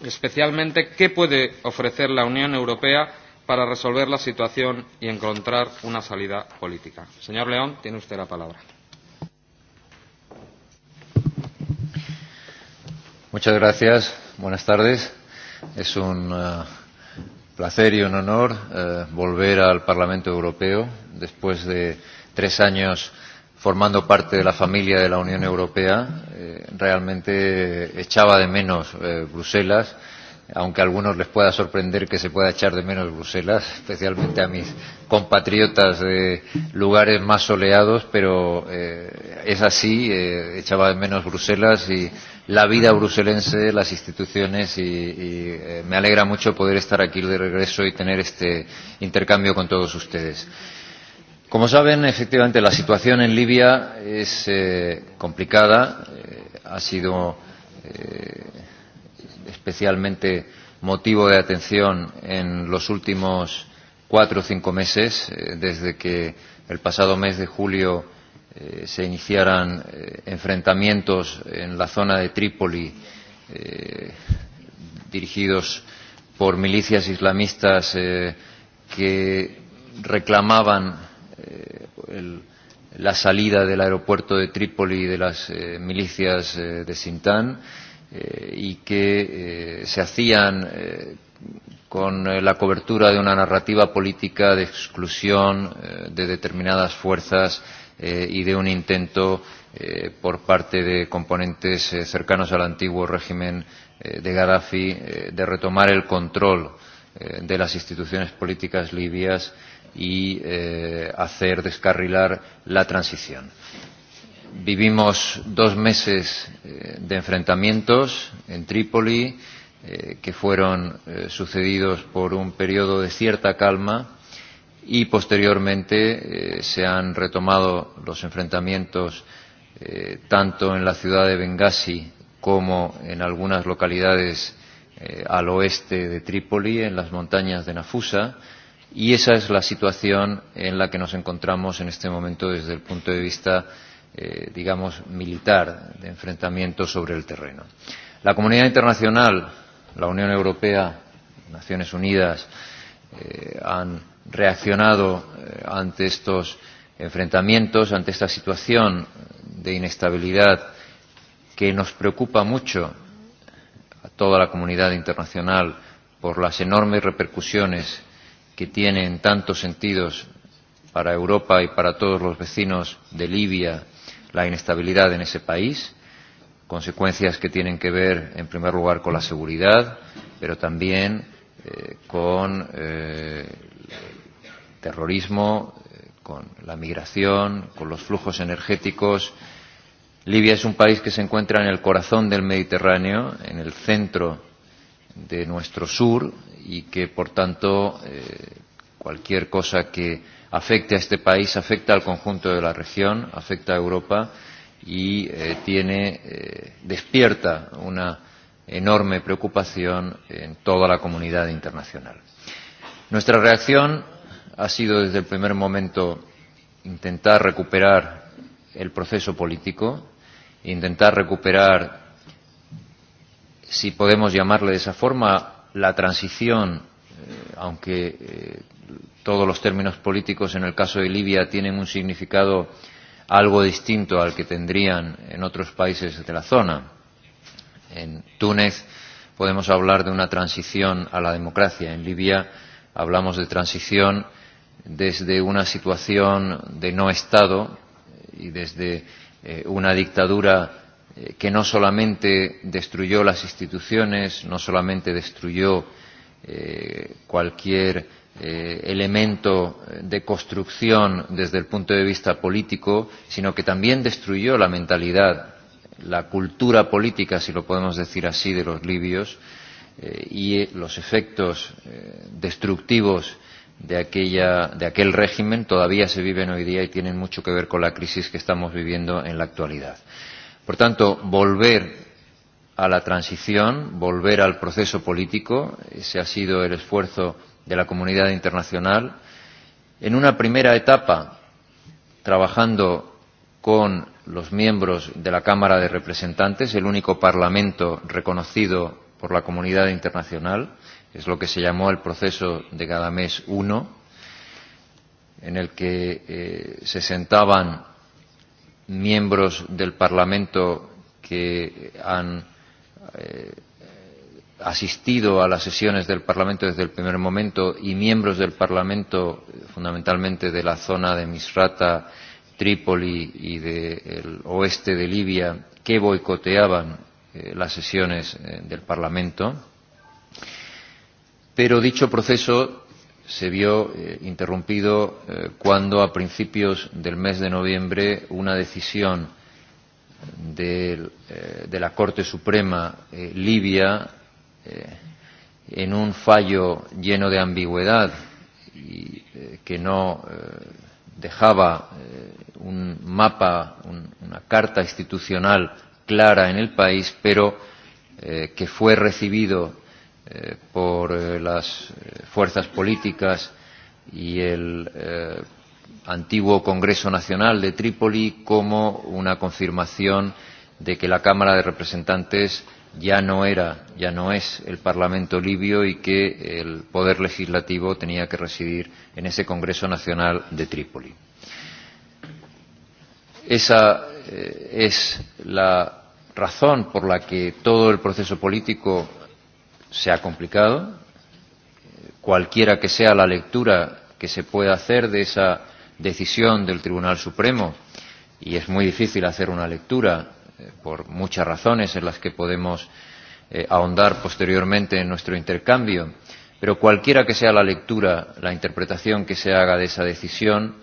especialmente qué puede ofrecer la Unión Europea para resolver la situación y encontrar una salida política. Señor León, tiene usted la palabra. Muchas gracias. Buenas tardes. Es un eh, placer y un honor eh, volver al Parlamento Europeo después de tres años formando parte de la familia de la Unión Europea. Eh, realmente echaba de menos Bruselas aunque a algunos les pueda sorprender que se pueda echar de menos Bruselas, especialmente a mis compatriotas de lugares más soleados, pero es así, echaba de menos Bruselas y la vida bruselense, las instituciones y, y eh, me alegra mucho poder estar aquí de regreso y tener este intercambio con todos ustedes. Como saben, efectivamente, la situación en Libia es eh, complicada, eh, ha sido eh, especialmente motivo de atención en los últimos cuatro o cinco meses, desde que el pasado mes de julio Eh, se iniciaran eh, enfrentamientos en la zona de Trípoli eh, dirigidos por milicias islamistas eh, que reclamaban el, la salida del aeropuerto de Trípoli de las milicias de Sintán y que se hacían con la cobertura de una narrativa política de exclusión de determinadas fuerzas eh, y de un intento eh, por parte de componentes eh, cercanos al antiguo régimen eh, de Gaddafi eh, de retomar el control eh, de las instituciones políticas libias y hacer descarrilar la transición. Vivimos dos meses de enfrentamientos en Trípoli que fueron sucedidos por un periodo de cierta calma y posteriormente eh, se han retomado los enfrentamientos eh, tanto en la ciudad de Benghazi como en algunas localidades eh, al oeste de Trípoli, en las montañas de Nafusa, y esa es la situación en la que nos encontramos en este momento desde el punto de vista, eh, digamos, militar, de enfrentamiento sobre el terreno. La comunidad internacional, la Unión Europea, Naciones Unidas, eh, han reaccionado eh, ante estos enfrentamientos, ante esta situación de inestabilidad que nos preocupa mucho a toda la comunidad internacional por las enormes repercusiones que tiene en tantos sentidos para Europa y para todos los vecinos de Libia la inestabilidad en ese país, consecuencias que tienen que ver, en primer lugar, con la seguridad, pero también eh, con eh, terrorismo, eh, con la migración, con los flujos energéticos. Libia es un país que se encuentra en el corazón del Mediterráneo, en el centro de nuestro sur y que, por tanto, eh, cualquier cosa que afecte a este país afecta al conjunto de la región, afecta a Europa y eh, tiene, eh, despierta una enorme preocupación en toda la comunidad internacional. Nuestra reacción ha sido desde el primer momento intentar recuperar el proceso político, intentar recuperar, si podemos llamarle de esa forma, la transición, eh, aunque eh, todos los términos políticos en el caso de Libia tienen un significado algo distinto al que tendrían en otros países de la zona. En Túnez podemos hablar de una transición a la democracia. En Libia hablamos de transición desde una situación de no Estado y desde eh, una dictadura eh, que no solamente destruyó las instituciones, no solamente destruyó eh, cualquier eh, elemento de construcción desde el punto de vista político, sino que también destruyó la mentalidad, la cultura política, si lo podemos decir así, de los libios eh, y los efectos destructivos de, aquella, de aquel régimen todavía se viven hoy día y tienen mucho que ver con la crisis que estamos viviendo en la actualidad. Por tanto, volver a la transición, volver al proceso político, ese ha sido el esfuerzo de la comunidad internacional, en una primera etapa trabajando con los miembros de la Cámara de Representantes, el único parlamento reconocido por la comunidad internacional, es lo que se llamó el proceso de cada mes uno, en el que eh, se sentaban miembros del Parlamento que han eh, asistido a las sesiones del Parlamento desde el primer momento y miembros del Parlamento, fundamentalmente de la zona de Misrata, Trípoli y del de, oeste de Libia, que boicoteaban eh, las sesiones eh, del Parlamento pero dicho proceso se vio eh, interrumpido eh, cuando a principios del mes de noviembre una decisión de, eh, de la Corte Suprema eh, Libia eh, en un fallo lleno de ambigüedad y eh, que no dejaba un mapa, un, una carta institucional clara en el país, pero que fue recibido Eh, por eh, las eh, fuerzas políticas y el antiguo Congreso Nacional de Trípoli como una confirmación de que la Cámara de Representantes ya no era ya no es el Parlamento libio y que el poder legislativo tenía que residir en ese Congreso Nacional de Trípoli. Esa eh, es la razón por la que todo el proceso político se ha complicado. Cualquiera que sea la lectura que se pueda hacer de esa decisión del Tribunal Supremo, y es muy difícil hacer una lectura eh, por muchas razones en las que podemos eh, ahondar posteriormente en nuestro intercambio, pero cualquiera que sea la lectura, la interpretación que se haga de esa decisión,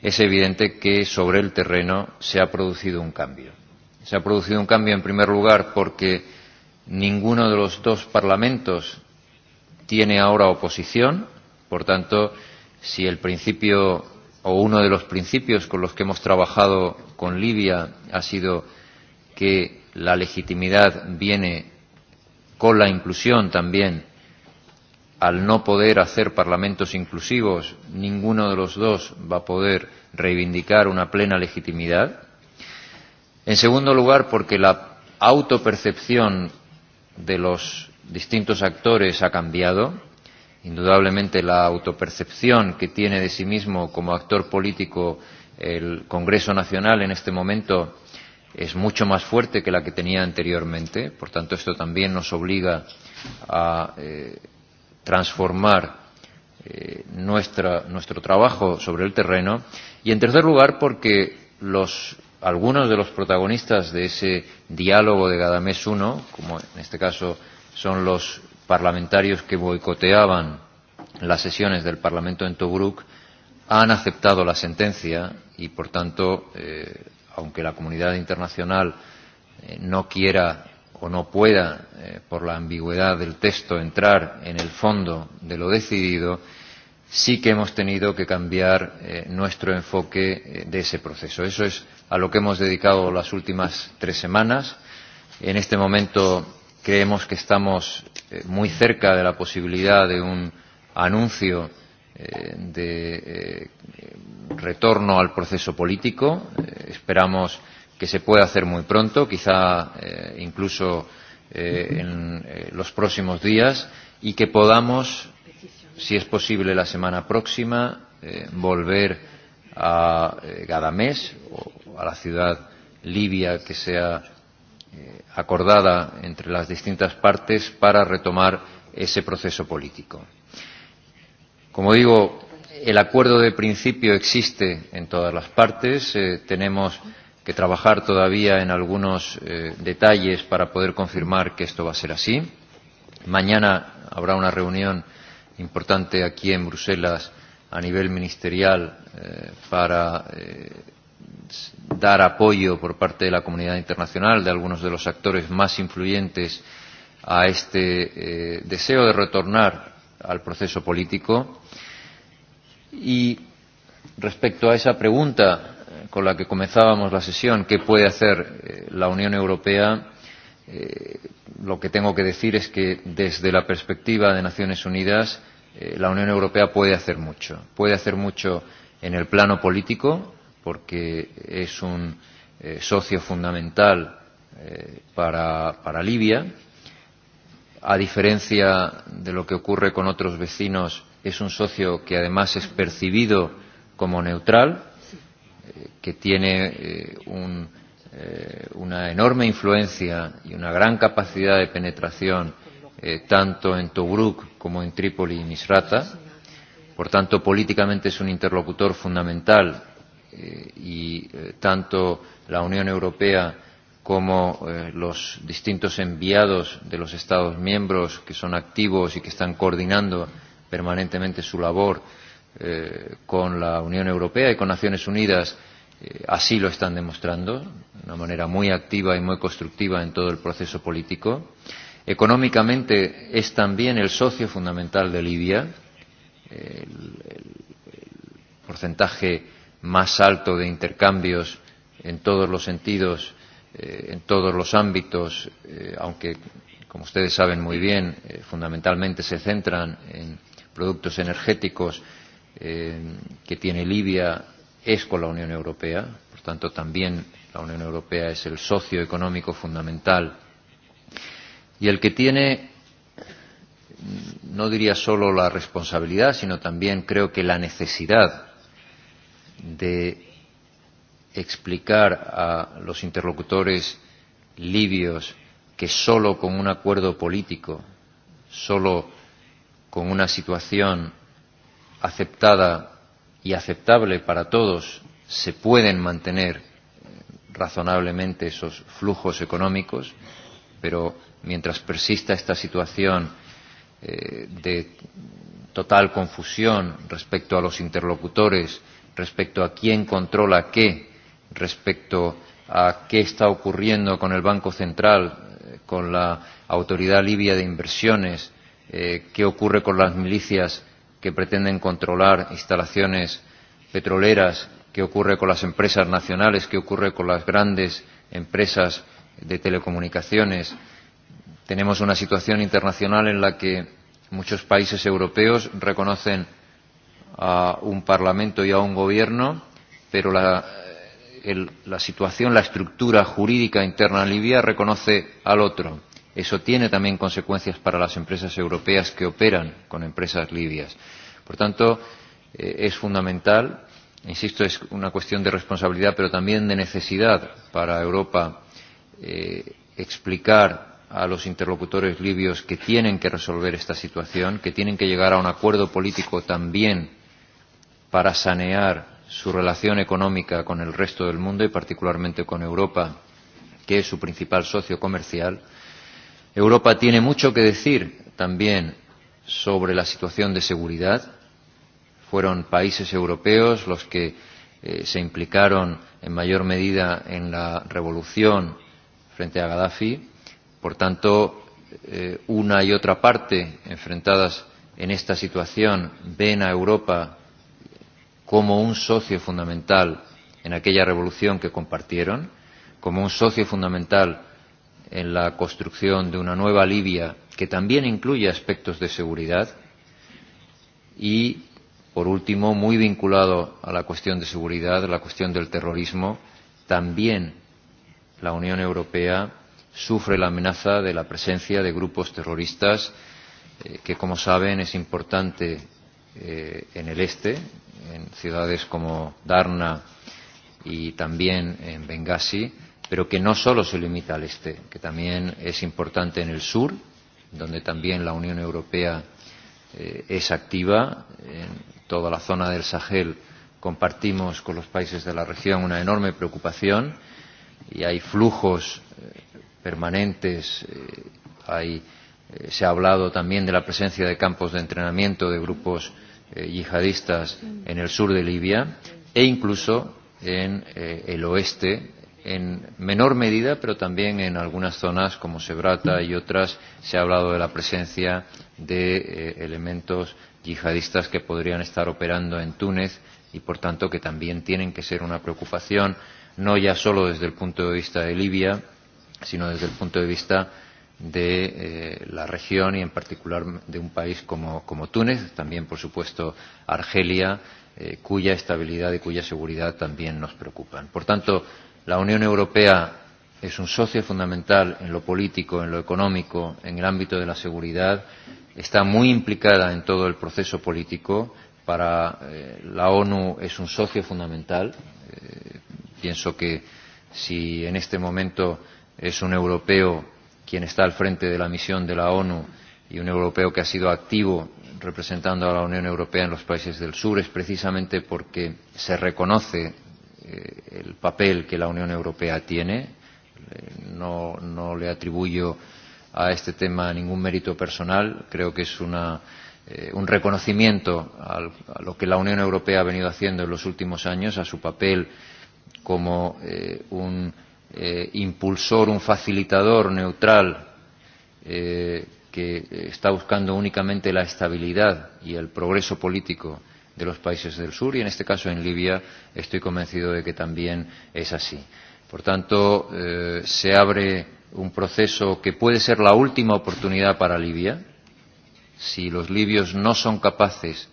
es evidente que sobre el terreno se ha producido un cambio. Se ha producido un cambio, en primer lugar, porque ninguno de los dos parlamentos tiene ahora oposición por tanto si el principio o uno de los principios con los que hemos trabajado con libia ha sido que la legitimidad viene con la inclusión también al no poder hacer parlamentos inclusivos ninguno de los dos va a poder reivindicar una plena legitimidad en segundo lugar porque la autopercepción de los distintos actores ha cambiado. Indudablemente la autopercepción que tiene de sí mismo como actor político el Congreso Nacional en este momento es mucho más fuerte que la que tenía anteriormente. Por tanto, esto también nos obliga a eh, transformar eh, nuestra, nuestro trabajo sobre el terreno. Y, en tercer lugar, porque los algunos de los protagonistas de ese diálogo de cada mes como en este caso son los parlamentarios que boicoteaban las sesiones del Parlamento en Tobruk, han aceptado la sentencia y, por tanto, eh, aunque la comunidad internacional eh, no quiera o no pueda, eh, por la ambigüedad del texto, entrar en el fondo de lo decidido, sí que hemos tenido que cambiar eh, nuestro enfoque eh, de ese proceso. Eso es a lo que hemos dedicado las últimas tres semanas. En este momento creemos que estamos eh, muy cerca de la posibilidad de un anuncio eh, de eh, retorno al proceso político. Eh, esperamos que se pueda hacer muy pronto, quizá incluso en los próximos días, y que podamos si es posible la semana próxima, eh, volver a eh, cada mes o a la ciudad libia que sea eh, acordada entre las distintas partes para retomar ese proceso político. Como digo, el acuerdo de principio existe en todas las partes. Eh, tenemos que trabajar todavía en algunos eh, detalles para poder confirmar que esto va a ser así. Mañana habrá una reunión importante aquí en Bruselas a nivel ministerial eh, para eh, dar apoyo por parte de la comunidad internacional, de algunos de los actores más influyentes a este eh, deseo de retornar al proceso político. Y respecto a esa pregunta eh, con la que comenzábamos la sesión, ¿qué puede hacer la Unión Europea? Eh, lo que tengo que decir es que desde la perspectiva de Naciones Unidas eh, la Unión Europea puede hacer mucho. Puede hacer mucho en el plano político porque es un eh, socio fundamental para, para Libia. A diferencia de lo que ocurre con otros vecinos, es un socio que además es percibido como neutral, que tiene un eh, una enorme influencia y una gran capacidad de penetración eh, tanto en Tobruk como en Trípoli y Misrata. Por tanto, políticamente es un interlocutor fundamental eh, y eh, tanto la Unión Europea como eh, los distintos enviados de los Estados miembros que son activos y que están coordinando permanentemente su labor eh, con la Unión Europea y con Naciones Unidas Eh, así lo están demostrando de una manera muy activa y muy constructiva en todo el proceso político. Económicamente es también el socio fundamental de Libia, el, el, el porcentaje más alto de intercambios en todos los sentidos, eh, en todos los ámbitos, eh, aunque, como ustedes saben muy bien, eh, fundamentalmente se centran en productos energéticos que tiene Libia es con la Unión Europea, por tanto también la Unión Europea es el socio económico fundamental y el que tiene mm, no diría solo la responsabilidad, sino también creo que la necesidad de explicar a los interlocutores libios que solo con un acuerdo político, solo con una situación aceptada y aceptable para todos se pueden mantener eh, razonablemente esos flujos económicos, pero mientras persista esta situación eh, de total confusión respecto a los interlocutores, respecto a quién controla qué, respecto a qué está ocurriendo con el Banco Central, eh, con la Autoridad Libia de Inversiones, eh, qué ocurre con las milicias que pretenden controlar instalaciones petroleras qué ocurre con las empresas nacionales qué ocurre con las grandes empresas de telecomunicaciones tenemos una situación internacional en la que muchos países europeos reconocen a un parlamento y a un gobierno pero la el la situación la estructura jurídica interna en Libia reconoce al otro Eso tiene también consecuencias para las empresas europeas que operan con empresas libias. Por tanto, eh, es fundamental, insisto, es una cuestión de responsabilidad, pero también de necesidad para Europa eh, explicar a los interlocutores libios que tienen que resolver esta situación, que tienen que llegar a un acuerdo político también para sanear su relación económica con el resto del mundo y particularmente con Europa, que es su principal socio comercial Europa tiene mucho que decir también sobre la situación de seguridad. Fueron países europeos los que eh, se implicaron en mayor medida en la revolución frente a Gaddafi. Por tanto, eh, una y otra parte enfrentadas en esta situación ven a Europa como un socio fundamental en aquella revolución que compartieron, como un socio fundamental en la construcción de una nueva Libia que también incluye aspectos de seguridad y, por último, muy vinculado a la cuestión de seguridad, la cuestión del terrorismo, también la Unión Europea sufre la amenaza de la presencia de grupos terroristas eh, que, como saben, es importante eh, en el este, en ciudades como Darna y también en Benghazi, pero que no solo se limita al este, que también es importante en el sur, donde también la Unión Europea eh, es activa. En toda la zona del Sahel compartimos con los países de la región una enorme preocupación y hay flujos eh, permanentes, eh, hay, eh, se ha hablado también de la presencia de campos de entrenamiento de grupos eh, yihadistas en el sur de Libia e incluso en el oeste en menor medida, pero también en algunas zonas como Sebrata y otras se ha hablado de la presencia de eh, elementos yihadistas que podrían estar operando en Túnez y, por tanto, que también tienen que ser una preocupación, no ya solo desde el punto de vista de Libia, sino desde el punto de vista de eh, la región y, en particular, de un país como, como Túnez, también, por supuesto, Argelia, eh, cuya estabilidad y cuya seguridad también nos preocupan. Por tanto, la unión europea es un socio fundamental en lo político en lo económico en el ámbito de la seguridad está muy implicada en todo el proceso político para eh, la onu es un socio fundamental eh, pienso que si en este momento es un europeo quien está al frente de la misión de la onu y un europeo que ha sido activo representando a la Unión Europea en los países del sur es precisamente porque se reconoce eh, el papel que la Unión Europea tiene. Eh, no, no le atribuyo a este tema ningún mérito personal. Creo que es una, eh, un reconocimiento al, a lo que la Unión Europea ha venido haciendo en los últimos años, a su papel como eh, un eh, impulsor, un facilitador neutral eh, que está buscando únicamente la estabilidad y el progreso político de los países del sur y en este caso en Libia estoy convencido de que también es así. Por tanto, eh, se abre un proceso que puede ser la última oportunidad para Libia. Si los libios no son capaces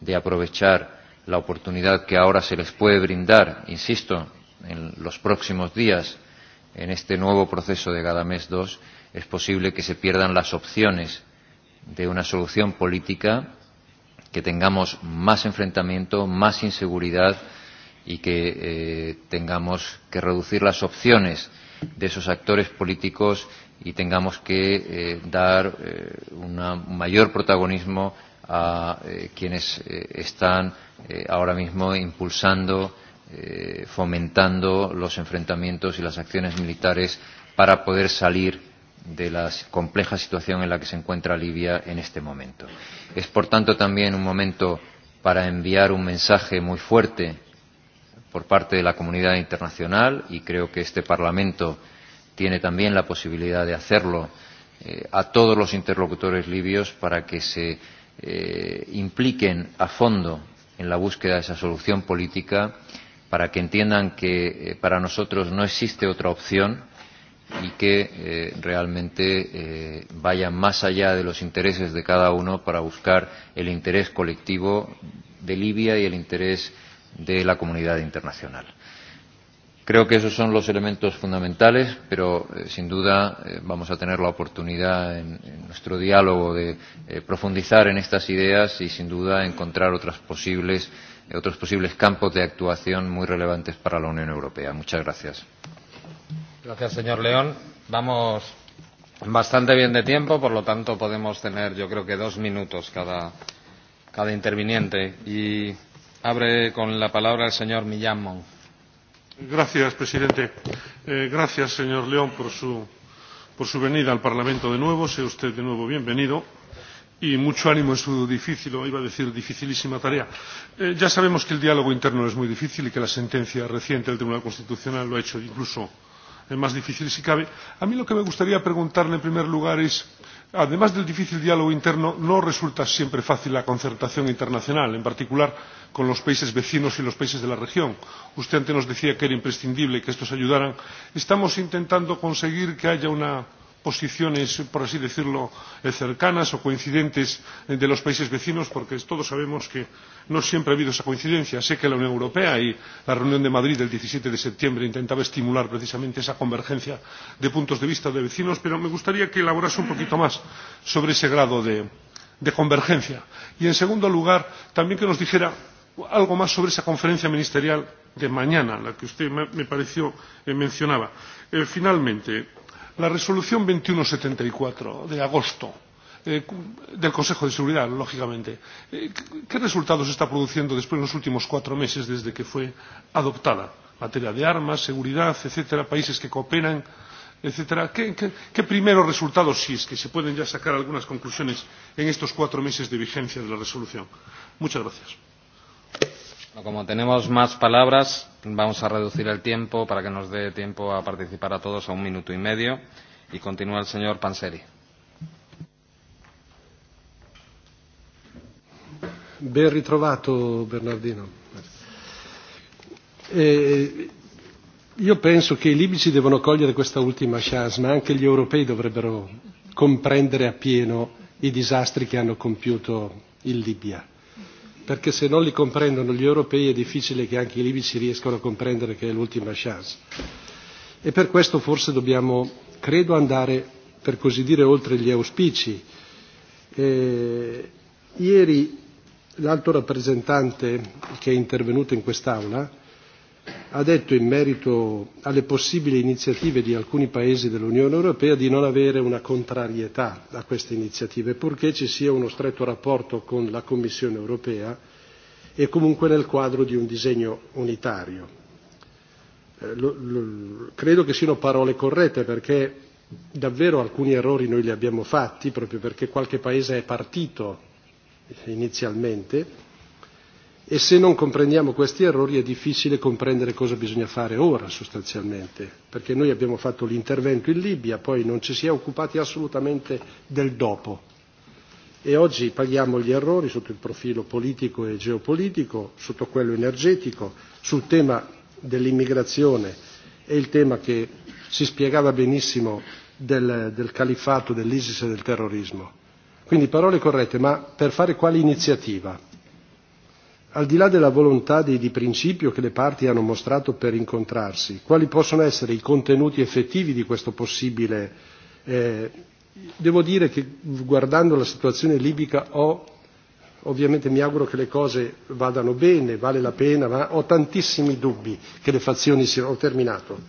de aprovechar la oportunidad que ahora se les puede brindar, insisto, en los próximos días, en este nuevo proceso de Gadamés II, es posible que se pierdan las opciones de una solución política que tengamos más enfrentamiento, más inseguridad y que eh, tengamos que reducir las opciones de esos actores políticos y tengamos que eh, dar eh, un mayor protagonismo a eh, quienes eh, están eh, ahora mismo impulsando, fomentando los enfrentamientos y las acciones militares para poder salir de la compleja situación en la que se encuentra Libia en este momento. Es, por tanto, también un momento para enviar un mensaje muy fuerte por parte de la comunidad internacional y creo que este Parlamento tiene también la posibilidad de hacerlo eh, a todos los interlocutores libios para que se eh, impliquen a fondo en la búsqueda de esa solución política para que entiendan que eh, para nosotros no existe otra opción y que eh, realmente eh, vaya más allá de los intereses de cada uno para buscar el interés colectivo de Libia y el interés de la comunidad internacional. Creo que esos son los elementos fundamentales, pero eh, sin duda eh, vamos a tener la oportunidad en, en nuestro diálogo de eh, profundizar en estas ideas y sin duda encontrar otras posibles, eh, otros posibles campos de actuación muy relevantes para la Unión Europea. Muchas gracias. Gracias, señor León. Vamos bastante bien de tiempo, por lo tanto podemos tener yo creo que dos minutos cada, cada interviniente. Y abre con la palabra el señor Millán Mon. Gracias, presidente. Eh, gracias, señor León, por su, por su venida al Parlamento de nuevo. Sea usted de nuevo bienvenido y mucho ánimo en su difícil o iba a decir dificilísima tarea. Eh, ya sabemos que el diálogo interno es muy difícil y que la sentencia reciente del Tribunal Constitucional lo ha hecho incluso el más difícil si cabe. A mí lo que me gustaría preguntarle en primer lugar es, además del difícil diálogo interno, no resulta siempre fácil la concertación internacional, en particular con los países vecinos y los países de la región. Usted antes nos decía que era imprescindible que estos ayudaran. Estamos intentando conseguir que haya una posiciones por así decirlo eh, cercanas o coincidentes eh, de los países vecinos porque todos sabemos que no siempre ha habido esa coincidencia. sé que la unión europea y la reunión de madrid del diecisiete de septiembre intentaba estimular precisamente esa convergencia de puntos de vista de vecinos pero me gustaría que elaborase un poquito más sobre ese grado de, de convergencia. y en segundo lugar también que nos dijera algo más sobre esa conferencia ministerial de mañana la que usted me pareció eh, mencionaba. finalmente la resolución dos mil ciento setenta y cuatro de agosto eh, del consejo de seguridad lógicamente eh, qué resultados está produciendo después de los últimos cuatro meses desde que fue adoptada materia de armas seguridad etcétera países que cooperan etcétera qué, qué, qué primeros resultados si es que se pueden ya sacar algunas conclusiones en estos cuatro meses de vigencia de la resolución? muchas gracias. Como tenemos más palabras, vamos a reducir el tiempo para que nos dé tiempo a participar a todos a un minuto y medio. Y continúa el señor Panseri. Ben ritrovato Bernardino. Eh, io penso che i libici devono cogliere questa ultima chance, ma anche gli europei dovrebbero comprendere appieno i disastri che hanno compiuto in Libia perché se non li comprendono gli europei è difficile che anche i libici riescano a comprendere che è l'ultima chance. E per questo forse dobbiamo, credo, andare, per così dire, oltre gli auspici. Eh, ieri l'alto rappresentante che è intervenuto in quest'Aula ha detto in merito alle possibili iniziative di alcuni paesi dell'Unione Europea di non avere una contrarietà a queste iniziative, purché ci sia uno stretto rapporto con la Commissione Europea e comunque nel quadro di un disegno unitario. Eh, credo che siano parole corrette perché davvero alcuni errori noi li abbiamo fatti proprio perché qualche paese è partito inizialmente e se non comprendiamo questi errori è difficile comprendere cosa bisogna fare ora sostanzialmente perché noi abbiamo fatto l'intervento in libia poi non ci si è occupati assolutamente del dopo e oggi paghiamo gli errori sotto il profilo politico e geopolitico sotto quello energetico sul tema dell'immigrazione e il tema che si spiegava benissimo del, del califfato dell'isis e del terrorismo quindi parole corrette ma per fare quale iniziativa? al di là della volontà di, di principio che le parti hanno mostrato per incontrarsi quali possono essere i contenuti effettivi di questo possibile eh, devo dire che guardando la situazione libica ovviamente mi auguro che le cose vadano bene vale la pena ma ho tantissimi dubbi che le fazioni siano ho terminato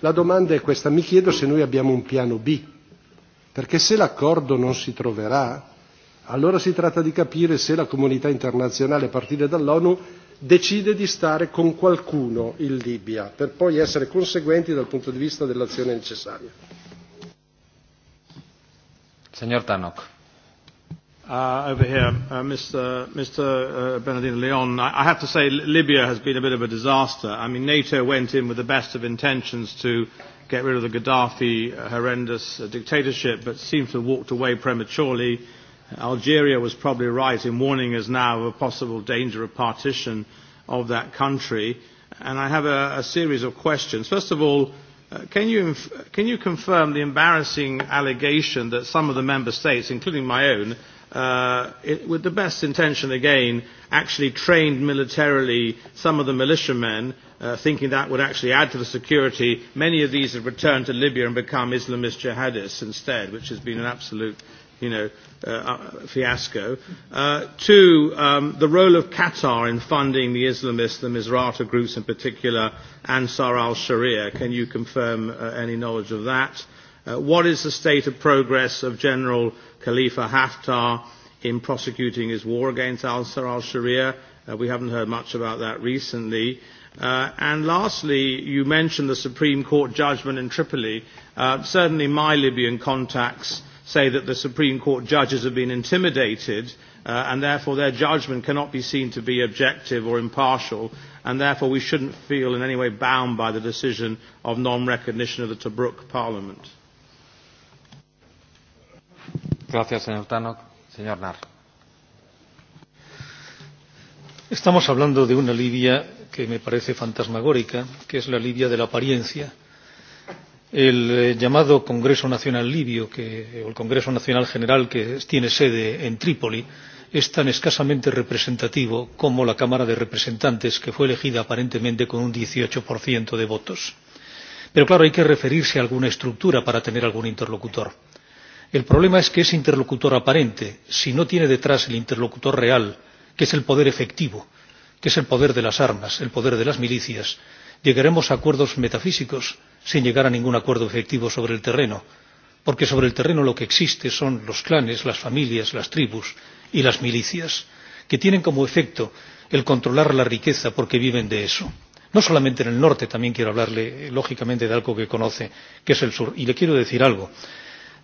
la domanda è questa mi chiedo se noi abbiamo un piano B perché se l'accordo non si troverà allora si tratta di capire se la comunità internazionale a partire dall'onu decide di stare con qualcuno in libia per poi essere conseguenti dal punto di vista dell'azione necessaria. Signor Tannock. Uh, over here, uh, Mr. Mr. Uh, Bernardino Leon. I, I have to say Libya has been a bit of a disaster. I mean, NATO went in with the best of intentions to get rid of the Gaddafi horrendous dictatorship, but seems to have walked away prematurely Algeria was probably right in warning us now of a possible danger of partition of that country. And I have a, a series of questions. First of all, uh, can, you inf can you confirm the embarrassing allegation that some of the member states, including my own, uh, it, with the best intention again, actually trained militarily some of the militiamen, uh, thinking that would actually add to the security. Many of these have returned to Libya and become Islamist jihadists instead, which has been an absolute you know, uh, uh fiasco. Uh, two, um, the role of Qatar in funding the Islamist, the Misrata groups in particular, Ansar al-Sharia. Can you confirm uh, any knowledge of that? Uh, what is the state of progress of General Khalifa Haftar in prosecuting his war against Sar al-Sharia? Uh, we haven't heard much about that recently. Uh, and lastly, you mentioned the Supreme Court judgment in Tripoli. Uh, certainly my Libyan contacts say that the Supreme Court judges have been intimidated uh, and therefore their judgment cannot be seen to be objective or impartial and therefore we shouldn't feel in any way bound by the decision of non-recognition of the Tobruk Parliament. Gracias, señor Tannock. Señor Nar. Estamos hablando de una Libia que me parece fantasmagórica, que es la Libia de la apariencia el eh, llamado Congreso Nacional Libio que, eh, o el Congreso Nacional General que tiene sede en Trípoli es tan escasamente representativo como la Cámara de Representantes, que fue elegida aparentemente con un 18% de votos. Pero claro, hay que referirse a alguna estructura para tener algún interlocutor. El problema es que ese interlocutor aparente, si no tiene detrás el interlocutor real, que es el poder efectivo, que es el poder de las armas, el poder de las milicias, llegaremos a acuerdos metafísicos sin llegar a ningún acuerdo efectivo sobre el terreno porque sobre el terreno lo que existe son los clanes las familias las tribus y las milicias que tienen como efecto el controlar la riqueza porque viven de eso no solamente en el norte también quiero hablarle eh, lógicamente de algo que conoce que es el sur. y le quiero decir algo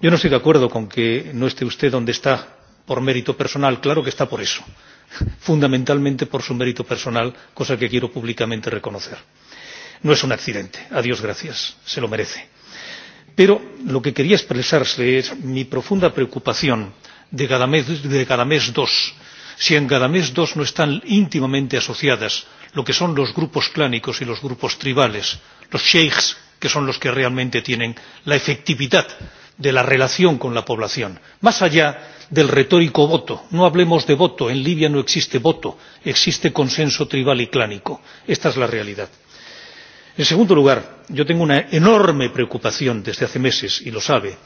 yo no estoy de acuerdo con que no esté usted donde está por mérito personal claro que está por eso fundamentalmente por su mérito personal cosa que quiero públicamente reconocer no es un accidente a dios gracias se lo merece. pero lo que quería expresarle es mi profunda preocupación de gadamés, de gadamés ii si en gadamés ii no están íntimamente asociadas lo que son los grupos clánicos y los grupos tribales los sheikhs que son los que realmente tienen la efectividad de la relación con la población más allá del retórico voto no hablemos de voto en libia no existe voto existe consenso tribal y clánico esta es la realidad en segundo lugar yo tengo una enorme preocupación desde hace meses y lo sabe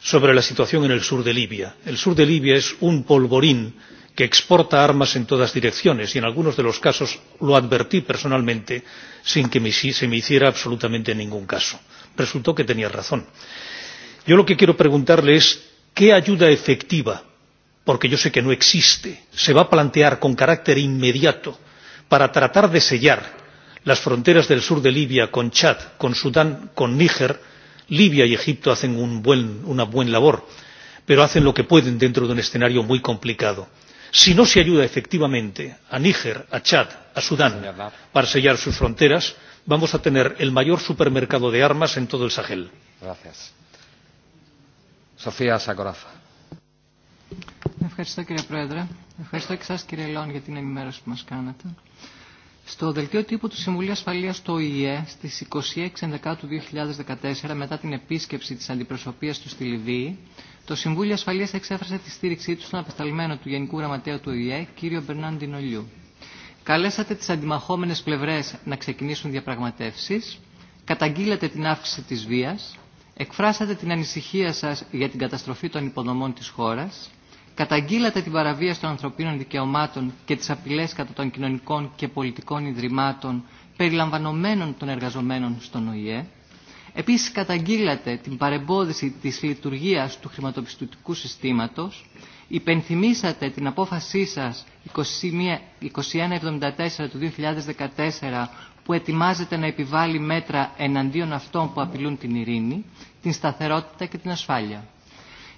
sobre la situación en el sur de libia. el sur de libia es un polvorín que exporta armas en todas direcciones y en algunos de los casos lo advertí personalmente sin que se me hiciera absolutamente ningún caso. resultó que tenía razón. yo lo que quiero preguntarle es qué ayuda efectiva porque yo sé que no existe se va a plantear con carácter inmediato para tratar de sellar las fronteras del sur de libia con chad con sudán con níger libia y egipto hacen un buen, una buena labor pero hacen lo que pueden dentro de un escenario muy complicado. si no se ayuda efectivamente a níger a chad a sudán para sellar sus fronteras vamos a tener el mayor supermercado de armas en todo el sahel. Gracias. Sofía Sakorafa. Στο δελτίο τύπου του Συμβουλίου Ασφαλεία του ΟΗΕ στι 26 Ενδεκάτου 2014, μετά την επίσκεψη τη αντιπροσωπεία του στη Λιβύη, το Συμβούλιο Ασφαλεία εξέφρασε τη στήριξή του στον απεσταλμένο του Γενικού Γραμματέα του ΟΗΕ, κύριο Μπερνάν Τινολιού. Καλέσατε τι αντιμαχόμενε πλευρέ να ξεκινήσουν διαπραγματεύσει, καταγγείλατε την αύξηση τη βία, εκφράσατε την ανησυχία σα για την καταστροφή των υποδομών τη χώρα, καταγγείλατε την παραβίαση των ανθρωπίνων δικαιωμάτων και τις απειλές κατά των κοινωνικών και πολιτικών ιδρυμάτων περιλαμβανομένων των εργαζομένων στον ΟΗΕ. Επίσης καταγγείλατε την παρεμπόδιση της λειτουργίας του χρηματοπιστωτικού συστήματος. Υπενθυμίσατε την απόφασή σας 2174 του 2014 που ετοιμάζεται να επιβάλλει μέτρα εναντίον αυτών που απειλούν την ειρήνη, την σταθερότητα και την ασφάλεια.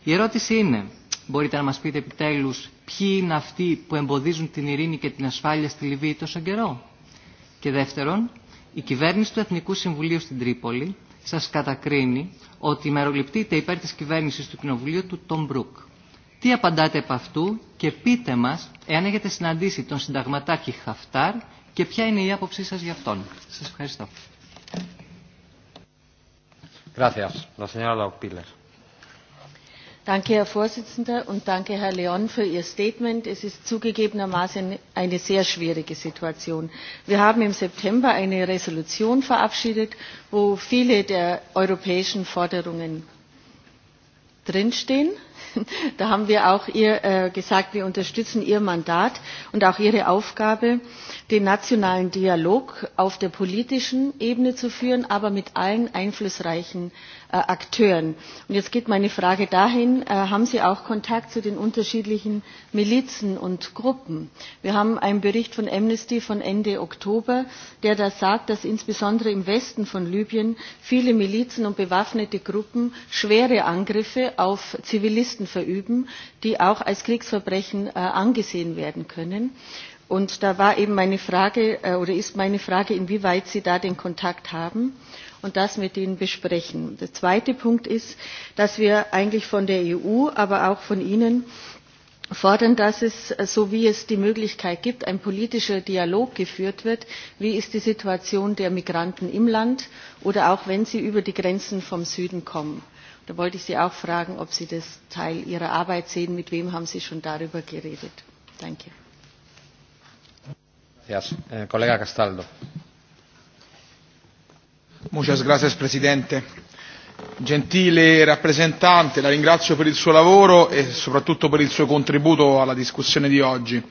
Η ερώτηση είναι, μπορείτε να μας πείτε επιτέλους ποιοι είναι αυτοί που εμποδίζουν την ειρήνη και την ασφάλεια στη Λιβύη τόσο καιρό. Και δεύτερον, η κυβέρνηση του Εθνικού Συμβουλίου στην Τρίπολη σας κατακρίνει ότι μεροληπτείτε υπέρ της κυβέρνησης του Κοινοβουλίου του Τον Μπρουκ. Τι απαντάτε από αυτού και πείτε μας εάν έχετε συναντήσει τον συνταγματάρχη Χαφτάρ και ποια είναι η άποψή σας για αυτόν. Σας ευχαριστώ. Gracias. La señora Lockpiller. Danke, Herr Vorsitzender, und danke, Herr Leon, für Ihr Statement. Es ist zugegebenermaßen eine sehr schwierige Situation. Wir haben im September eine Resolution verabschiedet, wo viele der europäischen Forderungen drinstehen. Da haben wir auch äh, gesagt, wir unterstützen Ihr Mandat und auch Ihre Aufgabe, den nationalen Dialog auf der politischen Ebene zu führen, aber mit allen einflussreichen Äh, Akteuren. Und jetzt geht meine Frage dahin, äh, haben Sie auch Kontakt zu den unterschiedlichen Milizen und Gruppen? Wir haben einen Bericht von Amnesty von Ende Oktober, der da sagt, dass insbesondere im Westen von Libyen viele Milizen und bewaffnete Gruppen schwere Angriffe auf Zivilisten verüben, die auch als Kriegsverbrechen äh, angesehen werden können. Und da war eben meine Frage oder ist meine Frage, inwieweit Sie da den Kontakt haben und das mit ihnen besprechen. der zweite punkt ist dass wir eigentlich von der eu aber auch von ihnen fordern dass es so wie es die möglichkeit gibt ein politischer dialog geführt wird wie ist die situation der migranten im land oder auch wenn sie über die grenzen vom süden kommen. da wollte ich sie auch fragen ob sie das teil ihrer arbeit sehen mit wem haben sie schon darüber geredet? danke. Yes. Eh, Signor Presidente. Gentile rappresentante, la ringrazio per il suo lavoro e soprattutto per il suo contributo alla discussione di oggi.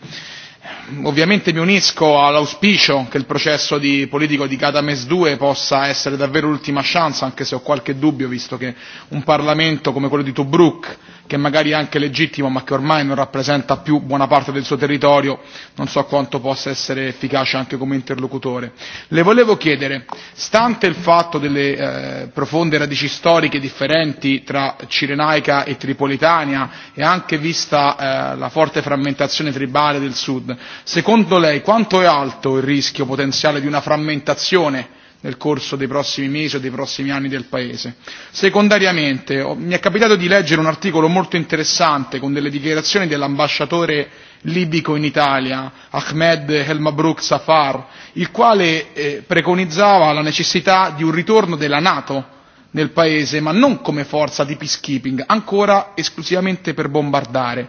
Ovviamente mi unisco all'auspicio che il processo di politico di Gadames II possa essere davvero l'ultima chance, anche se ho qualche dubbio, visto che un Parlamento come quello di Tobruk che magari è anche legittimo ma che ormai non rappresenta più buona parte del suo territorio non so quanto possa essere efficace anche come interlocutore. Le volevo chiedere, stante il fatto delle eh, profonde radici storiche differenti tra Cirenaica e Tripolitania e anche vista eh, la forte frammentazione tribale del sud, secondo lei quanto è alto il rischio potenziale di una frammentazione nel corso dei prossimi mesi o dei prossimi anni del paese. Secondariamente mi è capitato di leggere un articolo molto interessante con delle dichiarazioni dell'ambasciatore libico in Italia, Ahmed Helmabrook Safar, il quale eh, preconizzava la necessità di un ritorno della Nato nel paese, ma non come forza di peacekeeping, ancora esclusivamente per bombardare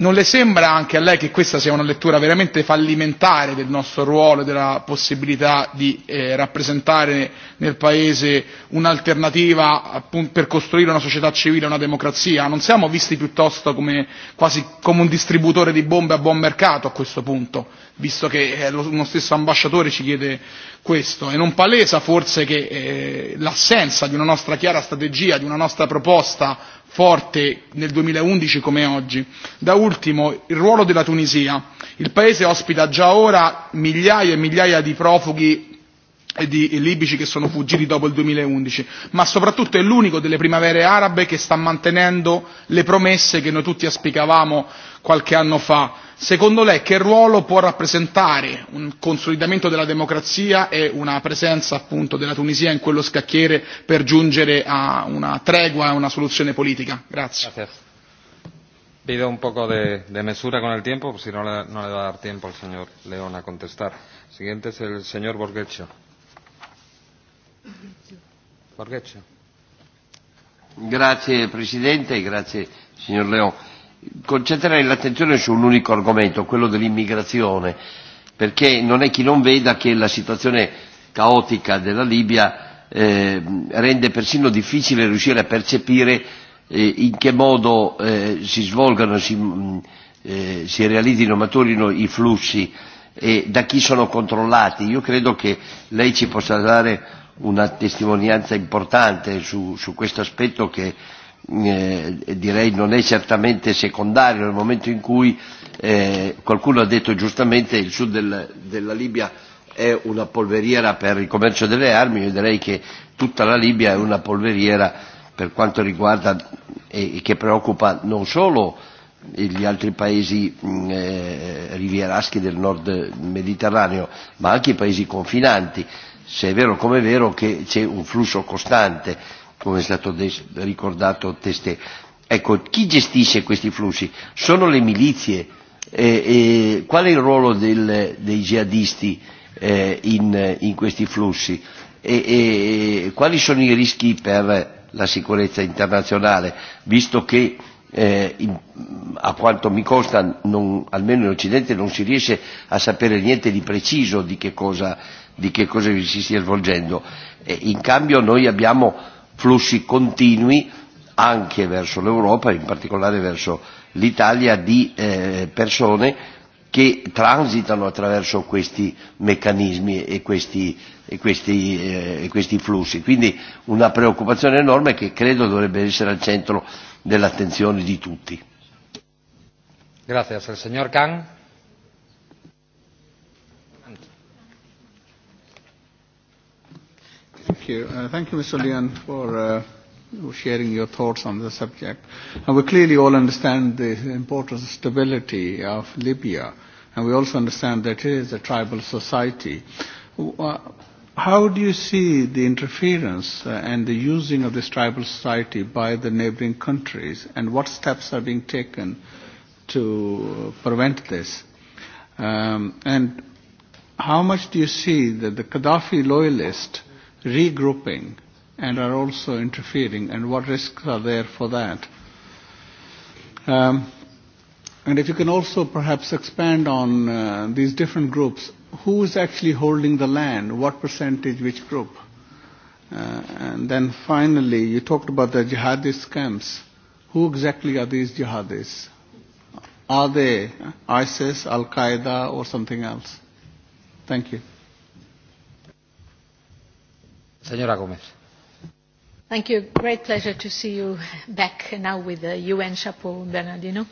non le sembra anche a lei che questa sia una lettura veramente fallimentare del nostro ruolo e della possibilità di eh, rappresentare nel paese un'alternativa per costruire una società civile e una democrazia? non siamo visti piuttosto come, quasi come un distributore di bombe a buon mercato a questo punto visto che eh, lo, uno stesso ambasciatore ci chiede questo e non palesa forse che eh, l'assenza di una nostra chiara strategia di una nostra proposta forte nel 2011 come oggi. Da ultimo il ruolo della Tunisia. Il paese ospita già ora migliaia e migliaia di profughi E di e libici che sono fuggiti dopo il 2011, ma soprattutto è l'unico delle primavere arabe che sta mantenendo le promesse che noi tutti aspicavamo qualche anno fa. Secondo lei che ruolo può rappresentare un consolidamento della democrazia e una presenza appunto della Tunisia in quello scacchiere per giungere a una tregua e una soluzione politica? Grazie. Grazie. Pido un poco de, de mesura con el tiempo, si no le, no le va a dar tiempo al señor León a contestar. Siguiente es el señor Borghecho. Grazie Presidente, grazie signor Leon. Concentrerei l'attenzione su un unico argomento, quello dell'immigrazione, perché non è chi non veda che la situazione caotica della Libia eh, rende persino difficile riuscire a percepire eh, in che modo eh, si svolgano, si, mm, eh, si realizzino, maturino i flussi e da chi sono controllati. Io credo che lei ci possa dare una testimonianza importante su, su questo aspetto che eh, direi non è certamente secondario nel momento in cui eh, qualcuno ha detto giustamente il sud della Libia è una polveriera per il commercio delle armi, io direi che tutta la Libia è una polveriera per quanto riguarda e, e che preoccupa non solo gli altri paesi eh, rivieraschi del nord mediterraneo, ma anche i paesi confinanti se è vero come è vero che c'è un flusso costante, come è stato ricordato testé. Ecco, chi gestisce questi flussi? Sono le milizie? E, e, qual è il ruolo del, dei jihadisti eh, in, in questi flussi? E, e, e quali sono i rischi per la sicurezza internazionale, visto che eh, in, a quanto mi costa, non, almeno in Occidente, non si riesce a sapere niente di preciso di che cosa di che cosa vi si stia svolgendo. E in cambio noi abbiamo flussi continui anche verso l'Europa, in particolare verso l'Italia, di eh, persone che transitano attraverso questi meccanismi e questi, e, questi, eh, e questi flussi. Quindi una preoccupazione enorme che credo dovrebbe essere al centro dell'attenzione di tutti. Grazie, signor Thank you. Uh, thank you, Mr. Leon, for uh, sharing your thoughts on the subject. And we clearly all understand the importance of stability of Libya, and we also understand that it is a tribal society. Uh, how do you see the interference uh, and the using of this tribal society by the neighboring countries, and what steps are being taken to prevent this? Um, and how much do you see that the Gaddafi loyalists regrouping and are also interfering and what risks are there for that. Um, and if you can also perhaps expand on uh, these different groups, who is actually holding the land, what percentage, which group? Uh, and then finally, you talked about the jihadist camps. Who exactly are these jihadists? Are they ISIS, Al-Qaeda or something else? Thank you señora Gomez. Thank you. Great pleasure to see you back now with the UN chapeau, Bernardino.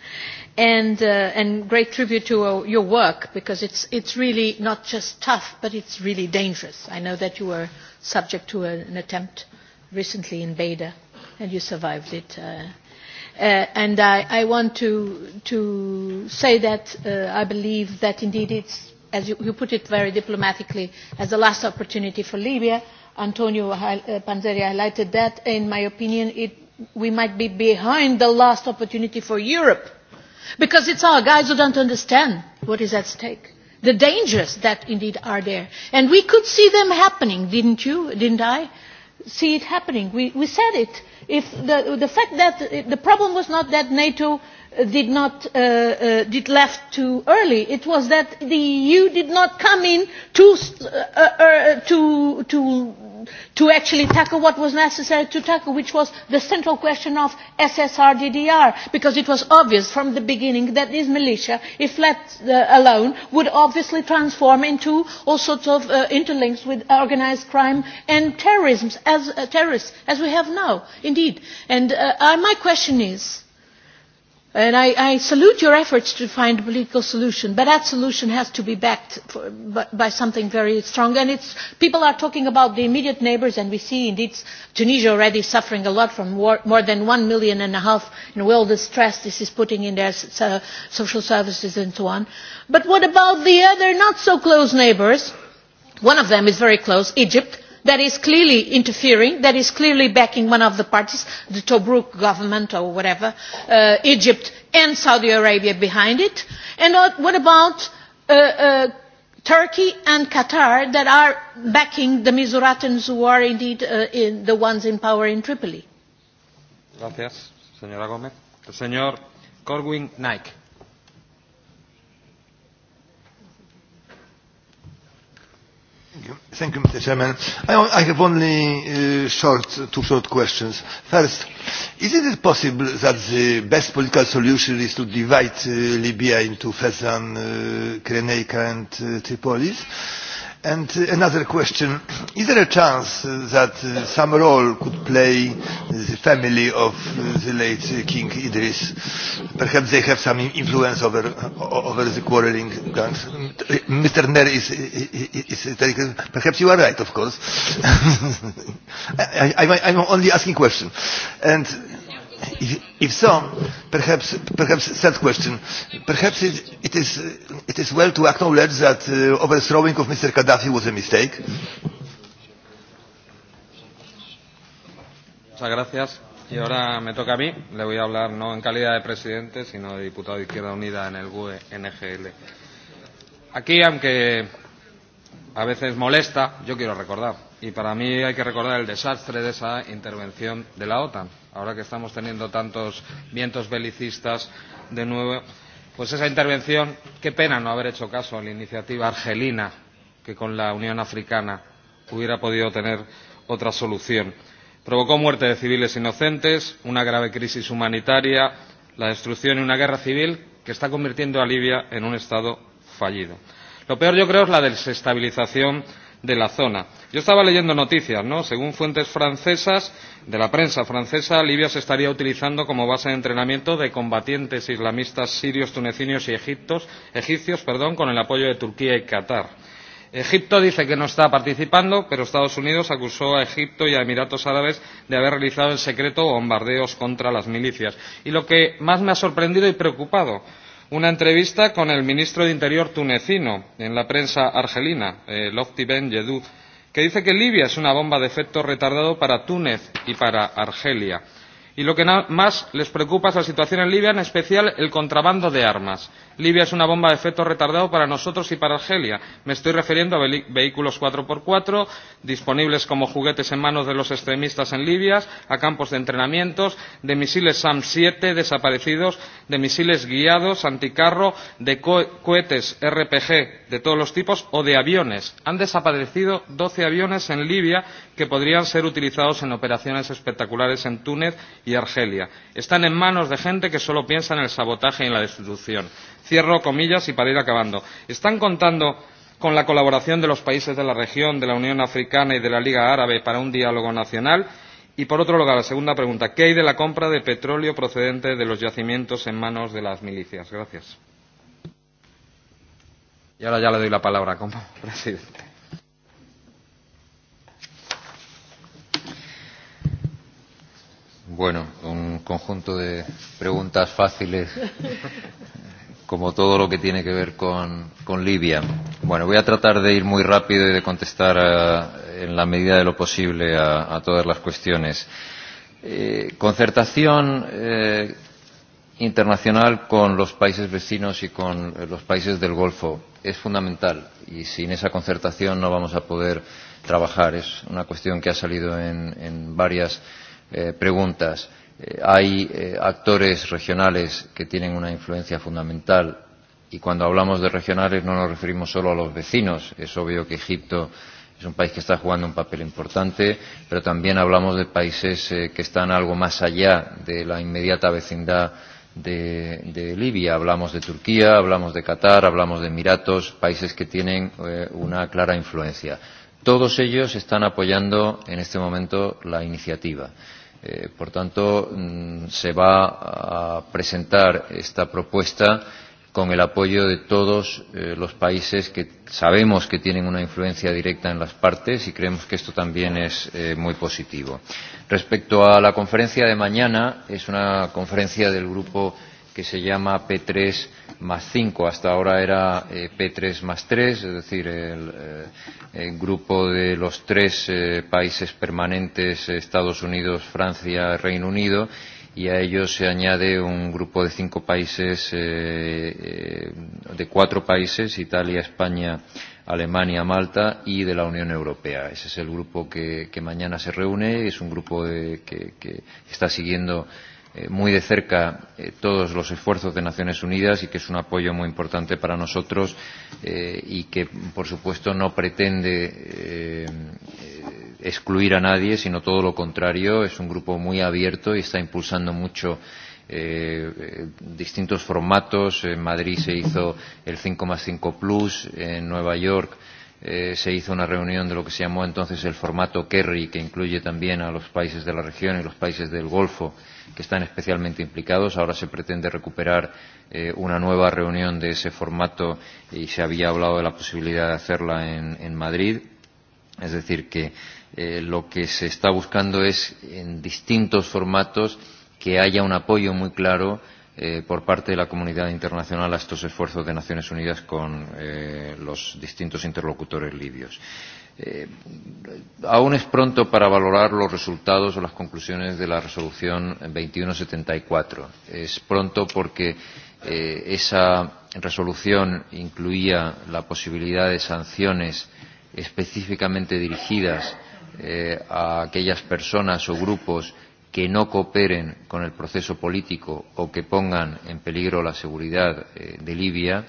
And, uh, great tribute to uh, your work because it's, it's really not just tough, but it's really dangerous. I know that you were subject to an attempt recently in Beda and you survived it. Uh, uh, and I, I want to, to say that I believe that indeed it's, as you, you put it very diplomatically, as the last opportunity for Libya antonio uh, panzeri highlighted that in my opinion we might be behind the last opportunity for europe because it's our guys who don't understand what is at stake the dangers that indeed are there and we could see them happening didn't you didn't i see it happening we, we said it if the fact that the problem was not that nato did not uh, uh, did left too early it was that the eu did not come in uh, to to to actually tackle what was necessary to tackle which was the central question of ssr ddr because it was obvious from the beginning that this militia if left alone would obviously transform into all sorts of interlinks with organised crime and terrorism as terrorists as we have now indeed and my question is And I, I salute your efforts to find a political solution, but that solution has to be backed for, by, by something very strong. And it's, people are talking about the immediate neighbours, and we see indeed Tunisia already suffering a lot from war, more than one million and a half, in all the stress this is putting in their social services and so on. But what about the other not so close neighbours? One of them is very close, Egypt that is clearly interfering that is clearly backing one of the parties the tobruk government or whatever uh, egypt and saudi arabia behind it and uh, what about uh, turkey and qatar that are backing the misuratans who are indeed the ones in power in tripoli? Gracias, señora señor Corwin Thank you, Mr. Chairman. I, I have only uh, short, two short questions. First, is it possible that the best political solution is to divide uh, Libya into Fezzan, uh, Kreneika and uh, Tripolis? And uh, another question, is there a chance uh, that uh, some role could play the family of the late King Idris? Perhaps they have some influence over, over the quarreling gangs. Mr. Ner is, is, is perhaps you are right, of course. I, I, I'm only asking question. And If, if so, perhaps, perhaps third question. Perhaps it, it, is, it is well to acknowledge that uh, overthrowing of Mr. Gaddafi was a mistake. Muchas gracias. Y ahora me toca a mí. Le voy a hablar no en calidad de presidente, sino de diputado de Izquierda Unida en el GUE NGL. Aquí, aunque a veces molesta, yo quiero recordar. Y para mí hay que recordar el desastre de esa intervención de la OTAN ahora que estamos teniendo tantos vientos belicistas de nuevo, pues esa intervención, qué pena no haber hecho caso a la iniciativa argelina que con la Unión Africana hubiera podido tener otra solución. Provocó muerte de civiles inocentes, una grave crisis humanitaria, la destrucción y una guerra civil que está convirtiendo a Libia en un Estado fallido. Lo peor yo creo es la desestabilización de la zona. Yo estaba leyendo noticias, ¿no? Según fuentes francesas, de la prensa francesa, Libia se estaría utilizando como base de entrenamiento de combatientes islamistas sirios, tunecinos y egiptos, egipcios, perdón, con el apoyo de Turquía y Qatar. Egipto dice que no está participando, pero Estados Unidos acusó a Egipto y a Emiratos Árabes de haber realizado en secreto bombardeos contra las milicias. Y lo que más me ha sorprendido y preocupado una entrevista con el ministro de Interior tunecino en la prensa argelina, eh, Lofti Ben Yedou, que dice que Libia es una bomba de efecto retardado para Túnez y para Argelia. Y lo que más les preocupa es la situación en Libia, en especial el contrabando de armas libia es una bomba de efecto retardado para nosotros y para argelia me estoy refiriendo a vehículos 4x4 disponibles como juguetes en manos de los extremistas en libia a campos de entrenamientos de misiles sam 7 desaparecidos de misiles guiados anticarro de co cohetes rpg de todos los tipos o de aviones han desaparecido 12 aviones en libia que podrían ser utilizados en operaciones espectaculares en túnez y argelia están en manos de gente que solo piensa en el sabotaje y en la destrucción cierro comillas y para ir acabando están contando con la colaboración de los países de la región de la unión africana y de la liga árabe para un diálogo nacional? y por otro lugar la segunda pregunta qué hay de la compra de petróleo procedente de los yacimientos en manos de las milicias? gracias. y ahora ya le doy la palabra como presidente. Bueno, un conjunto de preguntas fáciles como todo lo que tiene que ver con, con Libia. Bueno, voy a tratar de ir muy rápido y de contestar eh, en la medida de lo posible a, a todas las cuestiones. Eh, concertación eh, internacional con los países vecinos y con eh, los países del Golfo es fundamental y sin esa concertación no vamos a poder trabajar. Es una cuestión que ha salido en, en varias preguntas Eh, hay eh, actores regionales que tienen una influencia fundamental y cuando hablamos de regionales no nos referimos solo a los vecinos es obvio que Egipto es un país que está jugando un papel importante pero también hablamos de países eh, que están algo más allá de la inmediata vecindad de de Libia hablamos de Turquía hablamos de Qatar hablamos de Emiratos países que tienen una clara influencia todos ellos están apoyando en este momento la iniciativa Eh, por tanto, mm, se va a presentar esta propuesta con el apoyo de todos eh, los países que sabemos que tienen una influencia directa en las partes y creemos que esto también es eh, muy positivo. Respecto a la conferencia de mañana, es una conferencia del grupo que se llama P3 más 5. Hasta ahora era eh, P3 más 3, es decir, el, eh, el grupo de los tres eh, países permanentes, eh, Estados Unidos, Francia, Reino Unido, y a ellos se añade un grupo de cinco países, eh, eh, de cuatro países, Italia, España, Alemania, Malta y de la Unión Europea. Ese es el grupo que, que mañana se reúne, es un grupo de, que, que está siguiendo Eh, muy de cerca eh, todos los esfuerzos de Naciones Unidas y que es un apoyo muy importante para nosotros eh, y que, por supuesto, no pretende eh, excluir a nadie, sino todo lo contrario. Es un grupo muy abierto y está impulsando mucho eh, eh distintos formatos. En Madrid se hizo el 5 más 5 Plus, en Nueva York eh, se hizo una reunión de lo que se llamó entonces el formato Kerry, que incluye también a los países de la región y los países del Golfo que están especialmente implicados. Ahora se pretende recuperar eh, una nueva reunión de ese formato y se había hablado de la posibilidad de hacerla en, en Madrid. Es decir, que eh, lo que se está buscando es en distintos formatos que haya un apoyo muy claro eh, por parte de la comunidad internacional a estos esfuerzos de Naciones Unidas con eh, los distintos interlocutores libios. Eh, aún es pronto para valorar los resultados o las conclusiones de la resolución 2174. Es pronto porque eh, esa resolución incluía la posibilidad de sanciones específicamente dirigidas eh, a aquellas personas o grupos que no cooperen con el proceso político o que pongan en peligro la seguridad eh, de Libia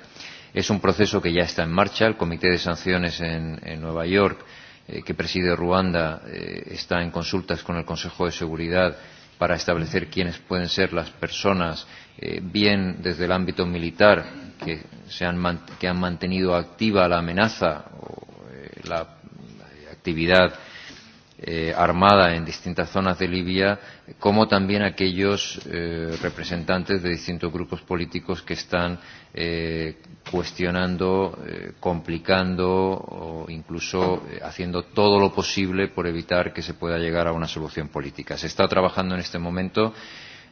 Es un proceso que ya está en marcha. El Comité de Sanciones en, en Nueva York, eh, que preside Ruanda, eh, está en consultas con el Consejo de Seguridad para establecer quiénes pueden ser las personas, eh, bien desde el ámbito militar, que, se han, que han mantenido activa la amenaza o eh, la actividad eh, armada en distintas zonas de Libia, como también aquellos eh, representantes de distintos grupos políticos que están eh, cuestionando, eh, complicando o incluso eh, haciendo todo lo posible por evitar que se pueda llegar a una solución política. Se está trabajando en este momento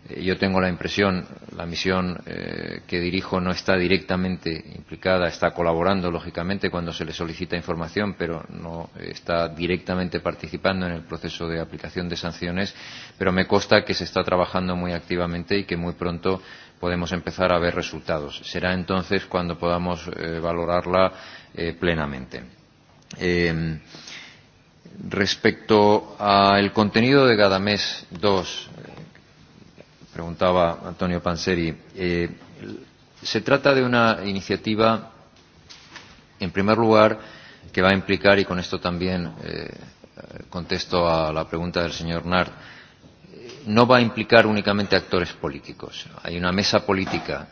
Eh, yo tengo la impresión la misión eh, que dirijo no está directamente implicada está colaborando lógicamente cuando se le solicita información pero no está directamente participando en el proceso de aplicación de sanciones pero me consta que se está trabajando muy activamente y que muy pronto podemos empezar a ver resultados será entonces cuando podamos eh, valorarla eh, plenamente Respecto al contenido de mes 2, preguntaba Antonio Panseri. Eh, se trata de una iniciativa, en primer lugar, que va a implicar, y con esto también eh, contesto a la pregunta del señor Nart, no va a implicar únicamente actores políticos. Hay una mesa política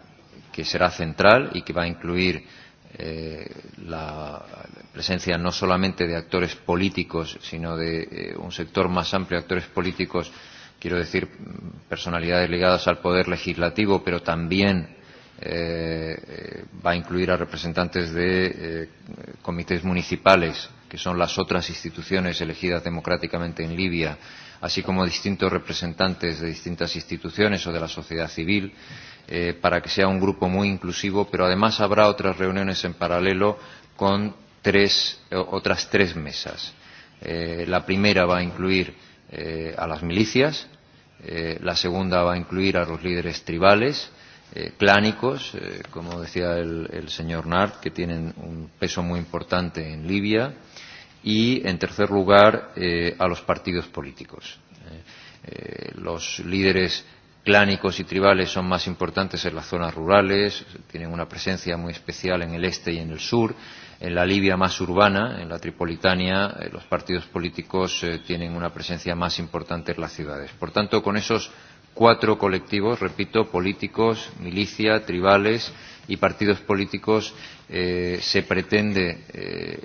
que será central y que va a incluir eh, la presencia no solamente de actores políticos, sino de eh, un sector más amplio de actores políticos quiero decir personalidades ligadas al poder legislativo pero también eh, eh va a incluir a representantes de eh, comités municipales que son las otras instituciones elegidas democráticamente en Libia así como distintos representantes de distintas instituciones o de la sociedad civil eh, para que sea un grupo muy inclusivo pero además habrá otras reuniones en paralelo con tres eh, otras tres mesas eh, la primera va a incluir eh, a las milicias Eh, la segunda va a incluir a los líderes tribales, eh, clánicos, eh, como decía el, el señor Nart, que tienen un peso muy importante en Libia. Y, en tercer lugar, eh, a los partidos políticos. Eh, eh los líderes clánicos y tribales son más importantes en las zonas rurales, tienen una presencia muy especial en el este y en el sur, en la Libia más urbana, en la Tripolitania, eh, los partidos políticos eh, tienen una presencia más importante en las ciudades. Por tanto, con esos cuatro colectivos, repito, políticos, milicia, tribales, y partidos políticos eh, se pretende eh,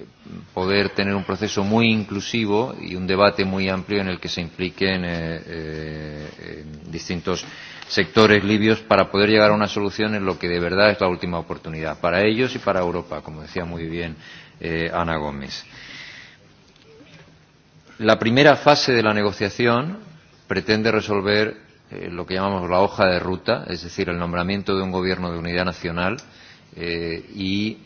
poder tener un proceso muy inclusivo y un debate muy amplio en el que se impliquen eh, eh distintos sectores libios para poder llegar a una solución en lo que de verdad es la última oportunidad para ellos y para Europa, como decía muy bien eh, Ana Gómez. La primera fase de la negociación pretende resolver Eh, lo que llamamos la hoja de ruta, es decir, el nombramiento de un gobierno de unidad nacional eh, y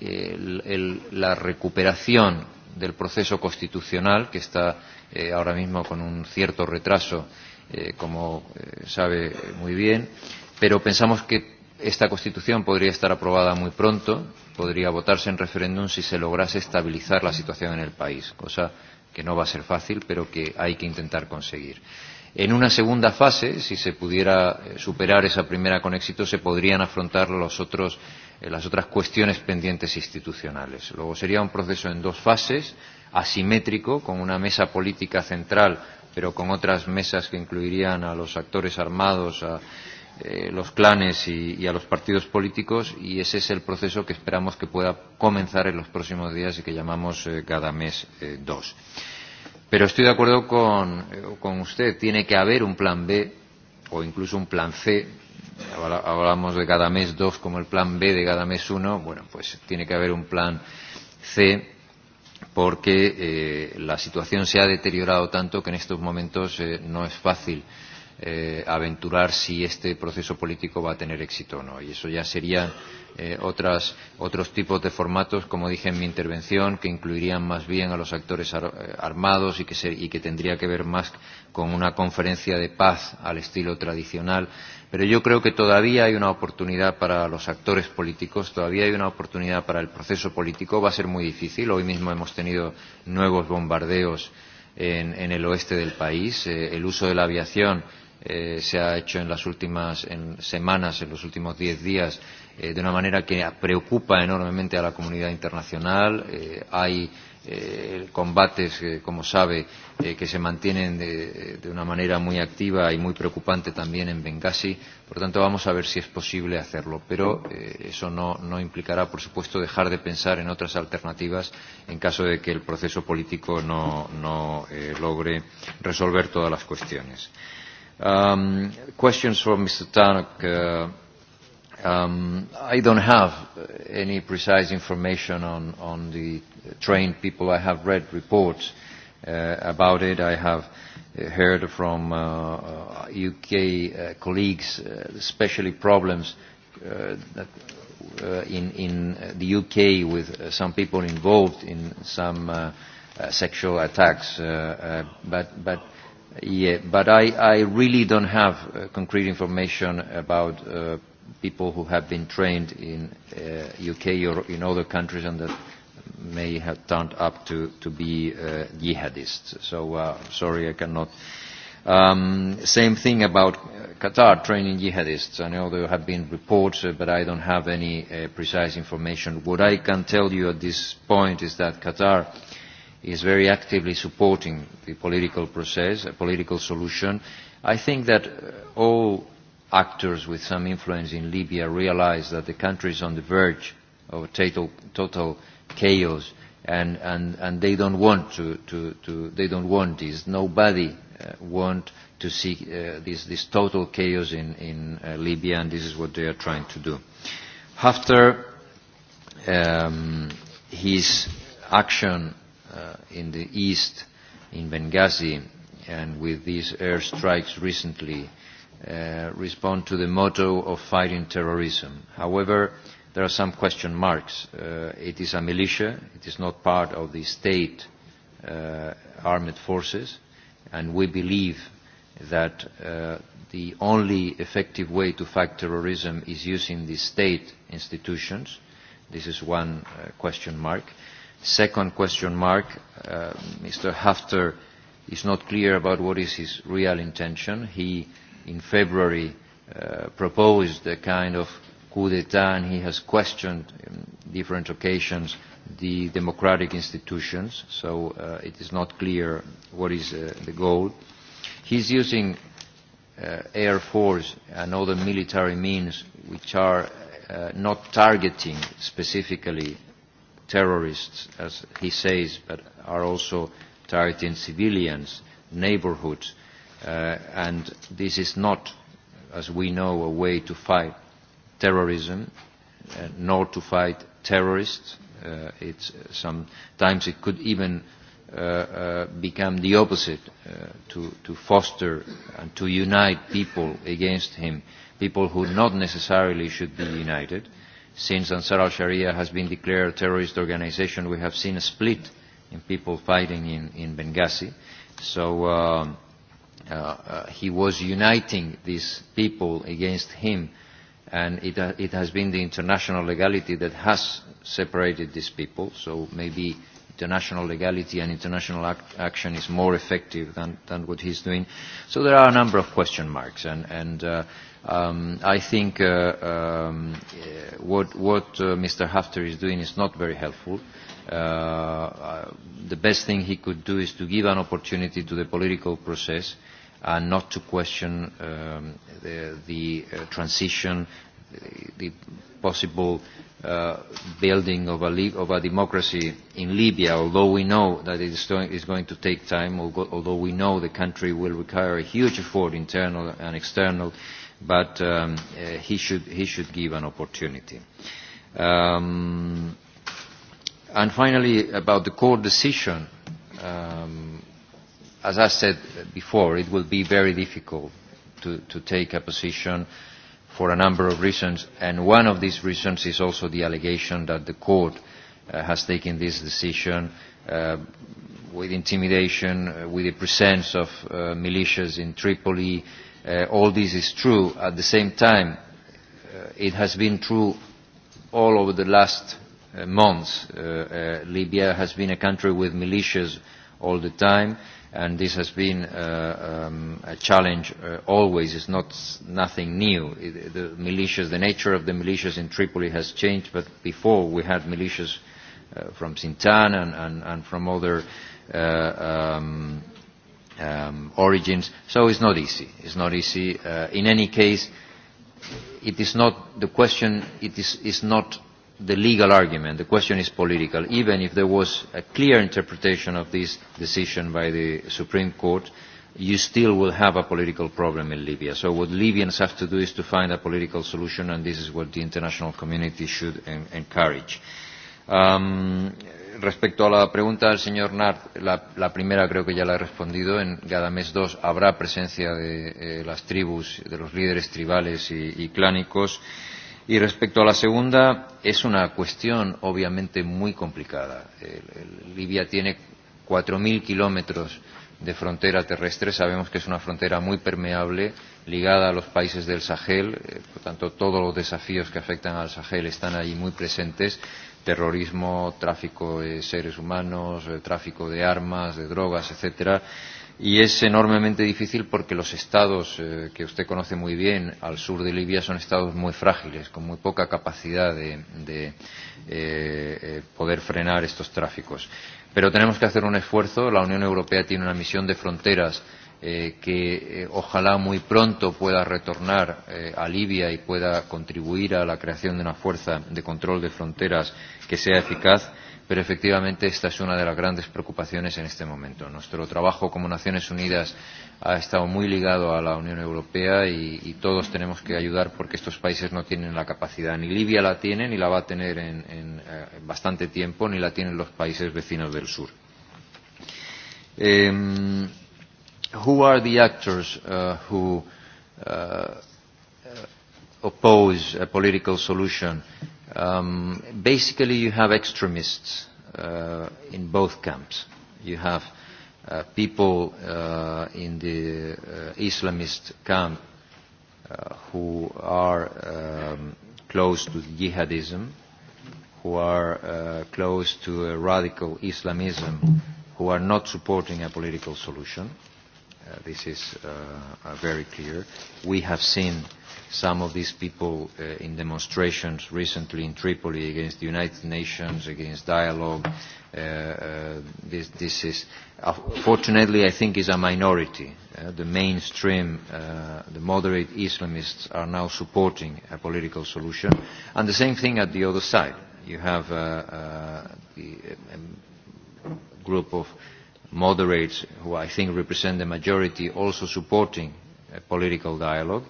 eh, el, el, la recuperación del proceso constitucional, que está eh, ahora mismo con un cierto retraso, eh, como eh, sabe muy bien, pero pensamos que esta Constitución podría estar aprobada muy pronto, podría votarse en referéndum si se lograse estabilizar la situación en el país, cosa que no va a ser fácil, pero que hay que intentar conseguir. En una segunda fase, si se pudiera eh, superar esa primera con éxito, se podrían afrontar los otros, eh, las otras cuestiones pendientes institucionales. Luego sería un proceso en dos fases, asimétrico, con una mesa política central, pero con otras mesas que incluirían a los actores armados, a eh, los clanes y, y a los partidos políticos, y ese es el proceso que esperamos que pueda comenzar en los próximos días y que llamamos eh, cada mes eh, dos. Pero estoy de acuerdo con, con usted, tiene que haber un plan B o incluso un plan C. Hablamos de cada mes dos como el plan B de cada mes uno. Bueno, pues tiene que haber un plan C porque eh, la situación se ha deteriorado tanto que en estos momentos eh, no es fácil eh, aventurar si este proceso político va a tener éxito o no. Y eso ya sería eh, otras, otros tipos de formatos, como dije en mi intervención, que incluirían más bien a los actores eh, armados y que, se, y que tendría que ver más con una conferencia de paz al estilo tradicional. Pero yo creo que todavía hay una oportunidad para los actores políticos, todavía hay una oportunidad para el proceso político. Va a ser muy difícil. Hoy mismo hemos tenido nuevos bombardeos en, en el oeste del país. Eh, el uso de la aviación eh, se ha hecho en las últimas en semanas, en los últimos diez días eh, de una manera que preocupa enormemente a la comunidad internacional. Eh, hay eh, combates, eh, como sabe, eh, que se mantienen de, de una manera muy activa y muy preocupante también en Benghazi. Por lo tanto, vamos a ver si es posible hacerlo. Pero eh, eso no, no implicará, por supuesto, dejar de pensar en otras alternativas en caso de que el proceso político no, no logre resolver todas las cuestiones. Um, questions from Mr. Tannock. Uh, Um, I don't have any precise information on, on the trained people. I have read reports uh, about it. I have heard from uh, UK uh, uh, colleagues, uh, especially problems uh, that, uh, in, in the UK with uh, some people involved in some uh, uh, sexual attacks. Uh, uh, but but yeah, but I, I really don't have uh, concrete information about uh, people who have been trained in uh, UK or in other countries and that may have turned up to, to be uh, jihadists. So uh, sorry, I cannot. Um, same thing about Qatar training jihadists. I know there have been reports, uh, but I don't have any uh, precise information. What I can tell you at this point is that Qatar is very actively supporting the political process, a political solution. I think that uh, all actors with some influence in Libya realize that the country is on the verge of total, total chaos and, and, and they don't want to, to, to they don't want this. Nobody uh, want to see uh, this, this total chaos in, in uh, Libya and this is what they are trying to do. After um, his action uh, in the east, in Benghazi, and with these airstrikes recently, uh, respond to the motto of fighting terrorism. However, there are some question marks. Uh, it is a militia. It is not part of the state uh, armed forces. And we believe that uh, the only effective way to fight terrorism is using the state institutions. This is one question mark. Second question mark, Mr. Hafter is not clear about what is his real intention. He in February uh, proposed a kind of coup d'etat and he has questioned on um, different occasions the democratic institutions, so uh, it is not clear what is uh, the goal. He's using uh, air force and other military means which are uh, not targeting specifically terrorists, as he says, but are also targeting civilians, neighborhoods, Uh, and this is not, as we know, a way to fight terrorism, uh, nor to fight terrorists. Uh, it's sometimes it could even Uh, uh, become the opposite uh, to to foster and to unite people against him people who not necessarily should be united since Ansar al-Sharia has been declared a terrorist organization we have seen a split in people fighting in in Benghazi so um, Uh, uh, he was uniting these people against him and it, uh, it has been the international legality that has separated these people so maybe international legality and international act, action is more effective than, than what he's doing. So there are a number of question marks, and, and uh, um, I think uh, um, what, what uh, Mr. Hafter is doing is not very helpful. Uh, uh, the best thing he could do is to give an opportunity to the political process and not to question um, the, the uh, transition, the, the possible uh, building of a, of a democracy in Libya, although we know that it is going to take time, although we know the country will require a huge effort, internal and external, but um, uh, he, should, he should give an opportunity. Um, and finally, about the court decision, um, as I said before, it will be very difficult to, to take a position for a number of reasons, and one of these reasons is also the allegation that the court uh, has taken this decision uh, with intimidation, uh, with the presence of uh, militias in Tripoli. Uh, all this is true. At the same time, uh, it has been true all over the last months. Libya has been a country with militias all the time and this has been uh, um, a challenge uh, always is not nothing new it, the militias the nature of the militias in tripoli has changed but before we had militias uh, from sintan and, and and from other uh, um, um, origins so it's not easy it's not easy uh, in any case it is not the question it is is not the legal argument. The question is political, even if there was a clear interpretation of this decision by the Supreme Court you still will have a political problem in Libya. So what Libyans have to do is to find a political solution, and this is what the international community should encourage. Um, respecto a la pregunta del señor Nart, la, la primera creo que ya la he respondido. En Gadamés II habrá presencia de eh, las tribus, de los líderes tribales y, y clánicos. Y respecto a la segunda, es una cuestión obviamente muy complicada. Libia tiene 4.000 kilómetros de frontera terrestre. Sabemos que es una frontera muy permeable, ligada a los países del Sahel. Eh, por tanto, todos los desafíos que afectan al Sahel están allí muy presentes. Terrorismo, tráfico de seres humanos, eh, tráfico de armas, de drogas, etcétera y es enormemente difícil porque los estados eh, que usted conoce muy bien al sur de Libia son estados muy frágiles con muy poca capacidad de de eh, eh poder frenar estos tráficos pero tenemos que hacer un esfuerzo la Unión Europea tiene una misión de fronteras eh, que eh, ojalá muy pronto pueda retornar eh, a Libia y pueda contribuir a la creación de una fuerza de control de fronteras que sea eficaz pero efectivamente esta es una de las grandes preocupaciones en este momento. Nuestro trabajo como Naciones Unidas ha estado muy ligado a la Unión Europea y, y todos tenemos que ayudar porque estos países no tienen la capacidad. Ni Libia la tiene, ni la va a tener en, en eh, bastante tiempo, ni la tienen los países vecinos del sur. Um, who are the actors uh, who uh, oppose a political solution Um, basically, you have extremists uh, in both camps. You have uh, people uh, in the uh, Islamist camp uh, who are um, close to jihadism, who are uh, close to radical Islamism, who are not supporting a political solution. Uh, this is uh, very clear. We have seen some of these people uh, in demonstrations recently in Tripoli against the United Nations, against dialogue. Uh, uh, this, this is, uh, fortunately, I think, is a minority. Uh, the mainstream, uh, the moderate Islamists are now supporting a political solution. And the same thing at the other side. You have uh, uh, the, a um, group of moderates who I think represent the majority also supporting a political dialogue. Uh,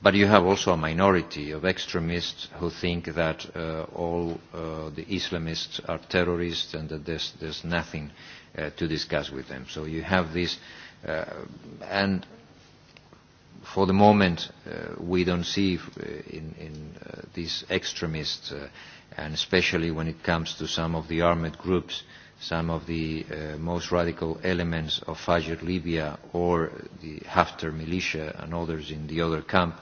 But you have also a minority of extremists who think that uh, all uh, the Islamists are terrorists and that there's, there's nothing uh, to discuss with them. So you have this, uh, and for the moment uh, we don't see uh, in, in uh, these extremists, uh, and especially when it comes to some of the armed groups, some of the uh, most radical elements of Fajr Libya or the Haftar militia and others in the other camp,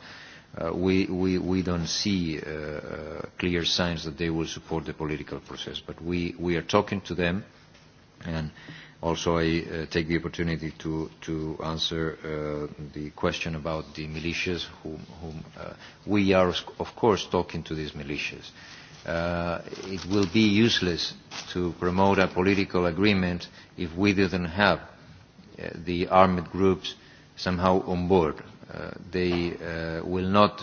uh, we, we, we don't see uh, uh clear signs that they will support the political process. But we, we are talking to them, and also I uh, take the opportunity to, to answer uh, the question about the militias, whom, whom we are, of course, talking to these militias uh, it will be useless to promote a political agreement if we do not have uh, the armed groups somehow on board. Uh, they uh, will not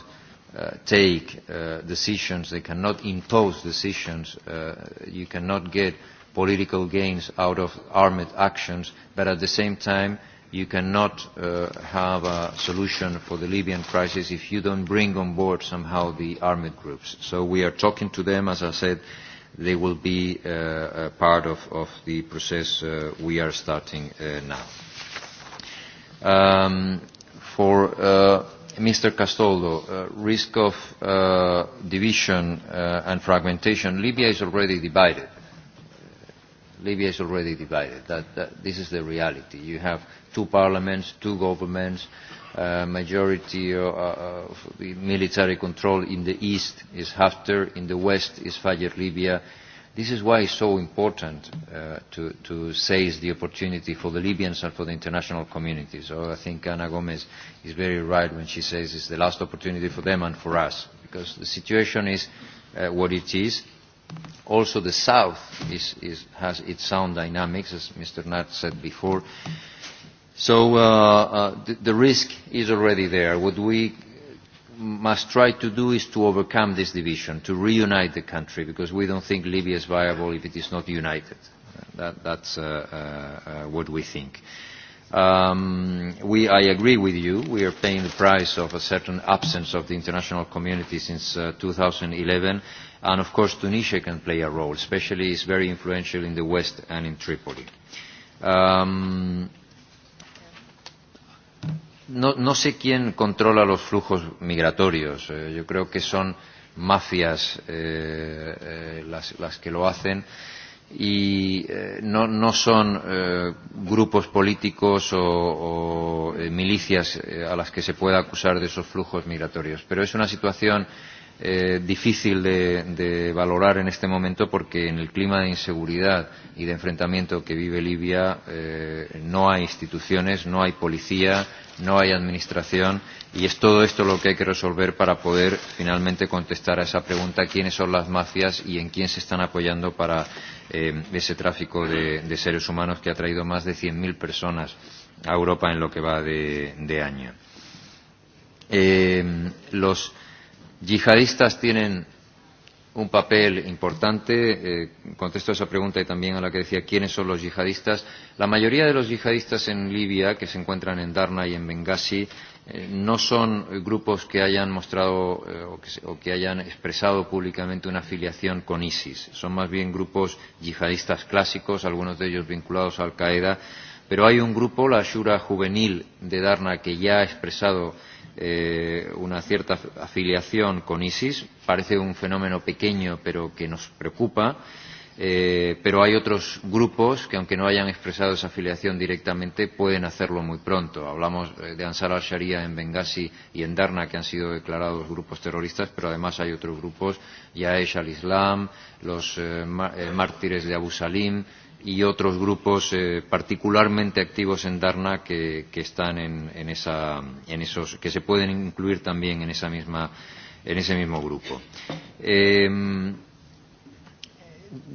uh, take uh, decisions, they cannot impose decisions, uh, you cannot get political gains out of armed actions, but at the same time you cannot uh, have a solution for the Libyan crisis if you don't bring on board somehow the armed groups. So we are talking to them, as I said, they will be uh, a part of, of the process uh, we are starting now. Um, for Mr. Castoldo, risk of division and fragmentation, Libya is already divided. Libya is already divided. that, this is the reality. You have two parliaments, two governments, uh, majority uh, of uh, military control in the east is Haftar, in the west is Fajr Libya. This is why it's so important uh, to, to seize the opportunity for the Libyans and for the international community. So I think Ana Gomez is very right when she says it's the last opportunity for them and for us, because the situation is uh, what it is. Also, the South is, is, has its own dynamics, as Mr. Nat said before. So uh, uh, the, the risk is already there. What we must try to do is to overcome this division, to reunite the country, because we don't think Libya is viable if it is not united. That, that's uh, uh, uh, what we think. Um, we, I agree with you. We are paying the price of a certain absence of the international community since uh, 2011. And of course, Tunisia can play a role, especially it's very influential in the West and in Tripoli. Um, no, no sé quién controla los flujos migratorios. Eh, yo creo que son mafias eh, eh las, las que lo hacen y eh, no, no son eh, grupos políticos o, o milicias a las que se pueda acusar de esos flujos migratorios. Pero es una situación eh, difícil de, de valorar en este momento porque en el clima de inseguridad y de enfrentamiento que vive Libia eh, no hay instituciones, no hay policía, no hay administración y es todo esto lo que hay que resolver para poder finalmente contestar a esa pregunta quiénes son las mafias y en quién se están apoyando para eh, ese tráfico de, de seres humanos que ha traído más de 100.000 personas a Europa en lo que va de, de año. Eh, los yihadistas tienen un papel importante eh, contesto a esa pregunta y también a la que decía quiénes son los yihadistas la mayoría de los yihadistas en libia que se encuentran en darna y en bengasi eh, no son grupos que hayan mostrado eh, o, que, o que hayan expresado públicamente una afiliación con isis son más bien grupos yihadistas clásicos algunos de ellos vinculados a al qaeda pero hay un grupo la Ashura juvenil de darna que ya ha expresado eh, una cierta afiliación con ISIS. Parece un fenómeno pequeño, pero que nos preocupa. Eh, pero hay otros grupos que, aunque no hayan expresado esa afiliación directamente, pueden hacerlo muy pronto. Hablamos eh, de Ansar al-Sharia en Benghazi y en Darna, que han sido declarados grupos terroristas, pero además hay otros grupos, Yaesh al-Islam, los eh, eh, mártires de Abu Salim, y otros grupos eh, particularmente activos en Darna que, que están en, en, esa, en esos, que se pueden incluir también en, esa misma, en ese mismo grupo. Eh,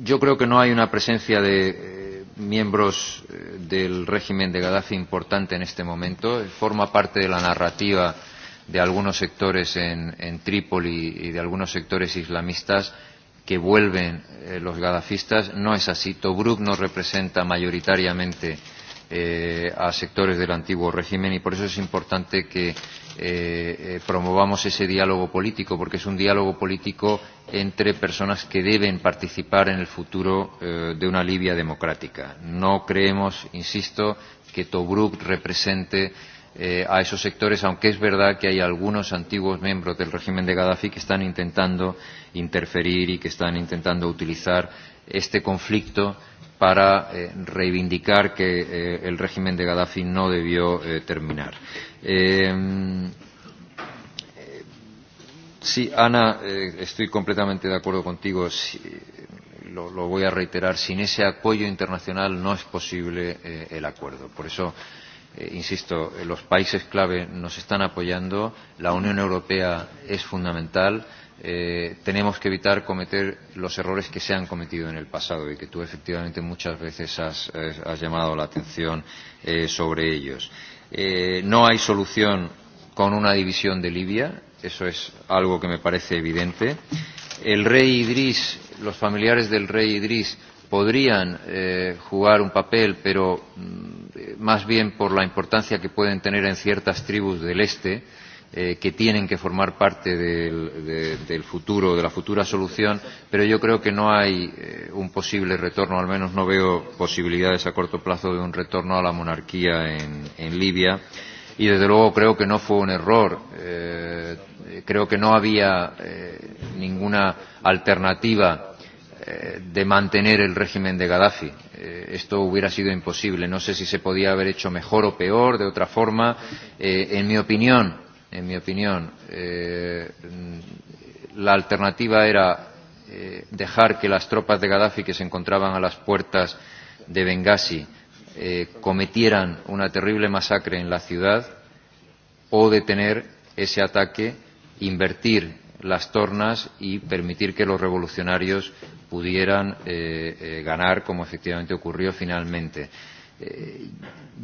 yo creo que no hay una presencia de eh, miembros eh, del régimen de Gaddafi importante en este momento. Forma parte de la narrativa de algunos sectores en, en Trípoli y de algunos sectores islamistas que vuelven eh, los gadafistas no es así. Tobruk no representa mayoritariamente eh, a sectores del antiguo régimen y por eso es importante que eh, eh promovamos ese diálogo político, porque es un diálogo político entre personas que deben participar en el futuro eh, de una Libia democrática. No creemos, insisto, que Tobruk represente eh, a esos sectores, aunque es verdad que hay algunos antiguos miembros del régimen de Gaddafi que están intentando interferir y que están intentando utilizar este conflicto para eh, reivindicar que eh, el régimen de Gaddafi no debió eh, terminar. Eh, sí, Ana, estoy completamente de acuerdo contigo. Si, lo voy a reiterar. Sin ese apoyo internacional no es posible el acuerdo. Por eso Eh, insisto, eh, los países clave nos están apoyando, la Unión Europea es fundamental, eh, tenemos que evitar cometer los errores que se han cometido en el pasado y que tú efectivamente muchas veces has, eh, llamado la atención sobre ellos. no hay solución con una división de Libia, eso es algo que me parece evidente. El rey Idris, los familiares del rey Idris podrían jugar un papel, pero mm, más bien por la importancia que pueden tener en ciertas tribus del este eh, que tienen que formar parte del, futuro, de la futura solución, pero yo creo que no hay eh, un posible retorno, al menos no veo posibilidades a corto plazo de un retorno a la monarquía en, Libia y desde luego creo que no fue un error eh, creo que no había eh, ninguna alternativa Eh, de mantener el régimen de Gaddafi. Eh, esto hubiera sido imposible. No sé si se podía haber hecho mejor o peor, de otra forma. Eh, en mi opinión, en mi opinión, la alternativa era dejar que las tropas de Gaddafi que se encontraban a las puertas de Benghazi cometieran una terrible masacre en la ciudad o detener ese ataque, invertir las tornas y permitir que los revolucionarios pudieran eh, eh, ganar como efectivamente ocurrió finalmente eh,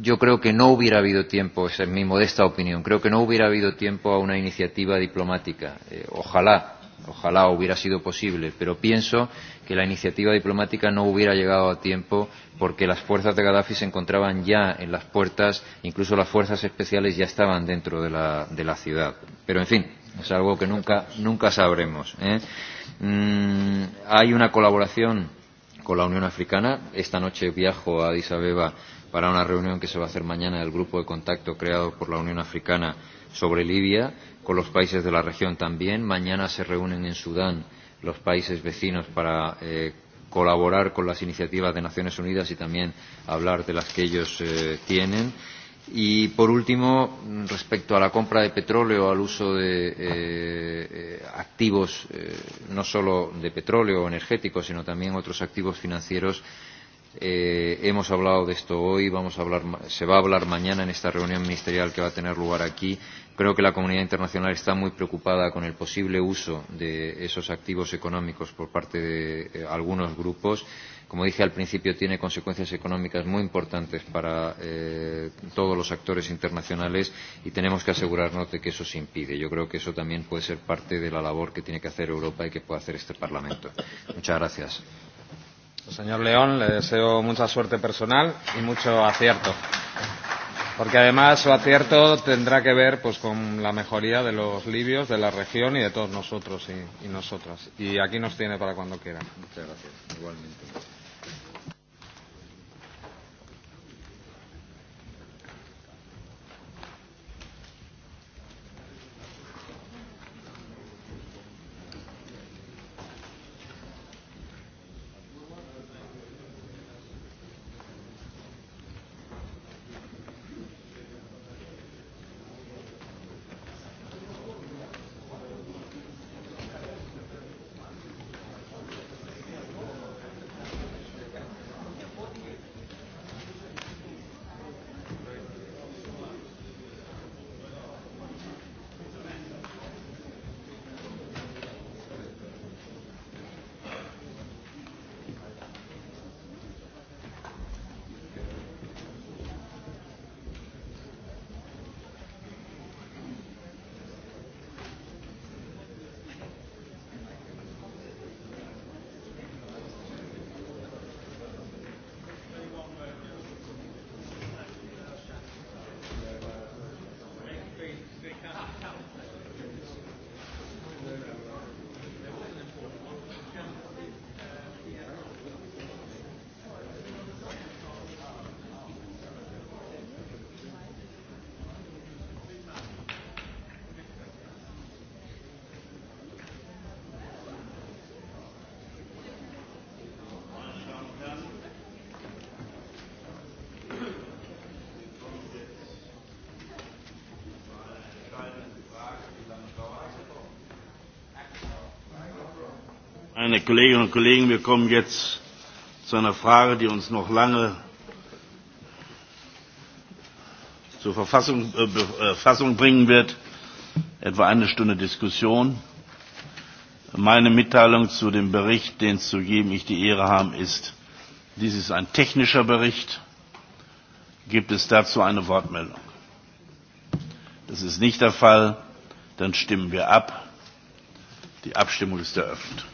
yo creo que no hubiera habido tiempo, esa es mi modesta opinión, creo que no hubiera habido tiempo a una iniciativa diplomática. Eh, ojalá, ojalá hubiera sido posible, pero pienso que la iniciativa diplomática no hubiera llegado a tiempo porque las fuerzas de Gaddafi se encontraban ya en las puertas, incluso las fuerzas especiales ya estaban dentro de la, de la ciudad. Pero, en fin, es algo que nunca, nunca sabremos. ¿eh? Mm, hay una colaboración con la Unión Africana. Esta noche viajo a Addis Abeba para una reunión que se va a hacer mañana del grupo de contacto creado por la Unión Africana sobre Libia, con los países de la región también. Mañana se reúnen en Sudán los países vecinos para eh, colaborar con las iniciativas de Naciones Unidas y también hablar de las que ellos eh, tienen. Y, por último, respecto a la compra de petróleo, al uso de eh, eh activos eh, no solo de petróleo energético, energéticos, sino también otros activos financieros, eh, hemos hablado de esto hoy, vamos a se va a hablar mañana en esta reunión ministerial que va a tener lugar aquí. Creo que la comunidad internacional está muy preocupada con el posible uso de esos activos económicos por parte de eh, algunos grupos como dije al principio tiene consecuencias económicas muy importantes para eh, todos los actores internacionales y tenemos que asegurarnos de que eso se impide yo creo que eso también puede ser parte de la labor que tiene que hacer Europa y que puede hacer este Parlamento muchas gracias señor León le deseo mucha suerte personal y mucho acierto porque además su acierto tendrá que ver pues con la mejoría de los libios de la región y de todos nosotros y, y nosotras y aquí nos tiene para cuando quiera muchas gracias igualmente meine Kolleginnen und Kollegen, wir kommen jetzt zu einer Frage, die uns noch lange zur Verfassung äh, Befassung äh, bringen wird, etwa eine Stunde Diskussion. Meine Mitteilung zu dem Bericht, den zu geben ich die Ehre haben, ist, dies ist ein technischer Bericht. Gibt es dazu eine Wortmeldung? Das ist nicht der Fall. Dann stimmen wir ab. Die Abstimmung ist eröffnet.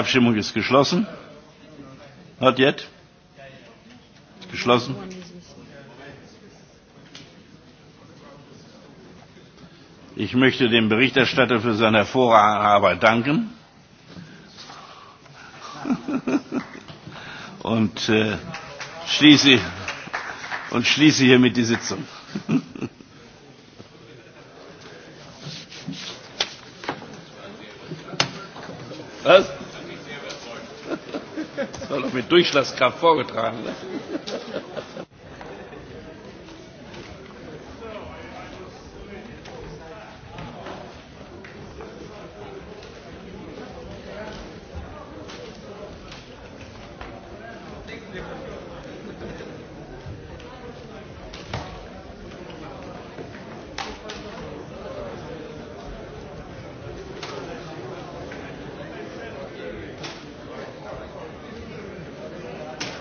Abstimmung ist geschlossen. Not yet? Geschlossen? Ich möchte dem Berichterstatter für seine hervorragende Arbeit danken. und, äh, schließe, und schließe hiermit die Sitzung. durchschlagskraft vorgetragen.